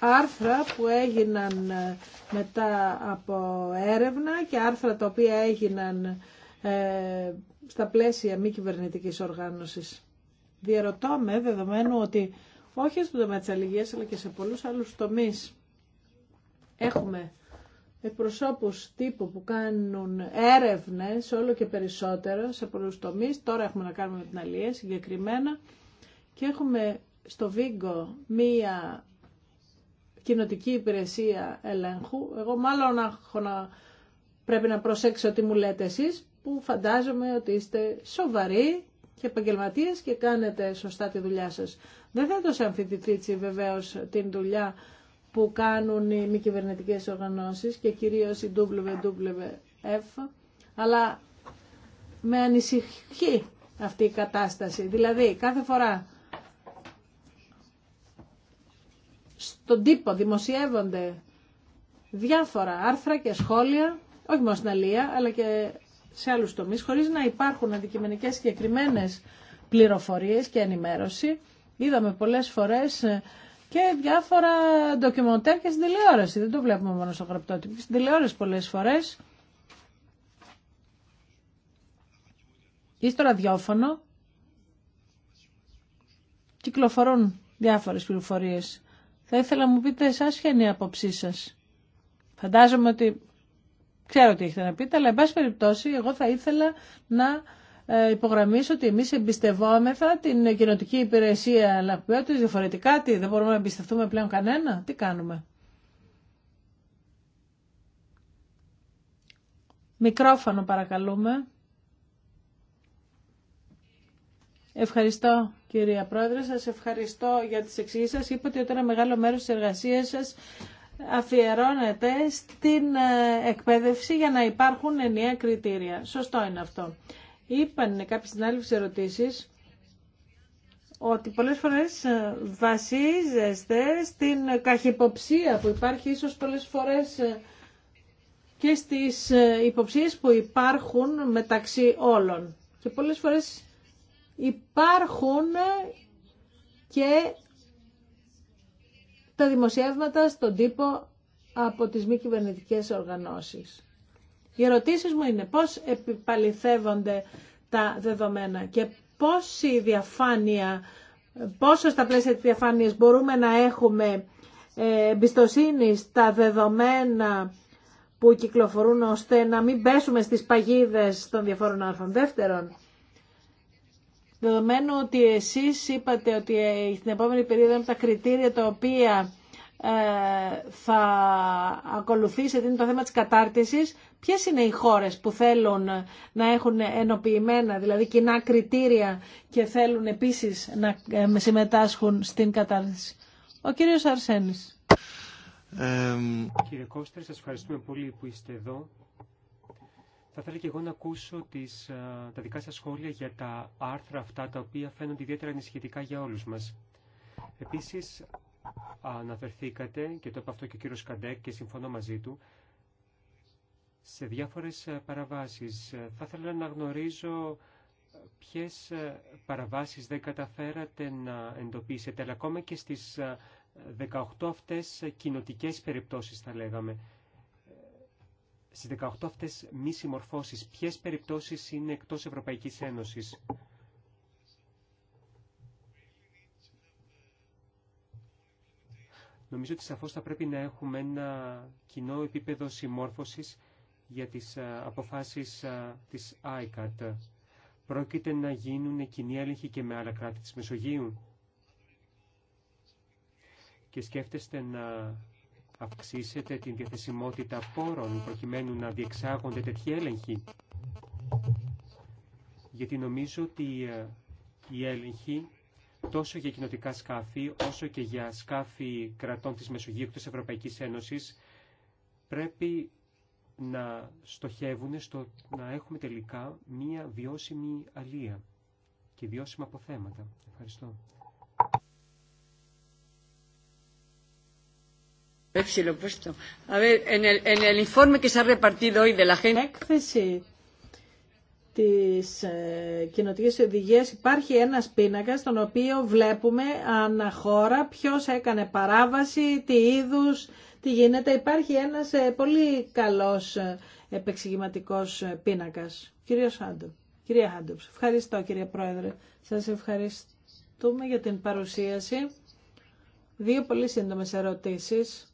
Speaker 1: άρθρα που έγιναν ε, μετά από έρευνα και άρθρα τα οποία έγιναν ε, στα πλαίσια μη κυβερνητική οργάνωσης. Διαρωτώ με δεδομένου ότι όχι στον τομέα τη αλλά και σε πολλούς άλλους τομεί. έχουμε εκπροσώπους τύπου που κάνουν έρευνες όλο και περισσότερο σε πολλούς τομείς. Τώρα έχουμε να κάνουμε με την αλληλεγγύη συγκεκριμένα και έχουμε στο Βίγκο μία κοινοτική υπηρεσία ελέγχου. Εγώ μάλλον έχω πρέπει να προσέξω τι μου λέτε εσείς, που φαντάζομαι ότι είστε σοβαροί και επαγγελματίες και κάνετε σωστά τη δουλειά σας. Δεν θέτω σε αμφιτητήσει βεβαίως την δουλειά που κάνουν οι μη κυβερνητικέ οργανώσεις και κυρίως η WWF, αλλά με ανησυχεί αυτή η κατάσταση. Δηλαδή, κάθε φορά στον τύπο δημοσιεύονται διάφορα άρθρα και σχόλια, όχι μόνο στην Αλία, αλλά και σε άλλους τομείς, χωρίς να υπάρχουν αντικειμενικές συγκεκριμένε πληροφορίες και ενημέρωση. Είδαμε πολλές φορές ε, και διάφορα ντοκιμοντέρ και στην τηλεόραση. Δεν το βλέπουμε μόνο στο γραπτό τύπο. Στην τηλεόραση πολλές φορές ή στο ραδιόφωνο κυκλοφορούν διάφορες πληροφορίες θα ήθελα να μου πείτε εσά ποια είναι η άποψή σα. Φαντάζομαι ότι ξέρω τι έχετε να πείτε, αλλά εν πάση περιπτώσει εγώ θα ήθελα να ε, υπογραμμίσω ότι εμείς εμπιστευόμεθα την κοινοτική υπηρεσία λαχπιότητας διαφορετικά. Τι, δεν μπορούμε να εμπιστευτούμε πλέον κανένα. Τι κάνουμε. Μικρόφωνο παρακαλούμε. Ευχαριστώ κυρία Πρόεδρε, σας ευχαριστώ για τις εξηγήσεις σας. Είπατε ότι ένα μεγάλο μέρος της εργασίας σας αφιερώνεται στην ε, εκπαίδευση για να υπάρχουν ενιαία κριτήρια. Σωστό είναι αυτό. Είπαν κάποιες συνάλληψεις ερωτήσεις ότι πολλές φορές ε, βασίζεστε στην καχυποψία που υπάρχει ίσως πολλές φορές ε, και στις υποψίες που υπάρχουν μεταξύ όλων. Και πολλές φορές υπάρχουν και τα δημοσιεύματα στον τύπο από τις μη κυβερνητικέ οργανώσεις. Οι ερωτήσει μου είναι πώς επιπαληθεύονται τα δεδομένα και πόση διαφάνεια, πόσο στα πλαίσια της διαφάνειας μπορούμε να έχουμε ε, εμπιστοσύνη στα δεδομένα που κυκλοφορούν ώστε να μην πέσουμε στις παγίδες των διαφόρων άρθρων. Δεύτερον, Δεδομένου ότι εσείς είπατε ότι ε, στην επόμενη περίοδο από τα κριτήρια τα οποία ε, θα ακολουθήσετε είναι το θέμα της κατάρτισης. Ποιες είναι οι χώρες που θέλουν να έχουν ενοποιημένα, δηλαδή κοινά κριτήρια και θέλουν επίσης να ε, συμμετάσχουν στην κατάρτιση. Ο κύριος Αρσένης.
Speaker 3: Ε, Κύριε Κώστερ, σας ευχαριστούμε πολύ που είστε εδώ. Θα ήθελα και εγώ να ακούσω τις, ε, τα δικά σας σχόλια για τα άρθρα αυτά, τα οποία φαίνονται ιδιαίτερα ανησυχητικά για όλους μας. Επίσης, αναφερθήκατε, και το είπε αυτό και ο κύριος Καντέκ και συμφωνώ μαζί του, σε διάφορες ε, παραβάσεις. Ε, θα ήθελα να γνωρίζω ποιες παραβάσεις δεν καταφέρατε να εντοπίσετε, αλλά ακόμα και στις 18 αυτές κοινοτικές περιπτώσεις θα λέγαμε στις 18 αυτές μη συμμορφώσεις, ποιες περιπτώσεις είναι εκτός Ευρωπαϊκής Ένωσης. Νομίζω ότι σαφώς θα πρέπει να έχουμε ένα κοινό επίπεδο συμμόρφωσης για τις αποφάσεις της ICAT. Πρόκειται να γίνουν κοινή έλεγχη και με άλλα κράτη της Μεσογείου. Και σκέφτεστε να αυξήσετε την διαθεσιμότητα πόρων προκειμένου να διεξάγονται τέτοιοι έλεγχοι. Γιατί νομίζω ότι ε, οι έλεγχοι τόσο για κοινοτικά σκάφη όσο και για σκάφη κρατών της Μεσογείου και της Ευρωπαϊκής Ένωσης πρέπει να στοχεύουν στο να έχουμε τελικά μία βιώσιμη αλία και βιώσιμα αποθέματα. Ευχαριστώ.
Speaker 1: Στην Έκθεση τη ε, κοινοτικής υπάρχει ένα πίνακα στον οποίο βλέπουμε αναχώρα ποιο έκανε παράβαση, τι είδου, τι γίνεται. Υπάρχει ένας ε, πολύ καλός ε, επεξηγηματικός ε, πίνακας. Κυρία Χάντου, ευχαριστώ κύριε Πρόεδρε. Σας ευχαριστούμε για την παρουσίαση. Δύο πολύ σύντομες ερωτήσεις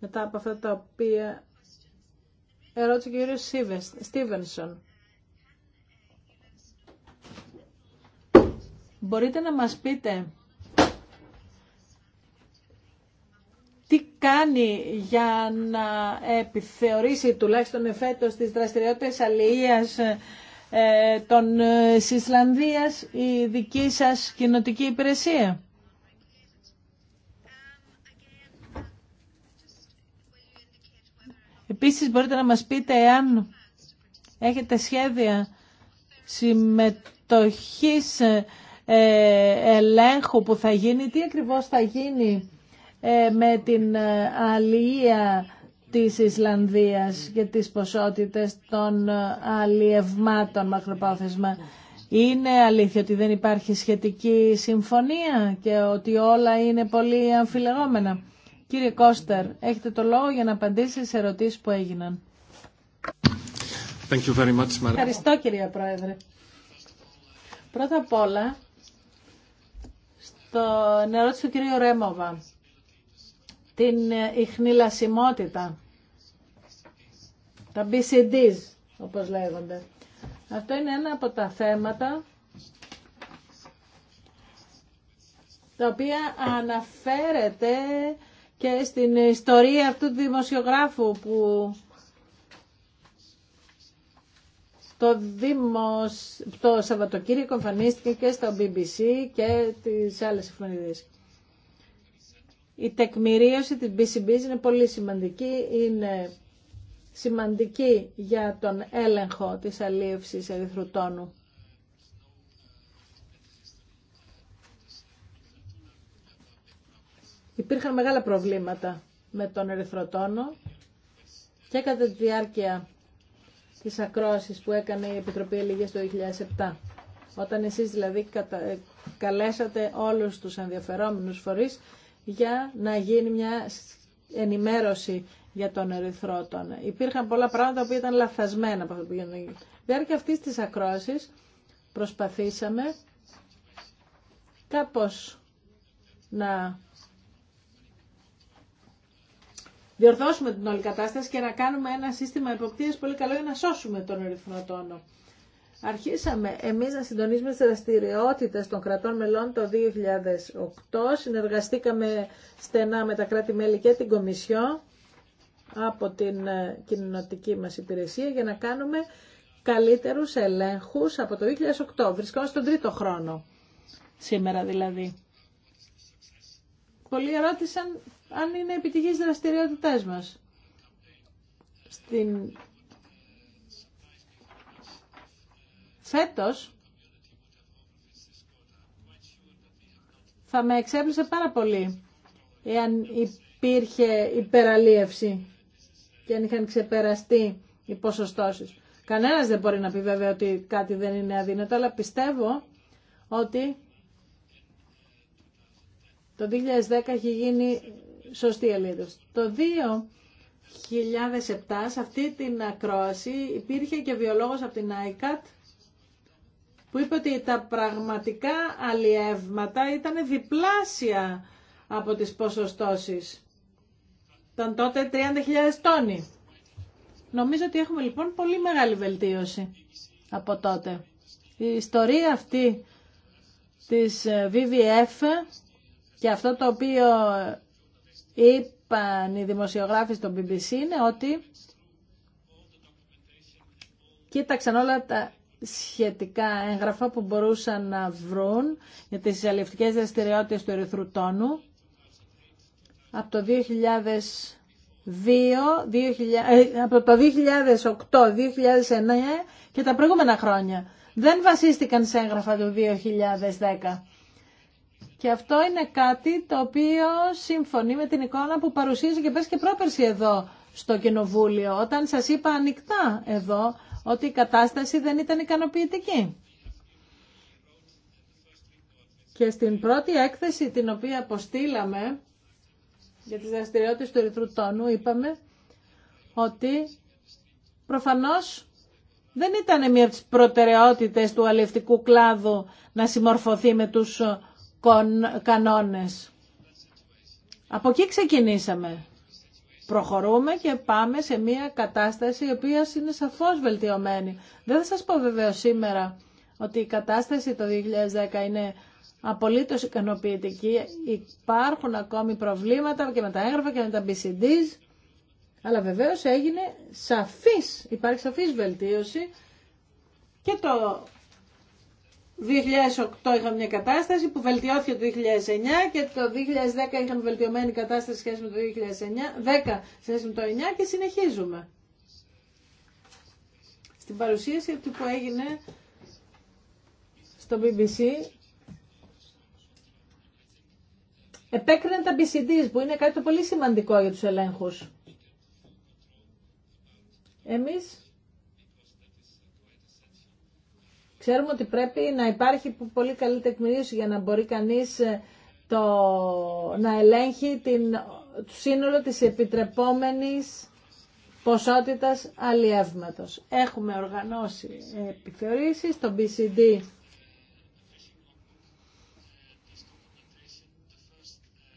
Speaker 1: μετά από αυτά τα οποία ερώτησε ο κύριος Στίβενσον. Μπορείτε να μας πείτε τι κάνει για να επιθεωρήσει τουλάχιστον εφέτος τις δραστηριότητες αλληλείας ε, των ε, η δική σας κοινοτική υπηρεσία. Επίσης μπορείτε να μας πείτε εάν έχετε σχέδια συμμετοχής ε, ε, ελέγχου που θα γίνει, τι ακριβώς θα γίνει ε, με την αλληλεία της Ισλανδίας και τις ποσότητες των αλλιευμάτων μακροπρόθεσμα. Είναι αλήθεια ότι δεν υπάρχει σχετική συμφωνία και ότι όλα είναι πολύ αμφιλεγόμενα. Κύριε Κώστερ, έχετε το λόγο για να απαντήσετε σε ερωτήσεις που έγιναν.
Speaker 3: Thank you very much, Ευχαριστώ
Speaker 1: κύριε Πρόεδρε. Πρώτα απ' όλα, στο ερώτηση του κυρίου Ρέμοβα, την ιχνηλασιμότητα, τα BCDs όπως λέγονται. Αυτό είναι ένα από τα θέματα τα οποία αναφέρεται και στην ιστορία αυτού του δημοσιογράφου που το, δήμος το Σαββατοκύριακο εμφανίστηκε και στο BBC και τις άλλες εφημερίδες. Η τεκμηρίωση της BCB είναι πολύ σημαντική. Είναι σημαντική για τον έλεγχο της αλίευσης ερυθρού υπήρχαν μεγάλα προβλήματα με τον ερυθροτόνο και κατά τη διάρκεια της ακρόασης που έκανε η Επιτροπή Ελίγειας το 2007. Όταν εσείς δηλαδή ε, καλέσατε όλους τους ενδιαφερόμενους φορείς για να γίνει μια ενημέρωση για τον ερυθρότονο. Υπήρχαν πολλά πράγματα που ήταν λαθασμένα από αυτό που γίνονταν. Διάρκεια αυτής της ακρόασης προσπαθήσαμε κάπως να διορθώσουμε την όλη κατάσταση και να κάνουμε ένα σύστημα εποπτείας πολύ καλό για να σώσουμε τον ρυθμό τόνο. Αρχίσαμε εμείς να συντονίζουμε τις δραστηριότητες των κρατών μελών το 2008. Συνεργαστήκαμε στενά με τα κράτη-μέλη και την Κομισιό από την ε, κοινωνική μας υπηρεσία για να κάνουμε καλύτερους ελέγχους από το 2008. Βρισκόμαστε στον τρίτο χρόνο σήμερα δηλαδή. Πολλοί ερώτησαν αν είναι επιτυχής δραστηριότητές μας. Στην... Φέτος θα με εξέπλησε πάρα πολύ εάν υπήρχε υπεραλίευση και αν είχαν ξεπεραστεί οι ποσοστώσεις. Κανένας δεν μπορεί να πει βέβαια ότι κάτι δεν είναι αδύνατο, αλλά πιστεύω ότι το 2010 έχει γίνει σωστή αλήθεια. Το 2007 σε αυτή την ακρόαση υπήρχε και βιολόγος από την ICAT που είπε ότι τα πραγματικά αλλιεύματα ήταν διπλάσια από τις ποσοστώσεις. Ήταν τότε 30.000 τόνοι. Νομίζω ότι έχουμε λοιπόν πολύ μεγάλη βελτίωση από τότε. Η ιστορία αυτή της VVF ε, και αυτό το οποίο είπαν οι δημοσιογράφοι στο BBC είναι ότι κοίταξαν όλα τα σχετικά έγγραφα που μπορούσαν να βρουν για τις αλληλευτικές δραστηριότητε του ερυθρού τόνου από το 2002, 2000, ε, από το 2008, 2009 και τα προηγούμενα χρόνια. Δεν βασίστηκαν σε έγγραφα του 2010. Και αυτό είναι κάτι το οποίο συμφωνεί με την εικόνα που παρουσίαζε και πες και πρόπερση εδώ στο Κοινοβούλιο, όταν σας είπα ανοιχτά εδώ ότι η κατάσταση δεν ήταν ικανοποιητική. Και στην πρώτη έκθεση την οποία αποστήλαμε για τις δραστηριότητες του Ερυθρού Τόνου είπαμε ότι προφανώς δεν ήταν μία από τις προτεραιότητες του αλληλευτικού κλάδου να συμμορφωθεί με τους κανόνες. Από εκεί ξεκινήσαμε. Προχωρούμε και πάμε σε μια κατάσταση η οποία είναι σαφώς βελτιωμένη. Δεν θα σας πω βεβαίως σήμερα ότι η κατάσταση το 2010 είναι απολύτως ικανοποιητική. Υπάρχουν ακόμη προβλήματα και με τα έγγραφα και με τα BCDs, αλλά βεβαίως έγινε σαφής, υπάρχει σαφής βελτίωση και το 2008 είχαμε μια κατάσταση που βελτιώθηκε το 2009 και το 2010 είχαμε βελτιωμένη κατάσταση σχέση με το 2009, 10 σχέση με το 2009 και συνεχίζουμε. Στην παρουσίαση αυτή που έγινε στο BBC επέκριναν τα BCDs που είναι κάτι το πολύ σημαντικό για τους ελέγχους. Εμείς Ξέρουμε ότι πρέπει να υπάρχει πολύ καλή τεκμηρίωση για να μπορεί κανείς ε, το, να ελέγχει την, το σύνολο της επιτρεπόμενης ποσότητας αλλιεύματος. Έχουμε οργανώσει ε, επιθεωρήσεις, στο BCD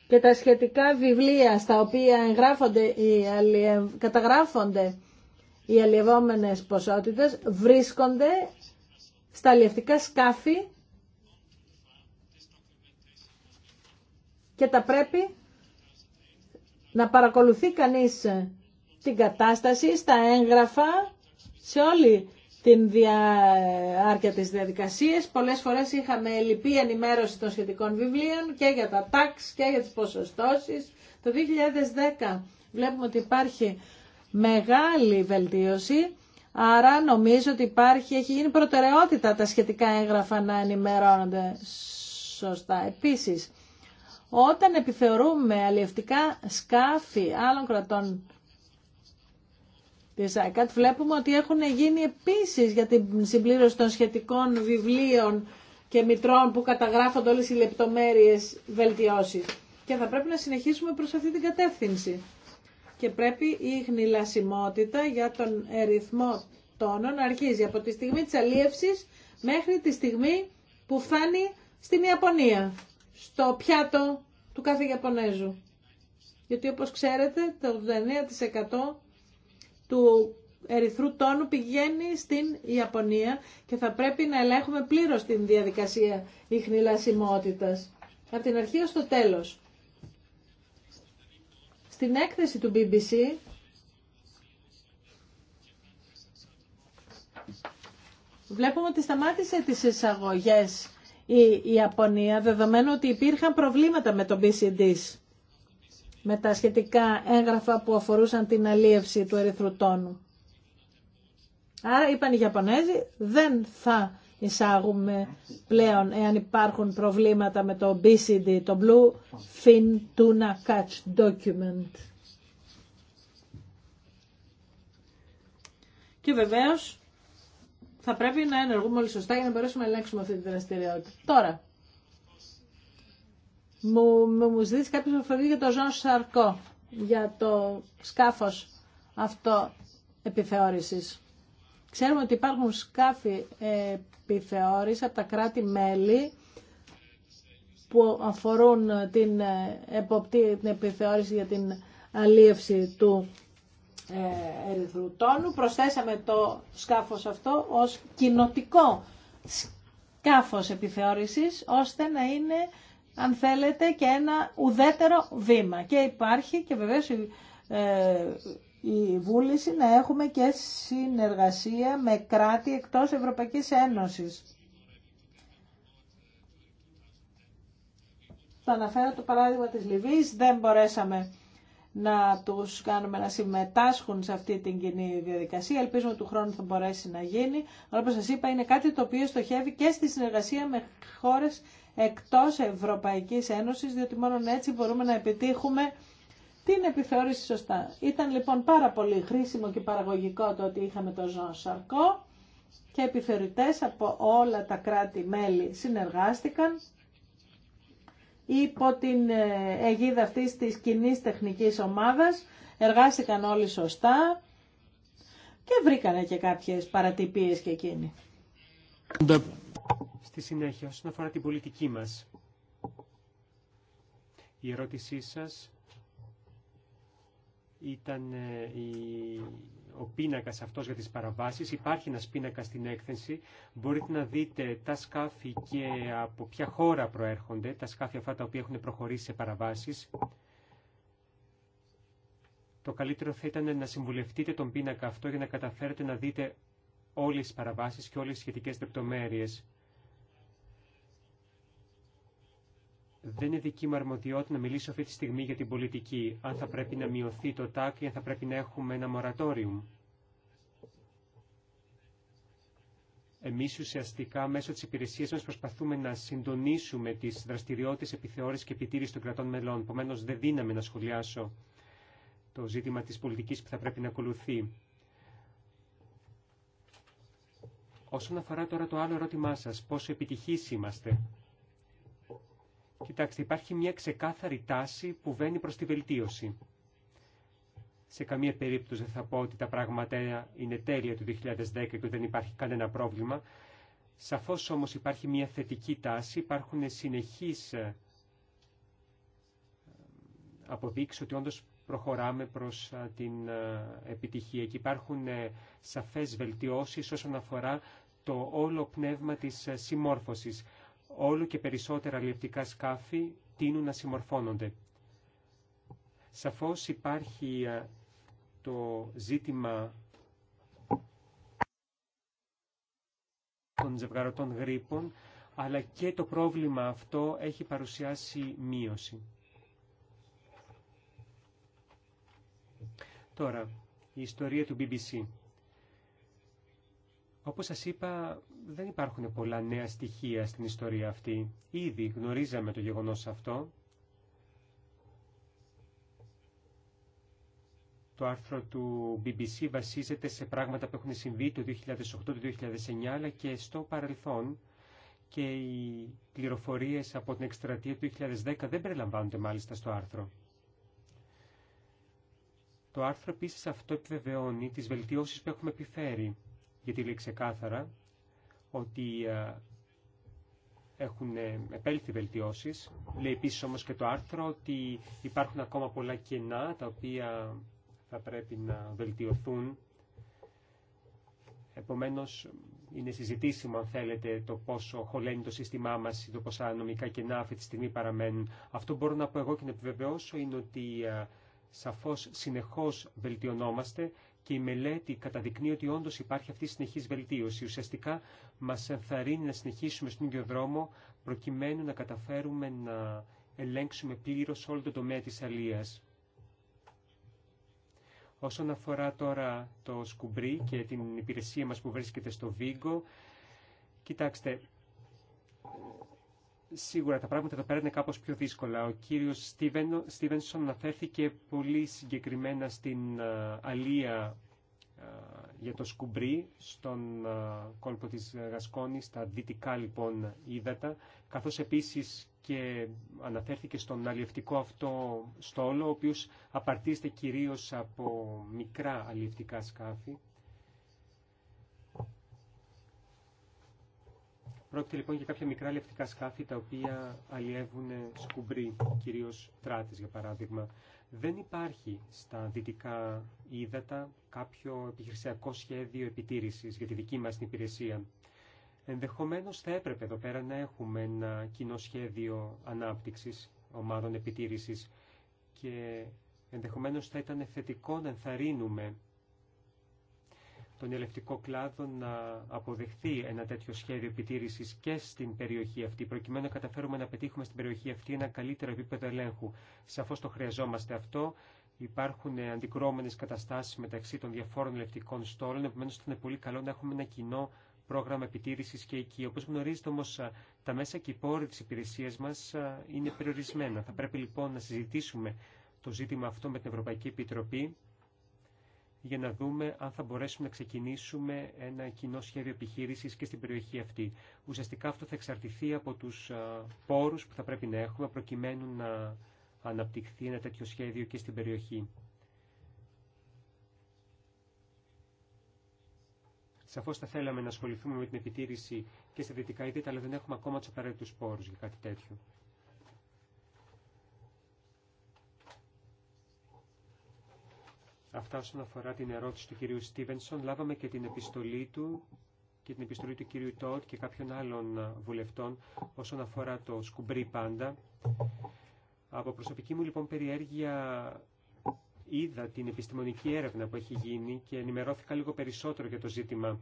Speaker 1: και τα σχετικά βιβλία στα οποία εγγράφονται οι καταγράφονται οι αλλιευόμενες ποσότητες βρίσκονται στα αλλιευτικά σκάφη και τα πρέπει να παρακολουθεί κανείς την κατάσταση στα έγγραφα σε όλη την διάρκεια της διαδικασίας. Πολλές φορές είχαμε λυπή ενημέρωση των σχετικών βιβλίων και για τα τάξ και για τις ποσοστώσεις. Το 2010 βλέπουμε ότι υπάρχει μεγάλη βελτίωση Άρα νομίζω ότι υπάρχει, έχει γίνει προτεραιότητα τα σχετικά έγγραφα να ενημερώνονται σωστά. Επίσης, όταν επιθεωρούμε αλλιευτικά σκάφη άλλων κρατών της ΑΚΑΤ, βλέπουμε ότι έχουν γίνει επίσης για την συμπλήρωση των σχετικών βιβλίων και μητρών που καταγράφονται όλες οι λεπτομέρειες βελτιώσεις. Και θα πρέπει να συνεχίσουμε προς αυτή την κατεύθυνση και πρέπει η χνηλασιμότητα για τον αριθμό τόνων αρχίζει από τη στιγμή της αλίευσης μέχρι τη στιγμή που φτάνει στην Ιαπωνία, στο πιάτο του κάθε Ιαπωνέζου. Γιατί όπως ξέρετε το 89% του ερυθρού τόνου πηγαίνει στην Ιαπωνία και θα πρέπει να ελέγχουμε πλήρως την διαδικασία ιχνηλασιμότητας. Από την αρχή ως το τέλος. Στην έκθεση του BBC βλέπουμε ότι σταμάτησε τις εισαγωγές η Ιαπωνία, δεδομένου ότι υπήρχαν προβλήματα με το BCD, με τα σχετικά έγγραφα που αφορούσαν την αλίευση του ερυθρού Άρα είπαν οι Ιαπωνέζοι δεν θα εισάγουμε πλέον εάν υπάρχουν προβλήματα με το BCD, το Blue Fin Tuna Catch Document. Και βεβαίως θα πρέπει να ενεργούμε όλοι σωστά για να μπορέσουμε να ελέγξουμε αυτή τη δραστηριότητα. Τώρα, μου, μου ζητήσει κάποιο φοβεί για το Ζων Σαρκό, για το σκάφος αυτό επιθεώρησης. Ξέρουμε ότι υπάρχουν σκάφη επιθεώρηση από τα κράτη-μέλη που αφορούν την, επιθεώρηση για την αλίευση του ε, ερυθρού Προσθέσαμε το σκάφος αυτό ως κοινοτικό σκάφος επιθεώρησης, ώστε να είναι, αν θέλετε, και ένα ουδέτερο βήμα. Και υπάρχει και βεβαίως ε, η βούληση να έχουμε και συνεργασία με κράτη εκτός Ευρωπαϊκής Ένωσης. Θα αναφέρω το παράδειγμα της Λιβύης, δεν μπορέσαμε να τους κάνουμε να συμμετάσχουν σε αυτή την κοινή διαδικασία. Ελπίζουμε του χρόνου θα μπορέσει να γίνει. Αλλά όπως σας είπα είναι κάτι το οποίο στοχεύει και στη συνεργασία με χώρες εκτός Ευρωπαϊκής Ένωσης, διότι μόνο έτσι μπορούμε να επιτύχουμε την επιθεώρηση σωστά. Ήταν λοιπόν πάρα πολύ χρήσιμο και παραγωγικό το ότι είχαμε τον Ζων Σαρκό και επιθεωρητές από όλα τα κράτη-μέλη συνεργάστηκαν υπό την ε, αιγίδα αυτής της κοινή τεχνικής ομάδας, εργάστηκαν όλοι σωστά και βρήκανε και κάποιες παρατυπίες και εκείνοι.
Speaker 3: Στη συνέχεια, όσον αφορά την πολιτική μας, η ερώτησή σας ήταν ε, η... ο πίνακας αυτός για τις παραβάσεις. Υπάρχει ένας πίνακας στην έκθεση. Μπορείτε να δείτε τα σκάφη και από ποια χώρα προέρχονται, τα σκάφη αυτά τα οποία έχουν προχωρήσει σε παραβάσεις. Το καλύτερο θα ήταν να συμβουλευτείτε τον πίνακα αυτό για να καταφέρετε να δείτε όλες τις παραβάσεις και όλες τις σχετικές λεπτομέρειες. Δεν είναι δική μου αρμοδιότητα να μιλήσω αυτή τη στιγμή για την πολιτική, αν θα πρέπει να μειωθεί το ΤΑΚ ή αν θα πρέπει να έχουμε ένα μορατόριουμ. Εμεί ουσιαστικά μέσω τη υπηρεσία μα προσπαθούμε να συντονίσουμε τι δραστηριότητε, επιθεώρησης και επιτήρηση των κρατών μελών. Επομένω δεν δύναμε να σχολιάσω το ζήτημα τη πολιτική που θα πρέπει να ακολουθεί. Όσον αφορά τώρα το άλλο ερώτημά σα, πόσο επιτυχεί είμαστε Κοιτάξτε, υπάρχει μια ξεκάθαρη τάση που βαίνει προς τη βελτίωση. Σε καμία περίπτωση δεν θα πω ότι τα πράγματα είναι τέλεια του 2010 και δεν υπάρχει κανένα πρόβλημα. Σαφώς όμως υπάρχει μια θετική τάση, υπάρχουν συνεχείς ε, αποδείξεις ότι όντως προχωράμε προς ε, την ε, επιτυχία και υπάρχουν σαφές βελτιώσεις όσον αφορά το όλο πνεύμα της συμμόρφωσης όλο και περισσότερα λεπτικά σκάφη τείνουν να συμμορφώνονται. Σαφώς υπάρχει το ζήτημα των ζευγαρωτών γρήπων, αλλά και το πρόβλημα αυτό έχει παρουσιάσει μείωση. Τώρα, η ιστορία του BBC. Όπως σας είπα, δεν υπάρχουν πολλά νέα στοιχεία στην ιστορία αυτή. Ήδη γνωρίζαμε το γεγονός αυτό. Το άρθρο του BBC βασίζεται σε πράγματα που έχουν συμβεί το 2008, 2009, αλλά και στο παρελθόν. Και οι πληροφορίες από την εκστρατεία του 2010 δεν περιλαμβάνονται μάλιστα στο άρθρο. Το άρθρο επίσης αυτό επιβεβαιώνει τις βελτιώσεις που έχουμε επιφέρει, γιατί λέει ξεκάθαρα ότι ε, έχουν ε, επέλθει βελτιώσεις. Λέει επίση όμως και το άρθρο ότι υπάρχουν ακόμα πολλά κενά τα οποία θα πρέπει να βελτιωθούν. Επομένως, είναι συζητήσιμο αν θέλετε το πόσο χωλαίνει το σύστημά μας ή το πόσα νομικά κενά αυτή τη στιγμή παραμένουν. Αυτό μπορώ να πω εγώ και να επιβεβαιώσω είναι ότι ε, σαφώς συνεχώς βελτιωνόμαστε και η μελέτη καταδεικνύει ότι όντω υπάρχει αυτή η συνεχή βελτίωση. Ουσιαστικά μα ενθαρρύνει να συνεχίσουμε στον ίδιο δρόμο προκειμένου να καταφέρουμε να ελέγξουμε πλήρω όλο το τομέα τη αλεία. Όσον αφορά τώρα το σκουμπρί και την υπηρεσία μας που βρίσκεται στο Βίγκο, κοιτάξτε, Σίγουρα τα πράγματα εδώ πέρα είναι κάπως πιο δύσκολα. Ο κύριος Στίβενσον αναφέρθηκε πολύ συγκεκριμένα στην αλία για το σκουμπρί στον κόλπο της Γασκόνη, στα δυτικά λοιπόν ύδατα, καθώς επίσης και αναφέρθηκε στον αλλιευτικό αυτό στόλο, ο οποίος απαρτίζεται κυρίως από μικρά αλλιευτικά σκάφη. Πρόκειται λοιπόν για κάποια μικρά λευτικά σκάφη τα οποία αλλιεύουν σκουμπρί, κυρίως τράτης για παράδειγμα. Δεν υπάρχει στα δυτικά ύδατα κάποιο επιχειρησιακό σχέδιο επιτήρησης για τη δική μας υπηρεσία. Ενδεχομένως θα έπρεπε εδώ πέρα να έχουμε ένα κοινό σχέδιο ανάπτυξης ομάδων επιτήρησης και ενδεχομένως θα ήταν θετικό να ενθαρρύνουμε τον ελευτικό κλάδο να αποδεχθεί ένα τέτοιο σχέδιο επιτήρησης και στην περιοχή αυτή, προκειμένου να καταφέρουμε να πετύχουμε στην περιοχή αυτή ένα καλύτερο επίπεδο ελέγχου. Σαφώς το χρειαζόμαστε αυτό. Υπάρχουν αντικρώμενες καταστάσεις μεταξύ των διαφόρων ελευτικών στόλων, επομένως είναι πολύ καλό να έχουμε ένα κοινό πρόγραμμα επιτήρηση και εκεί. Όπω γνωρίζετε όμω, τα μέσα και οι πόροι τη υπηρεσία μα είναι περιορισμένα. Θα πρέπει λοιπόν να συζητήσουμε το ζήτημα αυτό με την Ευρωπαϊκή Επιτροπή για να δούμε αν θα μπορέσουμε να ξεκινήσουμε ένα κοινό σχέδιο επιχείρηση και στην περιοχή αυτή. Ουσιαστικά αυτό θα εξαρτηθεί από του πόρου που θα πρέπει να έχουμε προκειμένου να αναπτυχθεί ένα τέτοιο σχέδιο και στην περιοχή. Σαφώ θα θέλαμε να ασχοληθούμε με την επιτήρηση και στα δυτικά ιδία, αλλά δεν έχουμε ακόμα του απαραίτητου πόρου για κάτι τέτοιο. Αυτά όσον αφορά την ερώτηση του κυρίου Στίβενσον. Λάβαμε και την επιστολή του και την επιστολή του κυρίου Τότ και κάποιων άλλων βουλευτών όσον αφορά το σκουμπρί πάντα. Από προσωπική μου λοιπόν περιέργεια είδα την επιστημονική έρευνα που έχει γίνει και ενημερώθηκα λίγο περισσότερο για το ζήτημα.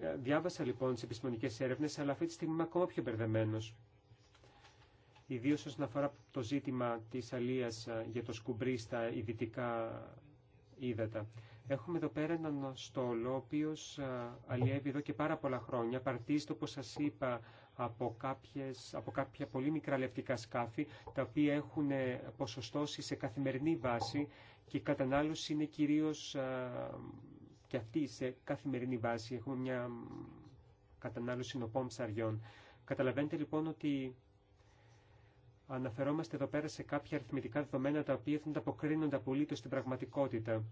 Speaker 3: Ε, διάβασα λοιπόν τις επιστημονικές έρευνες, αλλά αυτή τη στιγμή είμαι ακόμα πιο μπερδεμένος ιδίως όσον αφορά το ζήτημα της αλίας ε, για το σκουμπρί στα ειδικά ύδατα. Έχουμε εδώ πέρα έναν στόλο, ο οποίο ε, αλλιεύει εδώ και πάρα πολλά χρόνια. Παρτίζεται, όπως σας είπα, από, κάποιες, από κάποια πολύ μικρά λευτικά σκάφη, τα οποία έχουν ε, ποσοστώσει σε καθημερινή βάση και η κατανάλωση είναι κυρίω και αυτή σε καθημερινή βάση. Έχουμε μια κατανάλωση νοπών ψαριών. Καταλαβαίνετε λοιπόν ότι Αναφερόμαστε εδώ πέρα σε κάποια αριθμητικά δεδομένα τα οποία δεν αποκρίνονται απολύτω στην πραγματικότητα.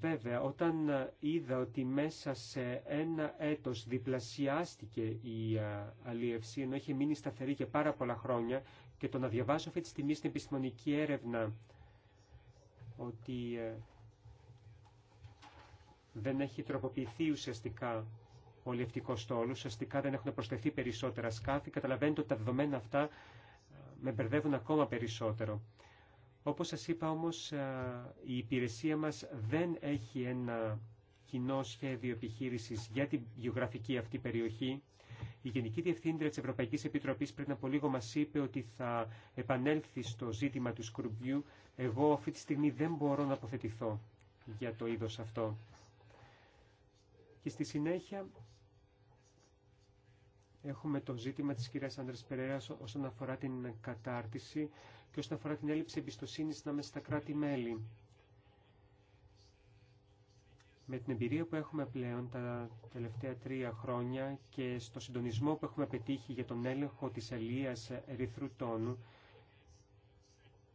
Speaker 3: Βέβαια, όταν είδα ότι μέσα σε ένα έτος διπλασιάστηκε η αλίευση, ενώ είχε μείνει σταθερή για πάρα πολλά χρόνια, και το να διαβάσω αυτή τη στιγμή στην επιστημονική έρευνα ότι ε, δεν έχει τροποποιηθεί ουσιαστικά ο λευτικός στόλος, ουσιαστικά δεν έχουν προσθεθεί περισσότερα σκάφη, καταλαβαίνετε ότι τα δεδομένα αυτά με μπερδεύουν ακόμα περισσότερο. Όπως σας είπα όμως, η υπηρεσία μας δεν έχει ένα κοινό σχέδιο επιχείρησης για την γεωγραφική αυτή περιοχή. Η Γενική Διευθύντρια της Ευρωπαϊκής Επιτροπής πριν από λίγο μας είπε ότι θα επανέλθει στο ζήτημα του σκρουμπιού. Εγώ αυτή τη στιγμή δεν μπορώ να αποθετηθώ για το είδος αυτό. Και στη συνέχεια Έχουμε το ζήτημα της κυρίας Άντρας Περέας όσον αφορά την κατάρτιση και όσον αφορά την έλλειψη εμπιστοσύνης ανάμεσα στα κράτη-μέλη. Με την εμπειρία που έχουμε πλέον τα τελευταία τρία χρόνια και στο συντονισμό που έχουμε πετύχει για τον έλεγχο της αλίας ερυθρού τόνου,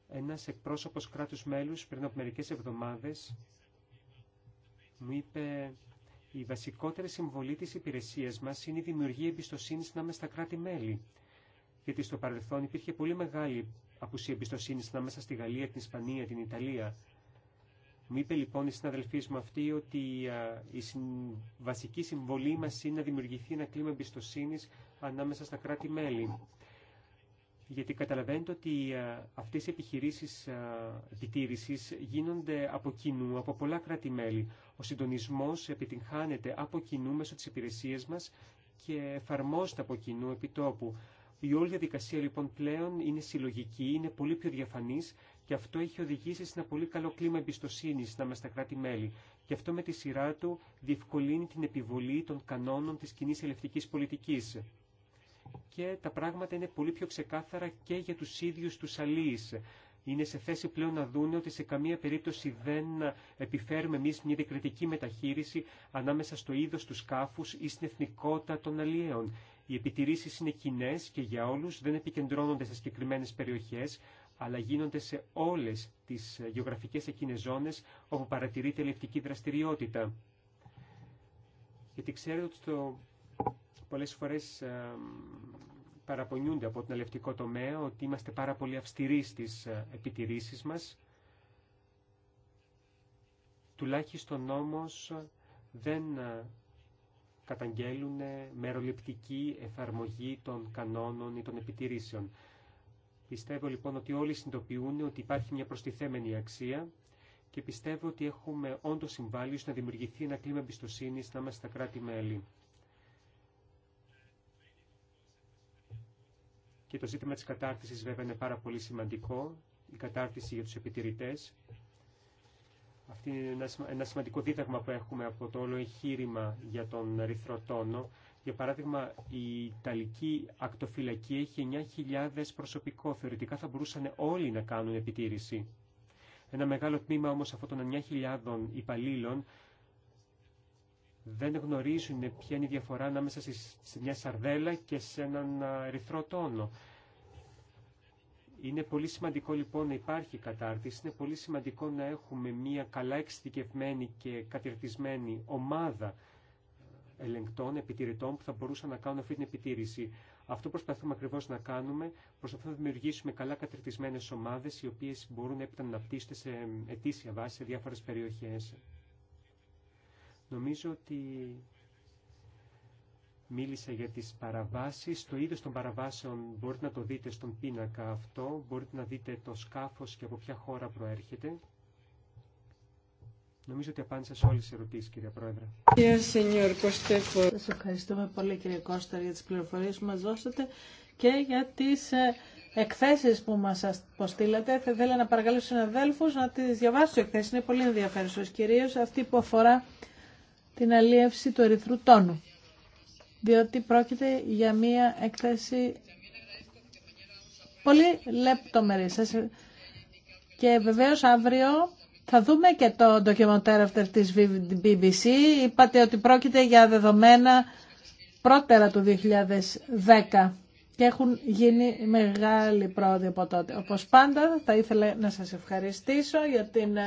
Speaker 3: ένας εκπρόσωπος κράτους μέλους πριν από μερικές εβδομάδες μου είπε η βασικότερη συμβολή της υπηρεσίας μας είναι η δημιουργία εμπιστοσύνης ανάμεσα στα κράτη-μέλη. Γιατί στο παρελθόν υπήρχε πολύ μεγάλη απουσία εμπιστοσύνης ανάμεσα στη Γαλλία, την Ισπανία, την Ιταλία. Μου είπε λοιπόν η συναδελφή μου αυτή ότι η βασική συμβολή μας είναι να δημιουργηθεί ένα κλίμα εμπιστοσύνη ανάμεσα στα κράτη-μέλη γιατί καταλαβαίνετε ότι ε, αυτές οι επιχειρήσεις επιτήρησης γίνονται από κοινού, από πολλά κράτη-μέλη. Ο συντονισμός επιτυγχάνεται από κοινού μέσω της υπηρεσίας μας και εφαρμόζεται από κοινού επιτόπου. Η όλη διαδικασία λοιπόν πλέον είναι συλλογική, είναι πολύ πιο διαφανής και αυτό έχει οδηγήσει σε ένα πολύ καλό κλίμα εμπιστοσύνη να στα κράτη-μέλη. Και αυτό με τη σειρά του διευκολύνει την επιβολή των κανόνων της κοινή ελευτικής πολιτικής και τα πράγματα είναι πολύ πιο ξεκάθαρα και για τους ίδιους τους αλείς. Είναι σε θέση πλέον να δούνε ότι σε καμία περίπτωση δεν επιφέρουμε εμεί μια διακριτική μεταχείριση ανάμεσα στο είδος του σκάφους ή στην εθνικότητα των αλλιέων. Οι επιτηρήσει είναι κοινέ και για όλους, δεν επικεντρώνονται σε συγκεκριμένες περιοχές, αλλά γίνονται σε όλες τις γεωγραφικές εκείνες ζώνες όπου παρατηρείται ελευτική δραστηριότητα. Γιατί ξέρετε πολλές φορές ε, παραπονιούνται από τον αλευτικό τομέα ότι είμαστε πάρα πολύ αυστηροί στις ε, επιτηρήσεις μας. Τουλάχιστον όμως δεν ε, καταγγέλουν μεροληπτική εφαρμογή των κανόνων ή των επιτηρήσεων. Πιστεύω λοιπόν ότι όλοι συνειδητοποιούν ότι υπάρχει μια προστιθέμενη αξία και πιστεύω ότι έχουμε όντως συμβάλει ώστε να δημιουργηθεί ένα κλίμα εμπιστοσύνη να είμαστε στα κράτη-μέλη. Και το ζήτημα της κατάρτισης βέβαια είναι πάρα πολύ σημαντικό, η κατάρτιση για τους επιτηρητές. Αυτή είναι ένα σημαντικό δίδαγμα που έχουμε από το όλο εγχείρημα για τον ρηθρό τόνο. Για παράδειγμα, η Ιταλική ακτοφυλακή έχει 9.000 προσωπικό. Θεωρητικά θα μπορούσαν όλοι να κάνουν επιτήρηση. Ένα μεγάλο τμήμα όμως αυτών των 9.000 υπαλλήλων δεν γνωρίζουν ποια είναι η διαφορά ανάμεσα σε μια σαρδέλα και σε έναν ερυθρό τόνο. Είναι πολύ σημαντικό λοιπόν να υπάρχει κατάρτιση, είναι πολύ σημαντικό να έχουμε μια καλά εξειδικευμένη και κατηρτισμένη ομάδα ε, ελεγκτών, επιτηρητών που θα μπορούσαν να κάνουν αυτή την επιτήρηση. Αυτό προσπαθούμε ακριβώς να κάνουμε, προσπαθούμε να δημιουργήσουμε καλά κατηρτισμένες ομάδες οι οποίες μπορούν έπειτα να αναπτύσσονται σε ε, ετήσια βάση σε διάφορες περιοχές. Νομίζω ότι μίλησα για τις παραβάσεις. Το είδος των παραβάσεων μπορείτε να το δείτε στον πίνακα αυτό. Μπορείτε να δείτε το σκάφος και από ποια χώρα προέρχεται. Νομίζω ότι απάντησα σε όλες τις ερωτήσεις, κύριε Πρόεδρε.
Speaker 1: Σας ευχαριστούμε πολύ, κύριε Κώστα, για τις πληροφορίες που μας δώσατε και για τις ε, εκθέσεις που μας αποστήλατε. Θα ήθελα να παρακαλώ στους συναδέλφους να τις διαβάσουν εκθέσεις. Είναι πολύ ενδιαφέρουσες, κυρίως αυτή που αφορά την αλίευση του ερυθρού τόνου, διότι πρόκειται για μία έκθεση πολύ λεπτομερή. Και βεβαίως αύριο θα δούμε και το ντοκιμοντέρ αυτή της BBC. Είπατε ότι πρόκειται για δεδομένα πρώτερα του 2010 και έχουν γίνει μεγάλη πρόοδοι από τότε. Όπως πάντα θα ήθελα να σας ευχαριστήσω για την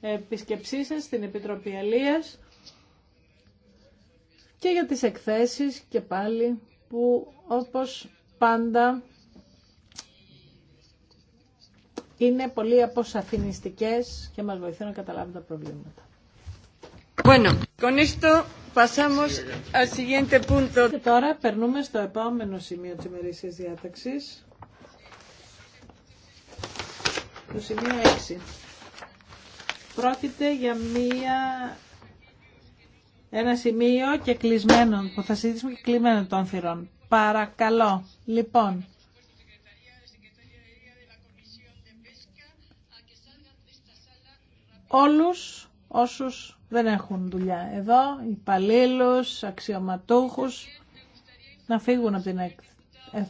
Speaker 1: επισκεψή σας στην Επιτροπή Αλίας και για τις εκθέσεις και πάλι που όπως πάντα είναι πολύ αποσαφινιστικές και μας βοηθούν να καταλάβουμε τα προβλήματα. Bueno, con esto pasamos al siguiente punto. Και τώρα περνούμε στο επόμενο σημείο της ημερήσιας διάταξης. Το σημείο 6. Πρόκειται για μία ένα σημείο και κλεισμένο, που θα συζητήσουμε και κλεισμένο των θυρών. Παρακαλώ. Λοιπόν. Όλους όσους δεν έχουν δουλειά εδώ, υπαλλήλου, αξιωματούχους, να φύγουν από την έκθεση.